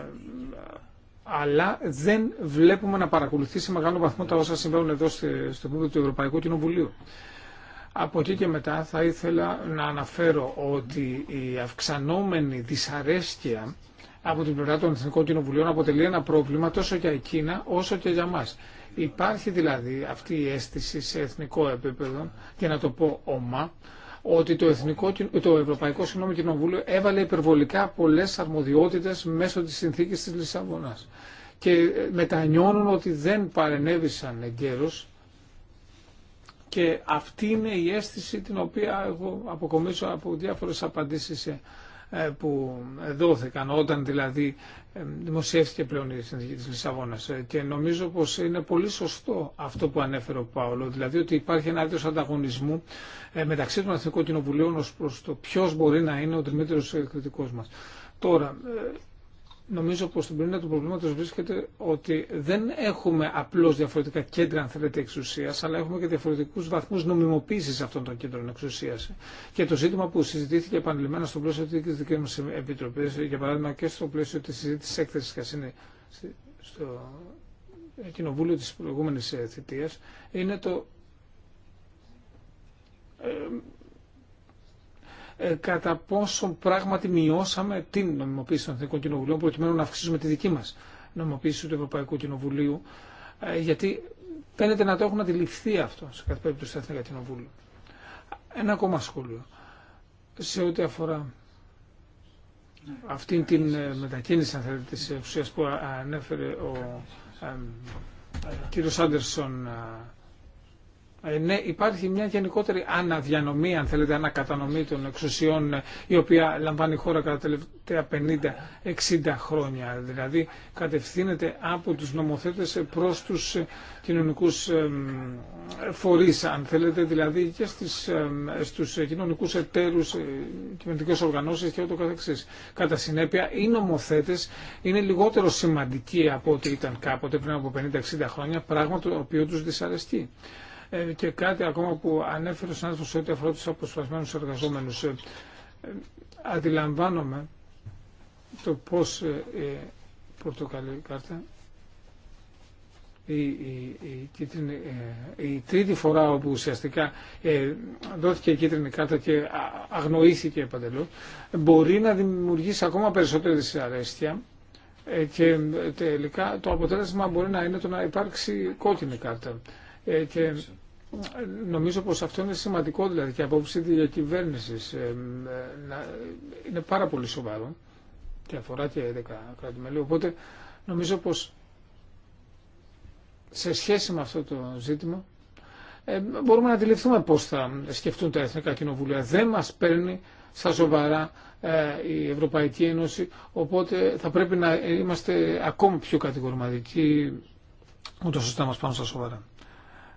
αλλά δεν βλέπουμε να παρακολουθεί σε μεγάλο βαθμό τα όσα συμβαίνουν εδώ στο επίπεδο του Ευρωπαϊκού Κοινοβουλίου. Από εκεί και μετά θα ήθελα να αναφέρω ότι η αυξανόμενη δυσαρέσκεια από την πλευρά των Εθνικών Κοινοβουλίων αποτελεί ένα πρόβλημα τόσο για εκείνα όσο και για μας. Υπάρχει δηλαδή αυτή η αίσθηση σε εθνικό επίπεδο, και να το πω όμα, ότι το, εθνικό, το Ευρωπαϊκό Συνόμιο Κοινοβούλιο έβαλε υπερβολικά πολλές αρμοδιότητες μέσω της συνθήκης της Λισαβόνας. Και ε, μετανιώνουν ότι δεν παρενέβησαν εγκαίρως και αυτή είναι η αίσθηση την οποία εγώ αποκομίσω από διάφορες απαντήσεις σε ε, που δόθηκαν όταν δηλαδή ε, δημοσιεύτηκε πλέον η συνθήκη της Λισαβόνας ε, και νομίζω πως είναι πολύ σωστό αυτό που ανέφερε ο Πάολο δηλαδή ότι υπάρχει ένα άλλος ανταγωνισμού μεταξύ των Αθηνικών Κοινοβουλίων ως προς το ποιος μπορεί να είναι ο δημήτρης κριτικός μας. Τώρα, νομίζω πως στην πλήρη του προβλήματος βρίσκεται ότι δεν έχουμε απλώς διαφορετικά κέντρα αν θέλετε εξουσίας, αλλά έχουμε και διαφορετικούς βαθμούς νομιμοποίησης αυτών των κέντρων εξουσίας. Και το ζήτημα που συζητήθηκε επανειλημμένα στο πλαίσιο της δικής μας επιτροπής, για παράδειγμα και στο πλαίσιο της συζήτησης έκθεσης Κασίνη στο κοινοβούλιο της προηγούμενης ε, θητείας, είναι το ε, ε, κατά πόσο πράγματι μειώσαμε την νομιμοποίηση των Εθνικών Κοινοβουλίων προκειμένου να αυξήσουμε τη δική μας νομιμοποίηση του Ευρωπαϊκού Κοινοβουλίου ε, γιατί φαίνεται να το έχουν αντιληφθεί αυτό σε κάθε περίπτωση στα Εθνικά Κοινοβούλια. Ένα ακόμα σχόλιο σε ό,τι αφορά αυτήν την ε, μετακίνηση αν θέλετε, της που ανέφερε ο κύριος Άντερσον ε, ναι, υπάρχει μια γενικότερη αναδιανομή, αν θέλετε, ανακατανομή των εξουσιών, ε, η οποία λαμβάνει η χώρα κατά τα τελευταία 50-60 χρόνια. Δηλαδή, κατευθύνεται από τους νομοθέτες προς τους ε, κοινωνικούς φορείς, αν θέλετε, δηλαδή και στου στους κοινωνικούς εταίρους, οργανώσει οργανώσεις και ούτω καθεξής. Κατά συνέπεια, οι νομοθέτες είναι λιγότερο σημαντικοί από ό,τι ήταν κάποτε πριν από 50-60 χρόνια, πράγμα το οποίο τους δυσαρεστεί. Ε, και κάτι ακόμα που ανέφερε ο συνάδελφος ό,τι αφορά τους αποσπασμένους εργαζόμενους. Ε, αντιλαμβάνομαι το πώς η ε, πορτοκαλί κάρτα η, η, η, τρίτη φορά όπου ουσιαστικά δόθηκε η κίτρινη κάρτα και αγνοήθηκε παντελώ, μπορεί να δημιουργήσει ακόμα περισσότερη δυσαρέστια και τελικά το αποτέλεσμα μπορεί να είναι το να υπάρξει κόκκινη κάρτα. Ε, και νομίζω πως αυτό είναι σημαντικό δηλαδή και απόψη διακυβέρνησης ε, ε, είναι πάρα πολύ σοβαρό και αφορά και 11 κράτη-μέλη. Οπότε νομίζω πως σε σχέση με αυτό το ζήτημα μπορούμε να αντιληφθούμε πώς θα σκεφτούν τα Εθνικά Κοινοβούλια. Δεν μας παίρνει στα σοβαρά η Ευρωπαϊκή Ένωση, οπότε θα πρέπει να είμαστε ακόμη πιο κατηγορηματικοί ούτως ώστε να μας πάνω στα σοβαρά.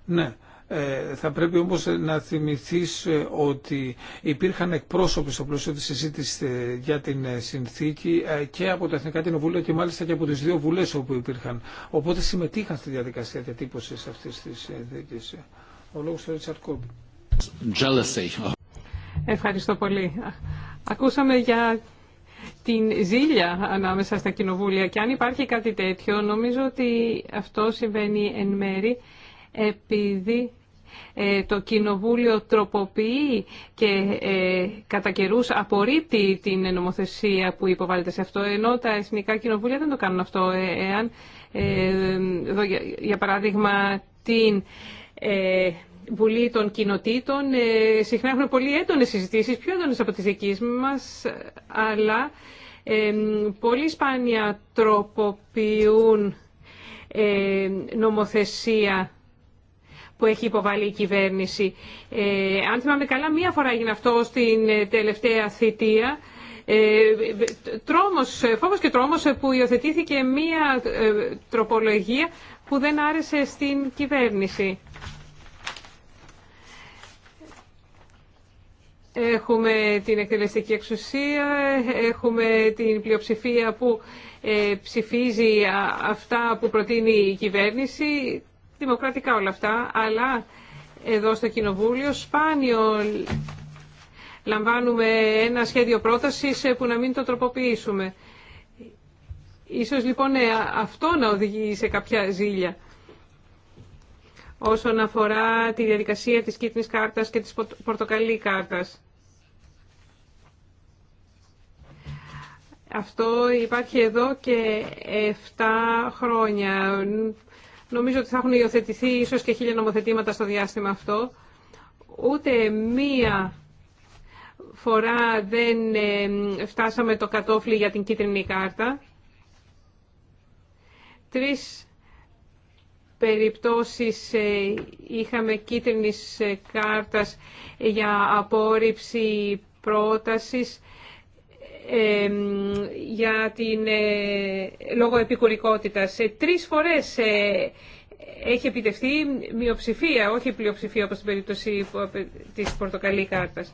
Ναι. Ε, θα πρέπει όμως να θυμηθείς ε, ότι υπήρχαν εκπρόσωποι στο πλαίσιο της συζήτηση ε, για την συνθήκη και από τα Εθνικά Κοινοβούλια και μάλιστα και από τις δύο βουλές όπου υπήρχαν. Οπότε συμμετείχαν στη διαδικασία διατύπωσης αυτής της συνθήκης. Ο λόγος του Ρίτσαρτ Κόμπ. Ευχαριστώ πολύ. Ακούσαμε για την ζήλια ανάμεσα στα κοινοβούλια και αν υπάρχει κάτι τέτοιο νομίζω ότι αυτό συμβαίνει εν μέρη επειδή ε, το Κοινοβούλιο τροποποιεί και ε, κατά καιρού απορρίπτει την νομοθεσία που υποβάλλεται σε αυτό, ενώ τα εθνικά κοινοβούλια δεν το κάνουν αυτό. Ε, εάν, για παράδειγμα, την Βουλή των Κοινοτήτων, συχνά έχουν πολύ έντονες συζητήσεις, πιο έντονες από τις δικές μας, αλλά πολύ σπάνια τροποποιούν νομοθεσία που έχει υποβάλει η κυβέρνηση. Ε, αν θυμάμαι καλά, μία φορά έγινε αυτό στην ε, τελευταία θητεία. Ε, τρόμος, φόβος και τρόμος που υιοθετήθηκε μία ε, τροπολογία που δεν άρεσε στην κυβέρνηση. Έχουμε την εκτελεστική εξουσία, έχουμε την πλειοψηφία που ε, ψηφίζει αυτά που προτείνει η κυβέρνηση δημοκρατικά όλα αυτά, αλλά εδώ στο Κοινοβούλιο σπάνιο λαμβάνουμε ένα σχέδιο πρότασης ε, που να μην το τροποποιήσουμε. Ίσως λοιπόν ε, αυτό να οδηγεί σε κάποια ζήλια όσον αφορά τη διαδικασία της κίτρινης κάρτας και της πορτοκαλί κάρτας. Αυτό υπάρχει εδώ και 7 χρόνια. Νομίζω ότι θα έχουν υιοθετηθεί ίσως και χίλια νομοθετήματα στο διάστημα αυτό. Ούτε μία φορά δεν φτάσαμε το κατόφλι για την κίτρινη κάρτα. Τρεις περιπτώσεις ε, είχαμε κίτρινης ε, κάρτας για απόρριψη πρότασης για την ε, λόγω επικουρικότητας. Ε, τρεις φορές ε, έχει επιτευχθεί μειοψηφία, όχι πλειοψηφία όπως στην περίπτωση της πορτοκαλί κάρτας.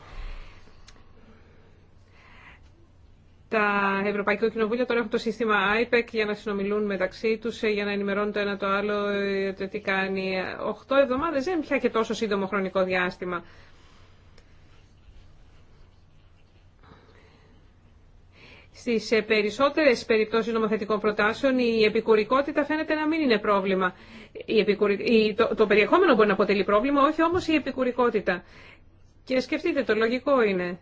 Τα ευρωπαϊκά Κοινοβούλια τώρα έχουν το σύστημα IPEC για να συνομιλούν μεταξύ τους, για να ενημερώνουν το ένα το άλλο, το τι κάνει. Οχτώ εβδομάδες δεν πια και τόσο σύντομο χρονικό διάστημα. Στι ε, περισσότερε περιπτώσει νομοθετικών προτάσεων η επικουρικότητα φαίνεται να μην είναι πρόβλημα. Η η... το... το περιεχόμενο μπορεί να αποτελεί πρόβλημα, όχι όμω η επικουρικότητα. Και σκεφτείτε, το λογικό είναι.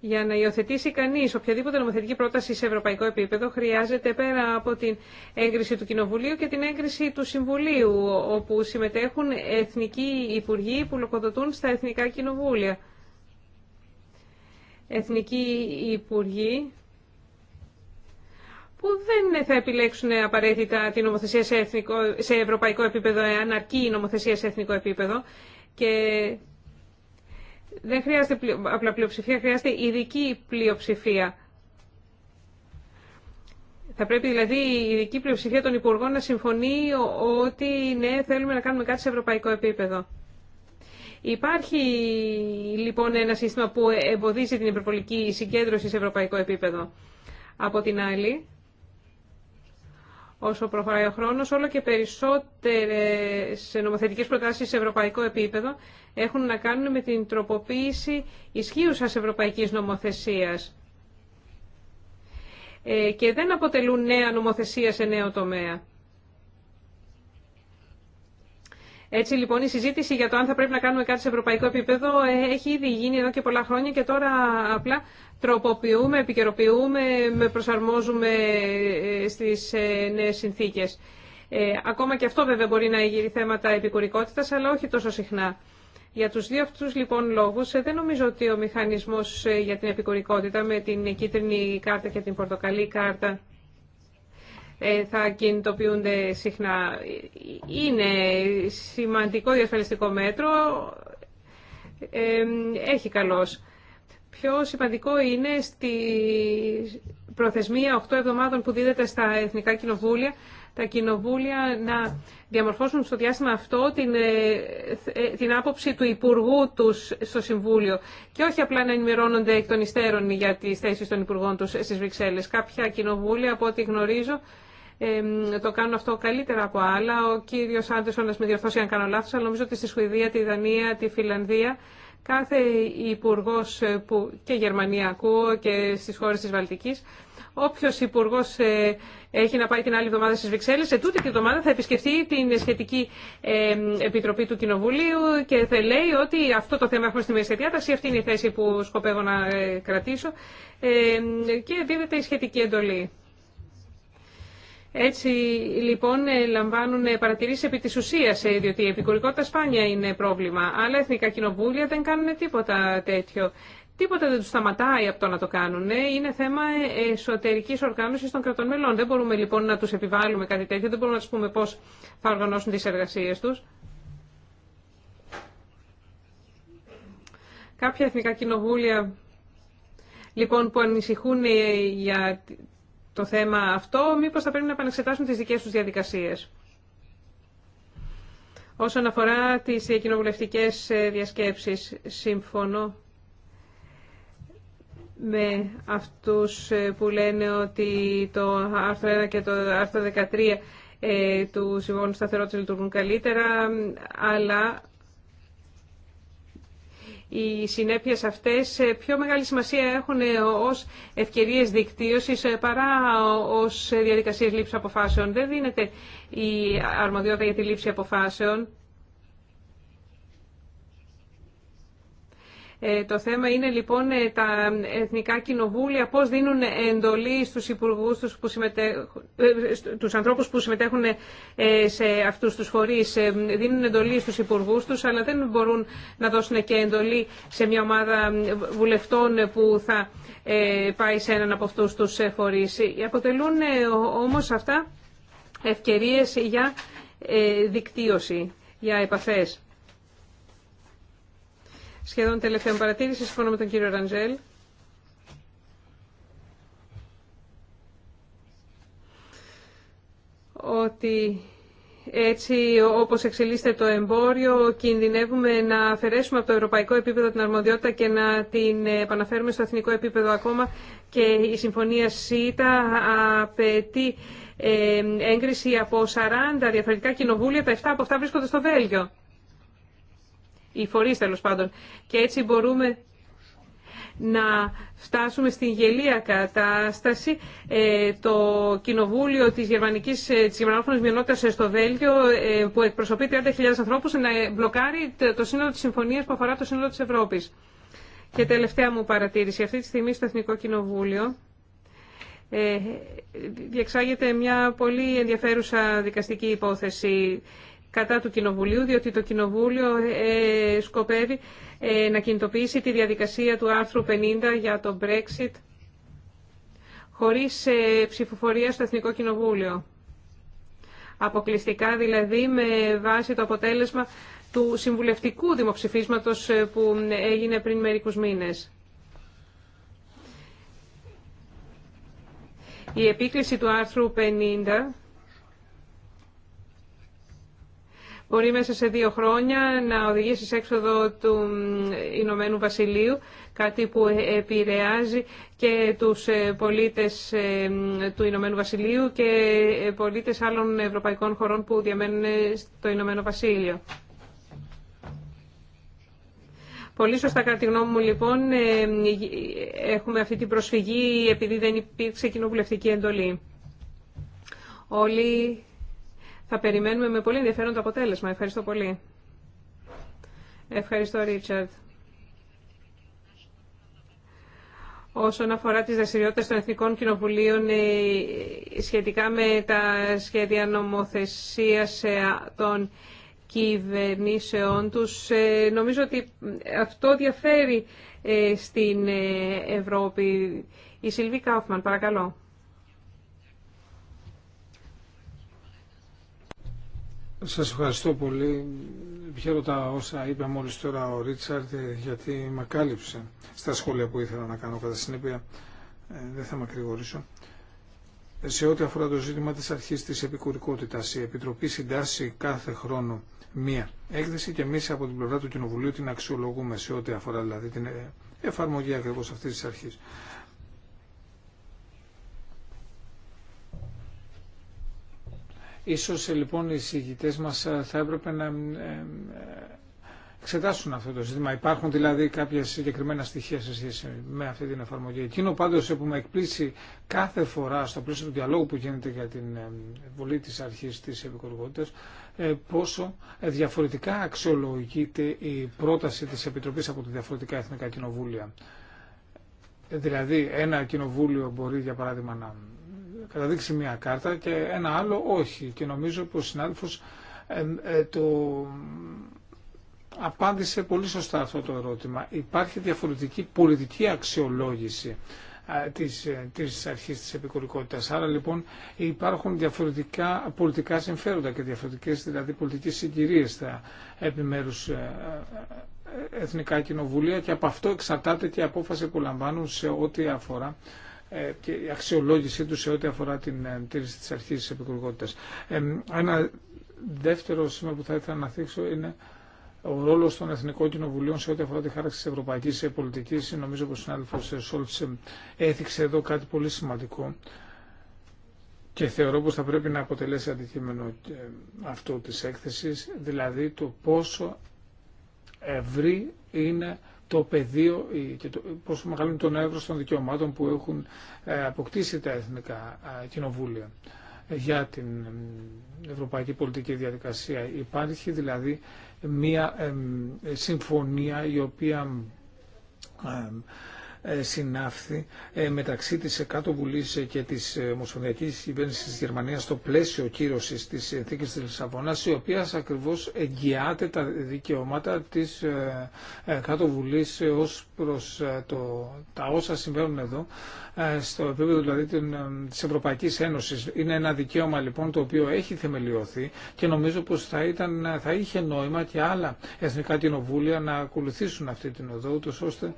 Για να υιοθετήσει κανεί οποιαδήποτε νομοθετική πρόταση σε ευρωπαϊκό επίπεδο χρειάζεται πέρα από την έγκριση του Κοινοβουλίου και την έγκριση του Συμβουλίου, όπου συμμετέχουν εθνικοί υπουργοί που λογοδοτούν στα εθνικά κοινοβούλια εθνικοί υπουργοί που δεν θα επιλέξουν απαραίτητα την νομοθεσία σε, εθνικό, σε ευρωπαϊκό επίπεδο, εάν αρκεί η νομοθεσία σε εθνικό επίπεδο. Και δεν χρειάζεται απλά πλειοψηφία, χρειάζεται ειδική πλειοψηφία. Θα πρέπει δηλαδή η ειδική πλειοψηφία των Υπουργών να συμφωνεί ότι ναι, θέλουμε να κάνουμε κάτι σε ευρωπαϊκό επίπεδο. Υπάρχει λοιπόν ένα σύστημα που εμποδίζει την υπερβολική συγκέντρωση σε ευρωπαϊκό επίπεδο. Από την άλλη, όσο προχωράει ο χρόνος, όλο και περισσότερες νομοθετικές προτάσεις σε ευρωπαϊκό επίπεδο έχουν να κάνουν με την τροποποίηση ισχύουσας ευρωπαϊκής νομοθεσίας ε, και δεν αποτελούν νέα νομοθεσία σε νέο τομέα. Έτσι λοιπόν η συζήτηση για το αν θα πρέπει να κάνουμε κάτι σε ευρωπαϊκό επίπεδο έχει ήδη γίνει εδώ και πολλά χρόνια και τώρα απλά τροποποιούμε, επικαιροποιούμε, με προσαρμόζουμε ε, στις ε, νέες συνθήκες. Ε, ακόμα και αυτό βέβαια μπορεί να γύρει θέματα επικουρικότητας, αλλά όχι τόσο συχνά. Για τους δύο αυτούς λοιπόν λόγους ε, δεν νομίζω ότι ο μηχανισμός για την επικουρικότητα με την κίτρινη κάρτα και την πορτοκαλή κάρτα ε, θα κινητοποιούνται συχνά. Είναι σημαντικό διασφαλιστικό μέτρο, ε, έχει καλώς. Πιο σημαντικό είναι στη προθεσμία 8 εβδομάδων που δίδεται στα Εθνικά Κοινοβούλια, τα κοινοβούλια να διαμορφώσουν στο διάστημα αυτό την, ε, την άποψη του Υπουργού τους στο Συμβούλιο και όχι απλά να ενημερώνονται εκ των υστέρων για τις θέσεις των Υπουργών τους στις Βρυξέλλες. Κάποια κοινοβούλια, από ό,τι γνωρίζω, το κάνουν αυτό καλύτερα από άλλα. Ο κύριο Άντεσον να με διορθώσει αν κάνω λάθο. αλλά νομίζω ότι στη Σουηδία, τη Δανία, τη Φιλανδία κάθε υπουργό ε, που και Γερμανία ακούω και στι χώρε τη Βαλτική. Όποιο υπουργό ε, έχει να πάει την άλλη εβδομάδα στι Βρυξέλλε, σε τούτη την εβδομάδα θα επισκεφτεί την σχετική επιτροπή του Κοινοβουλίου και θα λέει ότι αυτό το θέμα έχουμε στη μέση διάταξη, αυτή είναι η θέση που σκοπεύω να ε, κρατήσω και δίδεται η σχετική εντολή. Έτσι λοιπόν ε, λαμβάνουν παρατηρήσει επί τη ουσία, ε, διότι η επικουρικότητα σπάνια είναι πρόβλημα. Αλλά εθνικά κοινοβούλια δεν κάνουν τίποτα τέτοιο. Τίποτα δεν του σταματάει από το να το κάνουν. Ε, είναι θέμα εσωτερική οργάνωση των κρατών μελών. Δεν μπορούμε λοιπόν να του επιβάλλουμε κάτι τέτοιο, δεν μπορούμε να του πούμε πώ θα οργανώσουν τι εργασίε του. Κάποια εθνικά κοινοβούλια λοιπόν που ανησυχούν για το θέμα αυτό, μήπως θα πρέπει να επανεξετάσουν τις δικές τους διαδικασίες. Όσον αφορά τις ε, κοινοβουλευτικές ε, διασκέψεις, σύμφωνο με αυτούς ε, που λένε ότι το άρθρο 1 και το άρθρο 13 του Συμβόλου Σταθερότητας λειτουργούν καλύτερα, αλλά οι συνέπειες αυτές ε, πιο μεγάλη σημασία έχουν ε, ως ευκαιρίες δικτύωσης ε, παρά ως διαδικασίες λήψης αποφάσεων. Δεν δίνεται η αρμοδιότητα για τη λήψη αποφάσεων Ε, το θέμα είναι λοιπόν ε, τα εθνικά κοινοβούλια πώς δίνουν εντολή στους υπουργούς, τους, που ε, τους ανθρώπους που συμμετέχουν σε αυτούς τους φορείς. Δίνουν εντολή στους υπουργούς τους, αλλά δεν μπορούν να δώσουν και εντολή σε μια ομάδα βουλευτών που θα πάει σε έναν από αυτούς τους φορείς. Αποτελούν όμως αυτά ευκαιρίες για δικτύωση, για επαφές σχεδόν τελευταία παρατήρηση, συμφωνώ με τον κύριο Ραντζέλ. ότι έτσι όπως εξελίσσεται το εμπόριο κινδυνεύουμε να αφαιρέσουμε από το ευρωπαϊκό επίπεδο την αρμοδιότητα και να την επαναφέρουμε στο εθνικό επίπεδο ακόμα και η Συμφωνία ΣΥΤΑ απαιτεί ε, έγκριση από 40 διαφορετικά κοινοβούλια, τα 7 από αυτά βρίσκονται στο Βέλγιο οι φορείς τέλος πάντων. Και έτσι μπορούμε να φτάσουμε στην γελία κατάσταση. Ε, το Κοινοβούλιο της, Γερμανικής, ε, της Γερμανόφωνης Μειονότητας ε, στο Βέλγιο που εκπροσωπεί 30.000 ανθρώπους να μπλοκάρει το σύνολο της συμφωνίας που αφορά το σύνολο της Ευρώπης. Και τελευταία μου παρατήρηση. Αυτή τη στιγμή στο Εθνικό Κοινοβούλιο διεξάγεται μια πολύ ενδιαφέρουσα δικαστική υπόθεση κατά του Κοινοβουλίου, διότι το Κοινοβούλιο ε, ε, σκοπεύει ε, να κινητοποιήσει τη διαδικασία του άρθρου 50 για το Brexit χωρίς ψηφοφορία στο Εθνικό Κοινοβούλιο. Αποκλειστικά δηλαδή με βάση το αποτέλεσμα του συμβουλευτικού δημοψηφίσματος που έγινε πριν μερικούς μήνες. Η επίκληση του άρθρου 50 μπορεί μέσα σε δύο χρόνια να οδηγήσει σε έξοδο του Ηνωμένου Βασιλείου, κάτι που επηρεάζει και τους ε, πολίτες ε, του Ηνωμένου Βασιλείου και ε, πολίτες άλλων ευρωπαϊκών χωρών που διαμένουν στο Ηνωμένο Βασίλειο. Πολύ σωστά κατά τη γνώμη μου λοιπόν έχουμε αυτή την προσφυγή επειδή δεν υπήρξε κοινοβουλευτική εντολή. Όλοι θα περιμένουμε με πολύ ενδιαφέρον το αποτέλεσμα. Ευχαριστώ πολύ. Ευχαριστώ, Ρίτσαρντ. όσον αφορά τις δραστηριότητε των Εθνικών Κοινοβουλίων ε, σχετικά με τα σχέδια νομοθεσίας ε, των κυβερνήσεών τους. Ε, νομίζω ότι αυτό διαφέρει στην Ευρώπη. Η Σιλβί Κάουφμαν, παρακαλώ. Σας ευχαριστώ πολύ. Χαίρομαι τα όσα είπε μόλις τώρα ο Ρίτσαρντ ε, γιατί με κάλυψε στα σχόλια που ήθελα να κάνω. Κατά συνέπεια ε, δεν θα με ε, Σε ό,τι αφορά το ζήτημα της αρχής της επικουρικότητας, η Επιτροπή συντάσσει κάθε χρόνο μία έκθεση και εμεί από την πλευρά του Κοινοβουλίου την αξιολογούμε σε ό,τι αφορά δηλαδή την εφαρμογή ακριβώ αυτής της αρχής. Ίσως ε, λοιπόν οι συγκητές μας ε, θα έπρεπε να ε, εξετάσουν αυτό το ζήτημα. Υπάρχουν δηλαδή κάποια συγκεκριμένα στοιχεία σε σχέση με αυτή την εφαρμογή. Εκείνο πάντως που με εκπλήσει κάθε φορά στο πλαίσιο του διαλόγου που γίνεται για την βολή της αρχής της επικορυγότητας πόσο διαφορετικά αξιολογείται η πρόταση της Επιτροπής από τα διαφορετικά εθνικά κοινοβούλια. Δηλαδή ένα κοινοβούλιο μπορεί για παράδειγμα να δείξει μια κάρτα και ένα άλλο όχι. Και νομίζω πως ο συνάδελφος ε, ε, το απάντησε πολύ σωστά αυτό το ερώτημα. Υπάρχει διαφορετική πολιτική αξιολόγηση ε, της, της αρχής της επικουρικότητας. Άρα λοιπόν υπάρχουν διαφορετικά πολιτικά συμφέροντα και διαφορετικές δηλαδή πολιτικές συγκυρίες στα επιμέρους εθνικά κοινοβουλία και από αυτό εξαρτάται και η απόφαση που λαμβάνουν σε ό,τι αφορά ε, και η αξιολόγησή του σε ό,τι αφορά την ε, τήρηση της αρχής της Ε, Ένα δεύτερο σημείο που θα ήθελα να θίξω είναι ο ρόλο των Εθνικών Κοινοβουλίων σε ό,τι αφορά τη χάραξη τη ευρωπαϊκή ε, πολιτική. Νομίζω πω ο συνάδελφο Σόλτ έθιξε εδώ κάτι πολύ σημαντικό και θεωρώ πως θα πρέπει να αποτελέσει αντικείμενο αυτό της έκθεσης, δηλαδή το πόσο ευρύ είναι το πεδίο ε, και το, πόσο μεγαλώνει τον εύρο των δικαιωμάτων που έχουν ε, αποκτήσει τα εθνικά ε, κοινοβούλια για την ευρωπαϊκή πολιτική διαδικασία. Υπάρχει δηλαδή μία συμφωνία η οποία ε, συνάφθη ε, μεταξύ της Κάτω Βουλής και της ε, Ομοσπονδιακής Κυβέρνησης της Γερμανίας στο πλαίσιο κύρωσης της συνθήκης της Λισαβόνας, η οποία ακριβώς εγγυάται τα δικαιώματα της Κάτω Βουλής ως προς το, τα όσα συμβαίνουν εδώ, στο επίπεδο δηλαδή της Ευρωπαϊκής Ένωσης. Είναι ένα δικαίωμα λοιπόν το οποίο έχει θεμελιωθεί και νομίζω πως θα, ήταν, θα είχε νόημα και άλλα εθνικά κοινοβούλια να ακολουθήσουν αυτή την οδό, ώστε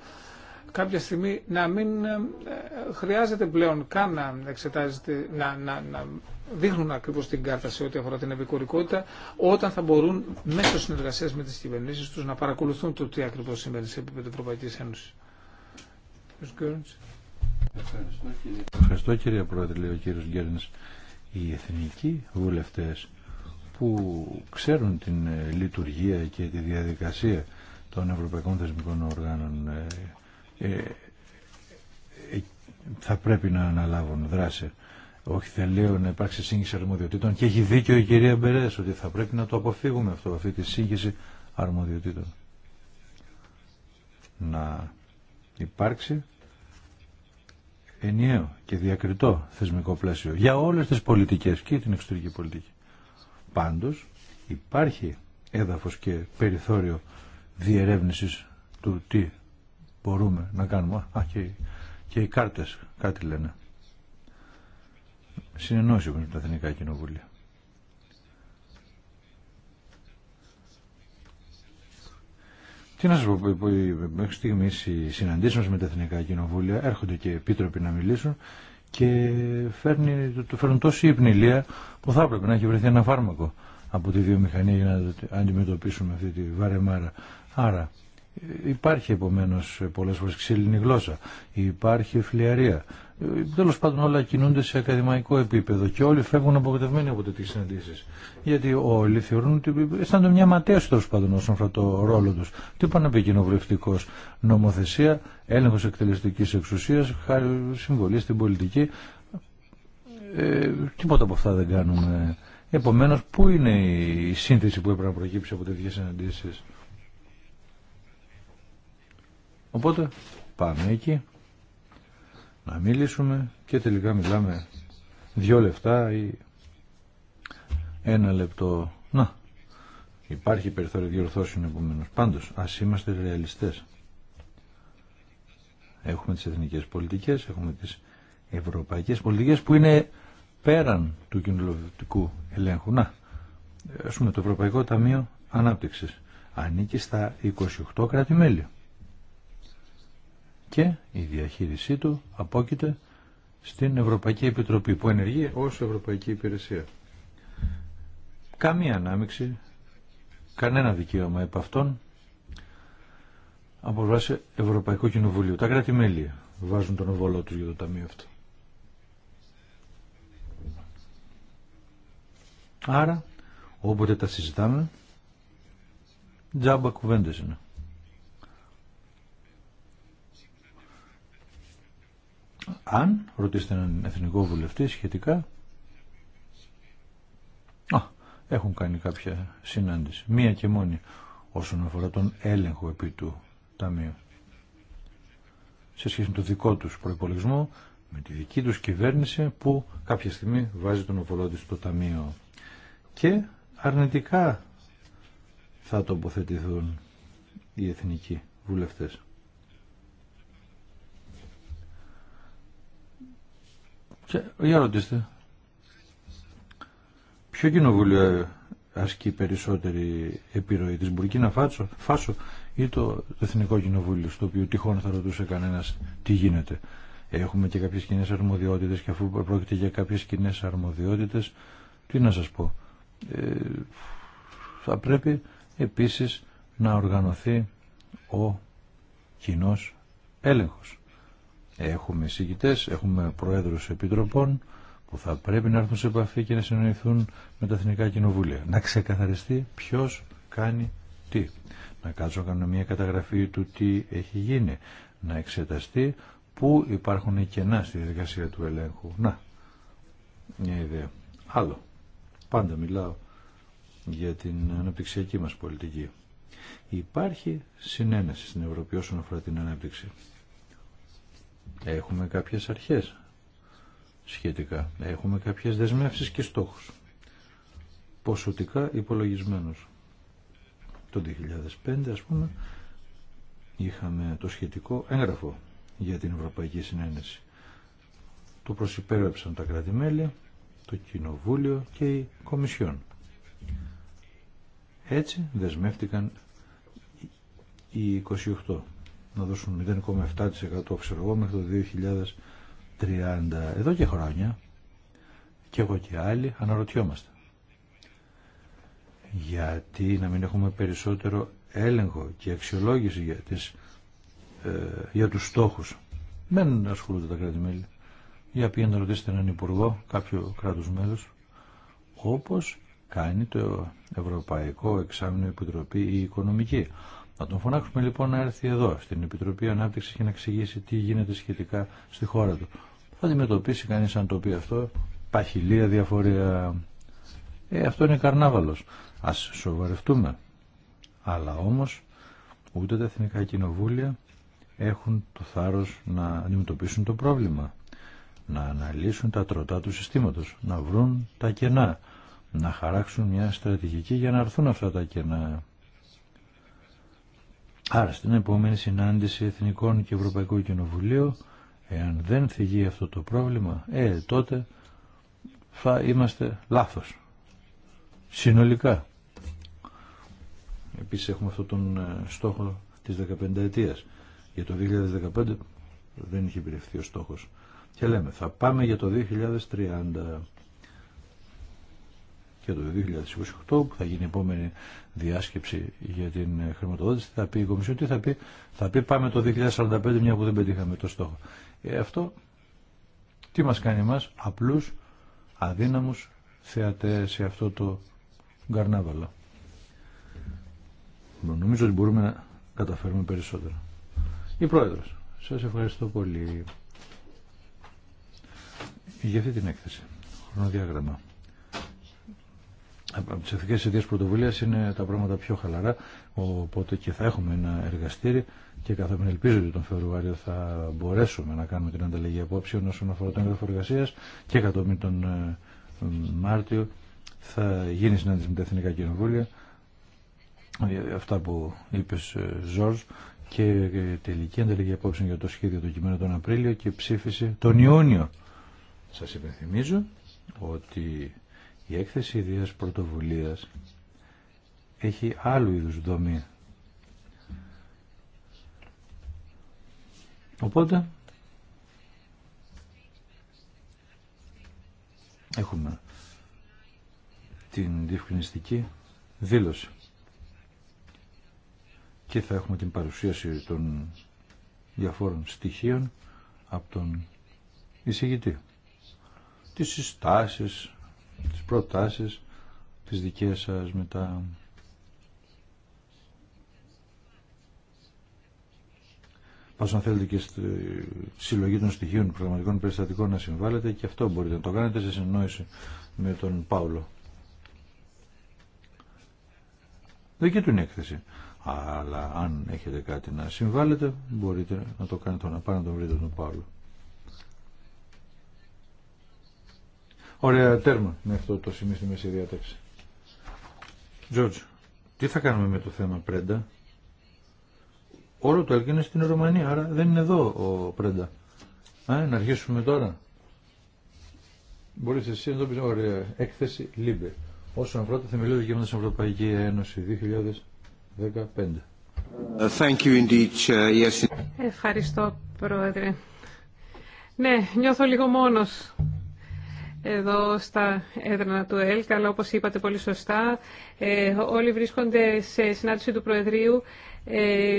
κάποια στιγμή να μην ε, χρειάζεται πλέον καν να εξετάζεται, να, να, να δείχνουν ακριβώ την κάρτα σε ό,τι αφορά την επικουρικότητα, όταν θα μπορούν μέσω συνεργασία με τι κυβερνήσει του να παρακολουθούν το τι ακριβώ συμβαίνει σε επίπεδο Ευρωπαϊκή Ένωση. Ευχαριστώ κύριε. Πρόεδρε, λέει ο κύριο Γκέρνη. Οι εθνικοί βουλευτέ που ξέρουν την λειτουργία και τη διαδικασία των ευρωπαϊκών θεσμικών οργάνων ε, ε, ε, θα πρέπει να αναλάβουν δράση. Όχι, δεν λέω να υπάρξει σύγχυση αρμοδιοτήτων και έχει δίκιο η κυρία Μπερέ ότι θα πρέπει να το αποφύγουμε αυτό, αυτή τη σύγχυση αρμοδιοτήτων. Να υπάρξει ενιαίο και διακριτό θεσμικό πλαίσιο για όλες τις πολιτικές και την εξωτερική πολιτική. Πάντως υπάρχει έδαφος και περιθώριο διερεύνησης του τι μπορούμε να κάνουμε. Α, και, και οι κάρτες κάτι λένε. Συνενώσει με τα Εθνικά Κοινοβούλια. Τι να σα πω, που μέχρι στιγμή οι συναντήσει μα με τα Εθνικά Κοινοβούλια έρχονται και επίτροποι να μιλήσουν και φέρνει, το φέρνουν τόση υπνηλία που θα έπρεπε να έχει βρεθεί ένα φάρμακο από τη βιομηχανία για να αντιμετωπίσουμε αυτή τη βαρεμάρα. Άρα Υπάρχει επομένω πολλέ φορέ ξύλινη γλώσσα, υπάρχει φλιαρία. Τέλο πάντων όλα κινούνται σε ακαδημαϊκό επίπεδο και όλοι φεύγουν απογοητευμένοι από τέτοιε συναντήσει. Γιατί όλοι θεωρούν ότι αισθάνονται μια ματέωση τέλο πάντων όσον αφορά το ρόλο του. Τι να πει κοινοβουλευτικό νομοθεσία, έλεγχο εκτελεστική εξουσία, χάρη συμβολή στην πολιτική. Ε, τίποτα από αυτά δεν κάνουμε. Επομένω, πού είναι η σύνθεση που έπρεπε να προκύψει από τέτοιε συναντήσει. Οπότε πάμε εκεί να μιλήσουμε και τελικά μιλάμε δύο λεπτά ή ένα λεπτό. Να, υπάρχει περιθώριο διορθώσεων επομένω. Πάντως, ας είμαστε ρεαλιστές. Έχουμε τις εθνικές πολιτικές, έχουμε τις ευρωπαϊκές πολιτικές που είναι πέραν του κοινοβουλευτικού ελέγχου. Να, έχουμε πούμε το Ευρωπαϊκό Ταμείο Ανάπτυξης ανήκει στα 28 κράτη-μέλη και η διαχείρισή του απόκειται στην Ευρωπαϊκή Επιτροπή που ενεργεί ως Ευρωπαϊκή Υπηρεσία. Καμία ανάμειξη, κανένα δικαίωμα επ' αυτών από βάση Ευρωπαϊκού Κοινοβουλίου. Τα κράτη-μέλη βάζουν τον οβολό του για το ταμείο αυτό. Άρα, όποτε τα συζητάμε, τζάμπα κουβέντες είναι. Αν ρωτήσετε έναν εθνικό βουλευτή σχετικά, α, έχουν κάνει κάποια συνάντηση, μία και μόνη, όσον αφορά τον έλεγχο επί του Ταμείου. Σε σχέση με το δικό τους προϋπολογισμό, με τη δική τους κυβέρνηση που κάποια στιγμή βάζει τον οβολό στο Ταμείο. Και αρνητικά θα τοποθετηθούν οι εθνικοί βουλευτές. Και, για ρωτήστε. Ποιο κοινοβούλιο ασκεί περισσότερη επιρροή της Μπουρκίνα Φάτσο, Φάσο ή το Εθνικό Κοινοβούλιο στο οποίο τυχόν θα ρωτούσε κανένας τι γίνεται. Έχουμε και κάποιες κοινέ αρμοδιότητες και αφού πρόκειται για κάποιες κοινέ αρμοδιότητες τι να σας πω. Ε, θα πρέπει επίσης να οργανωθεί ο κοινό έλεγχος. Έχουμε συγκητές, έχουμε προέδρους επιτροπών που θα πρέπει να έρθουν σε επαφή και να συνοηθούν με τα εθνικά κοινοβούλια. Να ξεκαθαριστεί ποιο κάνει τι. Να κάτσω να κάνω μια καταγραφή του τι έχει γίνει. Να εξεταστεί πού υπάρχουν κενά στη διαδικασία του ελέγχου. Να, μια ιδέα. Άλλο. Πάντα μιλάω για την αναπτυξιακή μας πολιτική. Υπάρχει συνένεση στην Ευρώπη όσον αφορά την ανάπτυξη. Έχουμε κάποιες αρχές σχετικά. Έχουμε κάποιες δεσμεύσεις και στόχους. Ποσοτικά υπολογισμένους. Το 2005 ας πούμε είχαμε το σχετικό έγγραφο για την Ευρωπαϊκή Συνένεση. Το προσυπέρεψαν τα κράτη-μέλη, το Κοινοβούλιο και η Κομισιόν. Έτσι δεσμεύτηκαν οι 28 να δώσουν 0,7% ξέρω εγώ μέχρι το 2030. Εδώ και χρόνια και εγώ και άλλοι αναρωτιόμαστε. Γιατί να μην έχουμε περισσότερο έλεγχο και αξιολόγηση για, τις, ε, για τους στόχους. Δεν ασχολούνται τα κράτη-μέλη. Για πήγαινε να ρωτήσετε έναν υπουργό κάποιο κράτους μέλους όπως κάνει το Ευρωπαϊκό Εξάμεινο Επιτροπή η Οικονομική να τον φωνάξουμε λοιπόν να έρθει εδώ στην Επιτροπή Ανάπτυξη και να εξηγήσει τι γίνεται σχετικά στη χώρα του. Θα αντιμετωπίσει κανεί αν το πει αυτό παχυλία διαφορία. Ε, αυτό είναι καρνάβαλο Ας σοβαρευτούμε. Αλλά όμω ούτε τα εθνικά κοινοβούλια έχουν το θάρρο να αντιμετωπίσουν το πρόβλημα. Να αναλύσουν τα τροτά του συστήματο, Να βρουν τα κενά. Να χαράξουν μια στρατηγική για να έρθουν αυτά τα κενά. Άρα στην επόμενη συνάντηση Εθνικών και Ευρωπαϊκού Κοινοβουλίου εάν δεν θυγεί αυτό το πρόβλημα ε, τότε θα είμαστε λάθος. Συνολικά. Επίσης έχουμε αυτόν τον ε, στόχο της 15 ετίας. Για το 2015 δεν είχε επιρρευθεί ο στόχος. Και λέμε θα πάμε για το 2030 και το 2028 που θα γίνει η επόμενη διάσκεψη για την χρηματοδότηση θα πει η Κομισιόν τι θα πει θα πει πάμε το 2045 μια που δεν πετύχαμε το στόχο ε, αυτό τι μας κάνει μας απλούς αδύναμους θεατές σε αυτό το γκαρνάβαλο νομίζω ότι μπορούμε να καταφέρουμε περισσότερο. η Πρόεδρος σας ευχαριστώ πολύ για αυτή την έκθεση χρονοδιάγραμμα από τις εθνικέ ιδέες πρωτοβουλία είναι τα πράγματα πιο χαλαρά οπότε και θα έχουμε ένα εργαστήρι και καθόλου ελπίζω ότι τον Φεβρουάριο θα μπορέσουμε να κάνουμε την ανταλλαγή απόψεων όσον αφορά τον έγγραφο εργασία και κατόπιν ε, τον Μάρτιο θα γίνει συνάντηση με τα Εθνικά Κοινοβούλια ε, αυτά που είπες ε, Ζόρζ και τελική ανταλλαγή απόψεων για το σχέδιο του κειμένου τον Απρίλιο και ψήφιση τον Ιούνιο. Σας υπενθυμίζω ότι η έκθεση ιδίας πρωτοβουλίας έχει άλλου είδους δομή. Οπότε έχουμε την διευκρινιστική δήλωση και θα έχουμε την παρουσίαση των διαφόρων στοιχείων από τον εισηγητή. Τις συστάσεις, τις προτάσεις τις δικές σας μετά. να θέλετε και στη συλλογή των στοιχείων πραγματικών περιστατικών να συμβάλλετε και αυτό μπορείτε να το κάνετε σε συνεννόηση με τον Παύλο Δική του είναι έκθεση. Αλλά αν έχετε κάτι να συμβάλλετε μπορείτε να το κάνετε να πάρετε να τον βρείτε τον Παύλο Ωραία τέρμα με αυτό το σημείο στη μέση διάταξη. Τζορτζ, τι θα κάνουμε με το θέμα Πρέντα. Όλο το έργο είναι στην Ρωμανία, άρα δεν είναι εδώ ο Πρέντα. Α, να αρχίσουμε τώρα. Μπορείς εσύ να το πεις, ωραία, έκθεση Λίμπε. Όσον αφορά το θεμελιώδη δικαιώματα τη Ευρωπαϊκή Ένωση 2015. Thank you indeed. Yes. Ευχαριστώ, Πρόεδρε. Ναι, νιώθω λίγο μόνος εδώ στα έδρανα του ΕΛΚ, αλλά όπως είπατε πολύ σωστά, ε, όλοι βρίσκονται σε συνάντηση του Προεδρείου ε,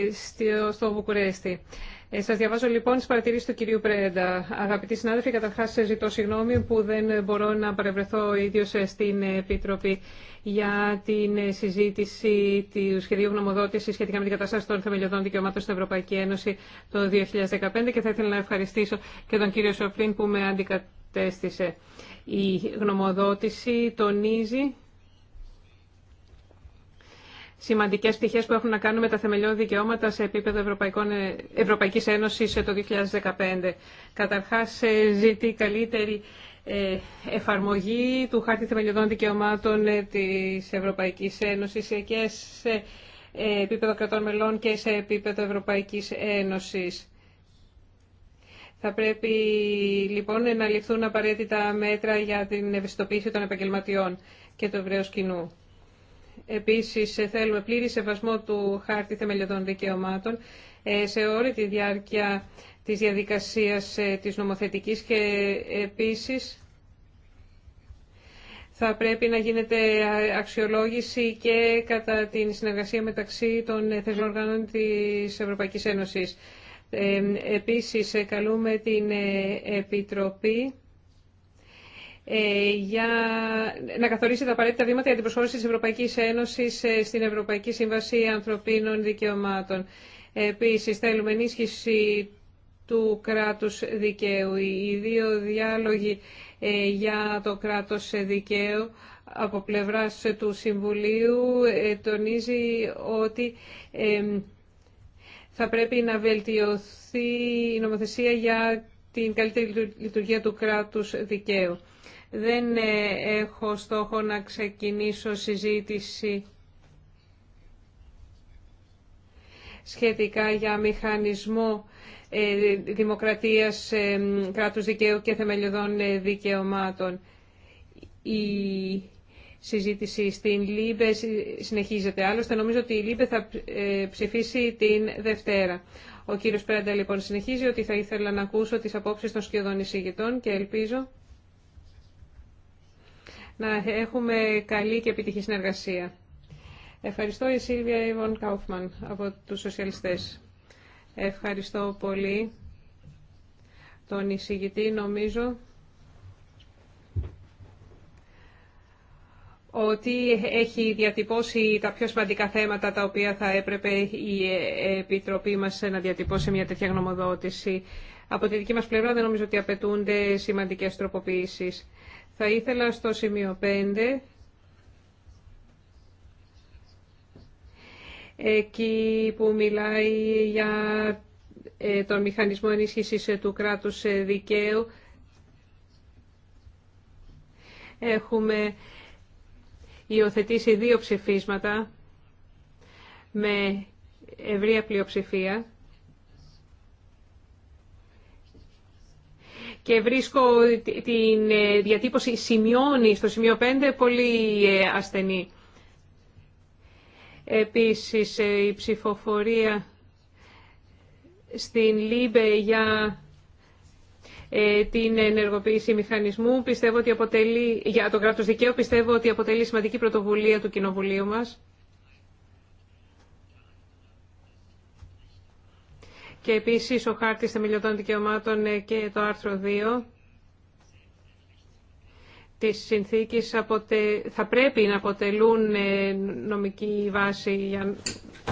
στο Βουκουρέστι. Ε, Σα διαβάζω λοιπόν τι παρατηρήσει του κυρίου Πρέντα. Αγαπητοί συνάδελφοι, καταρχά ζητώ συγγνώμη που δεν μπορώ να παρευρεθώ ίδιος στην Επίτροπη για την συζήτηση του σχεδίου γνωμοδότηση σχετικά με την κατάσταση των θεμελιωδών δικαιωμάτων στην Ευρωπαϊκή Ένωση το 2015 και θα ήθελα να ευχαριστήσω και τον κύριο Σοφλίν που με αντικατέστησε. Η γνωμοδότηση τονίζει σημαντικές πτυχές που έχουν να κάνουν με τα θεμελιώδη δικαιώματα σε επίπεδο Ευρωπαϊκών, Ευρωπαϊκής Ένωσης το 2015. Καταρχάς, ε, ζητεί καλύτερη ε, εφαρμογή του Χάρτη Θεμελιωδών Δικαιωμάτων ε, της Ευρωπαϊκής Ένωσης και σε επίπεδο κρατών μελών και σε επίπεδο Ευρωπαϊκής Ένωσης. Θα πρέπει λοιπόν να ληφθούν απαραίτητα μέτρα για την ευαισθητοποίηση των επαγγελματιών και του ευρέω κοινού. Επίσης, ε, θέλουμε πλήρη σεβασμό του χάρτη θεμελιωδών δικαιωμάτων ε, σε όλη τη διάρκεια της διαδικασίας ε, της νομοθετικής και επίσης θα πρέπει να γίνεται αξιολόγηση και κατά την συνεργασία μεταξύ των θεσμών οργάνων της Ευρωπαϊκής Ένωσης. Επίσης, ε, καλούμε την ε, Επιτροπή ε, για να καθορίσει τα απαραίτητα βήματα για την προσχώρηση της Ευρωπαϊκής Ένωσης στην Ευρωπαϊκή Σύμβαση Ανθρωπίνων Δικαιωμάτων. Επίσης, θέλουμε ενίσχυση του κράτους δικαίου. Οι δύο διάλογοι για το κράτος δικαίου από πλευράς του Συμβουλίου τονίζει ότι θα πρέπει να βελτιωθεί η νομοθεσία για την καλύτερη λειτουργία του κράτους δικαίου. Δεν ε, έχω στόχο να ξεκινήσω συζήτηση σχετικά για μηχανισμό ε, δημοκρατίας, ε, κράτους δικαίου και θεμελιωδών δικαιωμάτων. Η συζήτηση στην ΛΥΜΠΕ συνεχίζεται. Άλλωστε νομίζω ότι η ΛΥΜΠΕ θα ε, ψηφίσει την Δευτέρα. Ο κύριος Πέραντα λοιπόν συνεχίζει ότι θα ήθελα να ακούσω τις απόψεις των σχεδόν εισηγητών και ελπίζω να έχουμε καλή και επιτυχή συνεργασία. Ευχαριστώ η Σίλβια Ιβον Κάουφμαν από τους Σοσιαλιστές. Ευχαριστώ πολύ τον εισηγητή. Νομίζω ότι έχει διατυπώσει τα πιο σημαντικά θέματα τα οποία θα έπρεπε η Επιτροπή μας να διατυπώσει μια τέτοια γνωμοδότηση. Από τη δική μας πλευρά δεν νομίζω ότι απαιτούνται σημαντικές τροποποιήσεις. Θα ήθελα στο σημείο 5... εκεί που μιλάει για ε, τον μηχανισμό ενίσχυσης ε, του κράτους ε, δικαίου. Έχουμε υιοθετήσει δύο ψηφίσματα με ευρεία πλειοψηφία και βρίσκω την ε, διατύπωση σημειώνει στο σημείο 5 πολύ ε, ασθενή. Επίσης ε, η ψηφοφορία στην ΛΥΜΠΕ για ε, την ενεργοποίηση μηχανισμού. Πιστεύω ότι αποτελεί, για το κράτο δικαίου πιστεύω ότι αποτελεί σημαντική πρωτοβουλία του Κοινοβουλίου μας. Και επίσης ο χάρτης θεμελιωτών δικαιωμάτων ε, και το άρθρο 2 της συνθήκης θα πρέπει να αποτελούν ε, νομική βάση για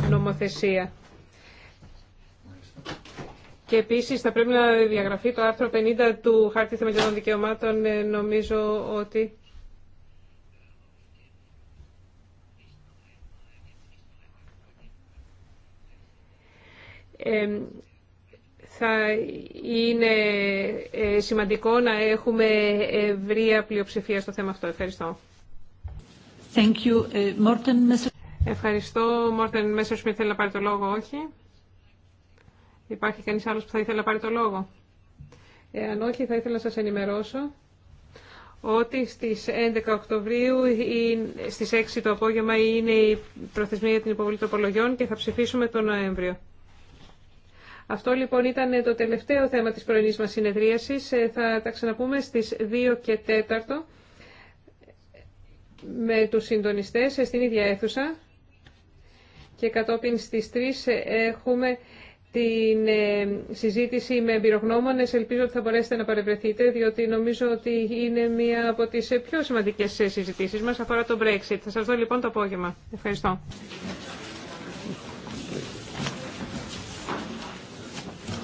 νομοθεσία. Και επίση θα πρέπει να διαγραφεί το άρθρο 50 του Χάρτη Θεμελιωδών Δικαιωμάτων. Ε, νομίζω ότι... Ε, θα είναι ε, σημαντικό να έχουμε ευρεία πλειοψηφία στο θέμα αυτό. Ευχαριστώ. Thank you. Morten... Ευχαριστώ. Μόρτεν Μέσσερ θέλει να πάρει το λόγο, όχι. Υπάρχει κανείς άλλος που θα ήθελε να πάρει το λόγο. Εάν όχι, θα ήθελα να σας ενημερώσω ότι στις 11 Οκτωβρίου ή στις 6 το απόγευμα είναι η προθεσμία για την υποβολή τροπολογιών και θα ψηφίσουμε τον Νοέμβριο. Αυτό λοιπόν ήταν το τελευταίο θέμα της πρωινής μας συνεδρίασης. Ε, θα τα ξαναπούμε στις 2 και 4 με τους συντονιστές ε, στην ίδια αίθουσα και κατόπιν στις 3 ε, έχουμε την ε, συζήτηση με εμπειρογνώμονες. Ελπίζω ότι θα μπορέσετε να παρευρεθείτε, διότι νομίζω ότι είναι μία από τις ε, πιο σημαντικές ε, συζητήσεις μας αφορά το Brexit. Θα σας δω λοιπόν το απόγευμα. Ευχαριστώ.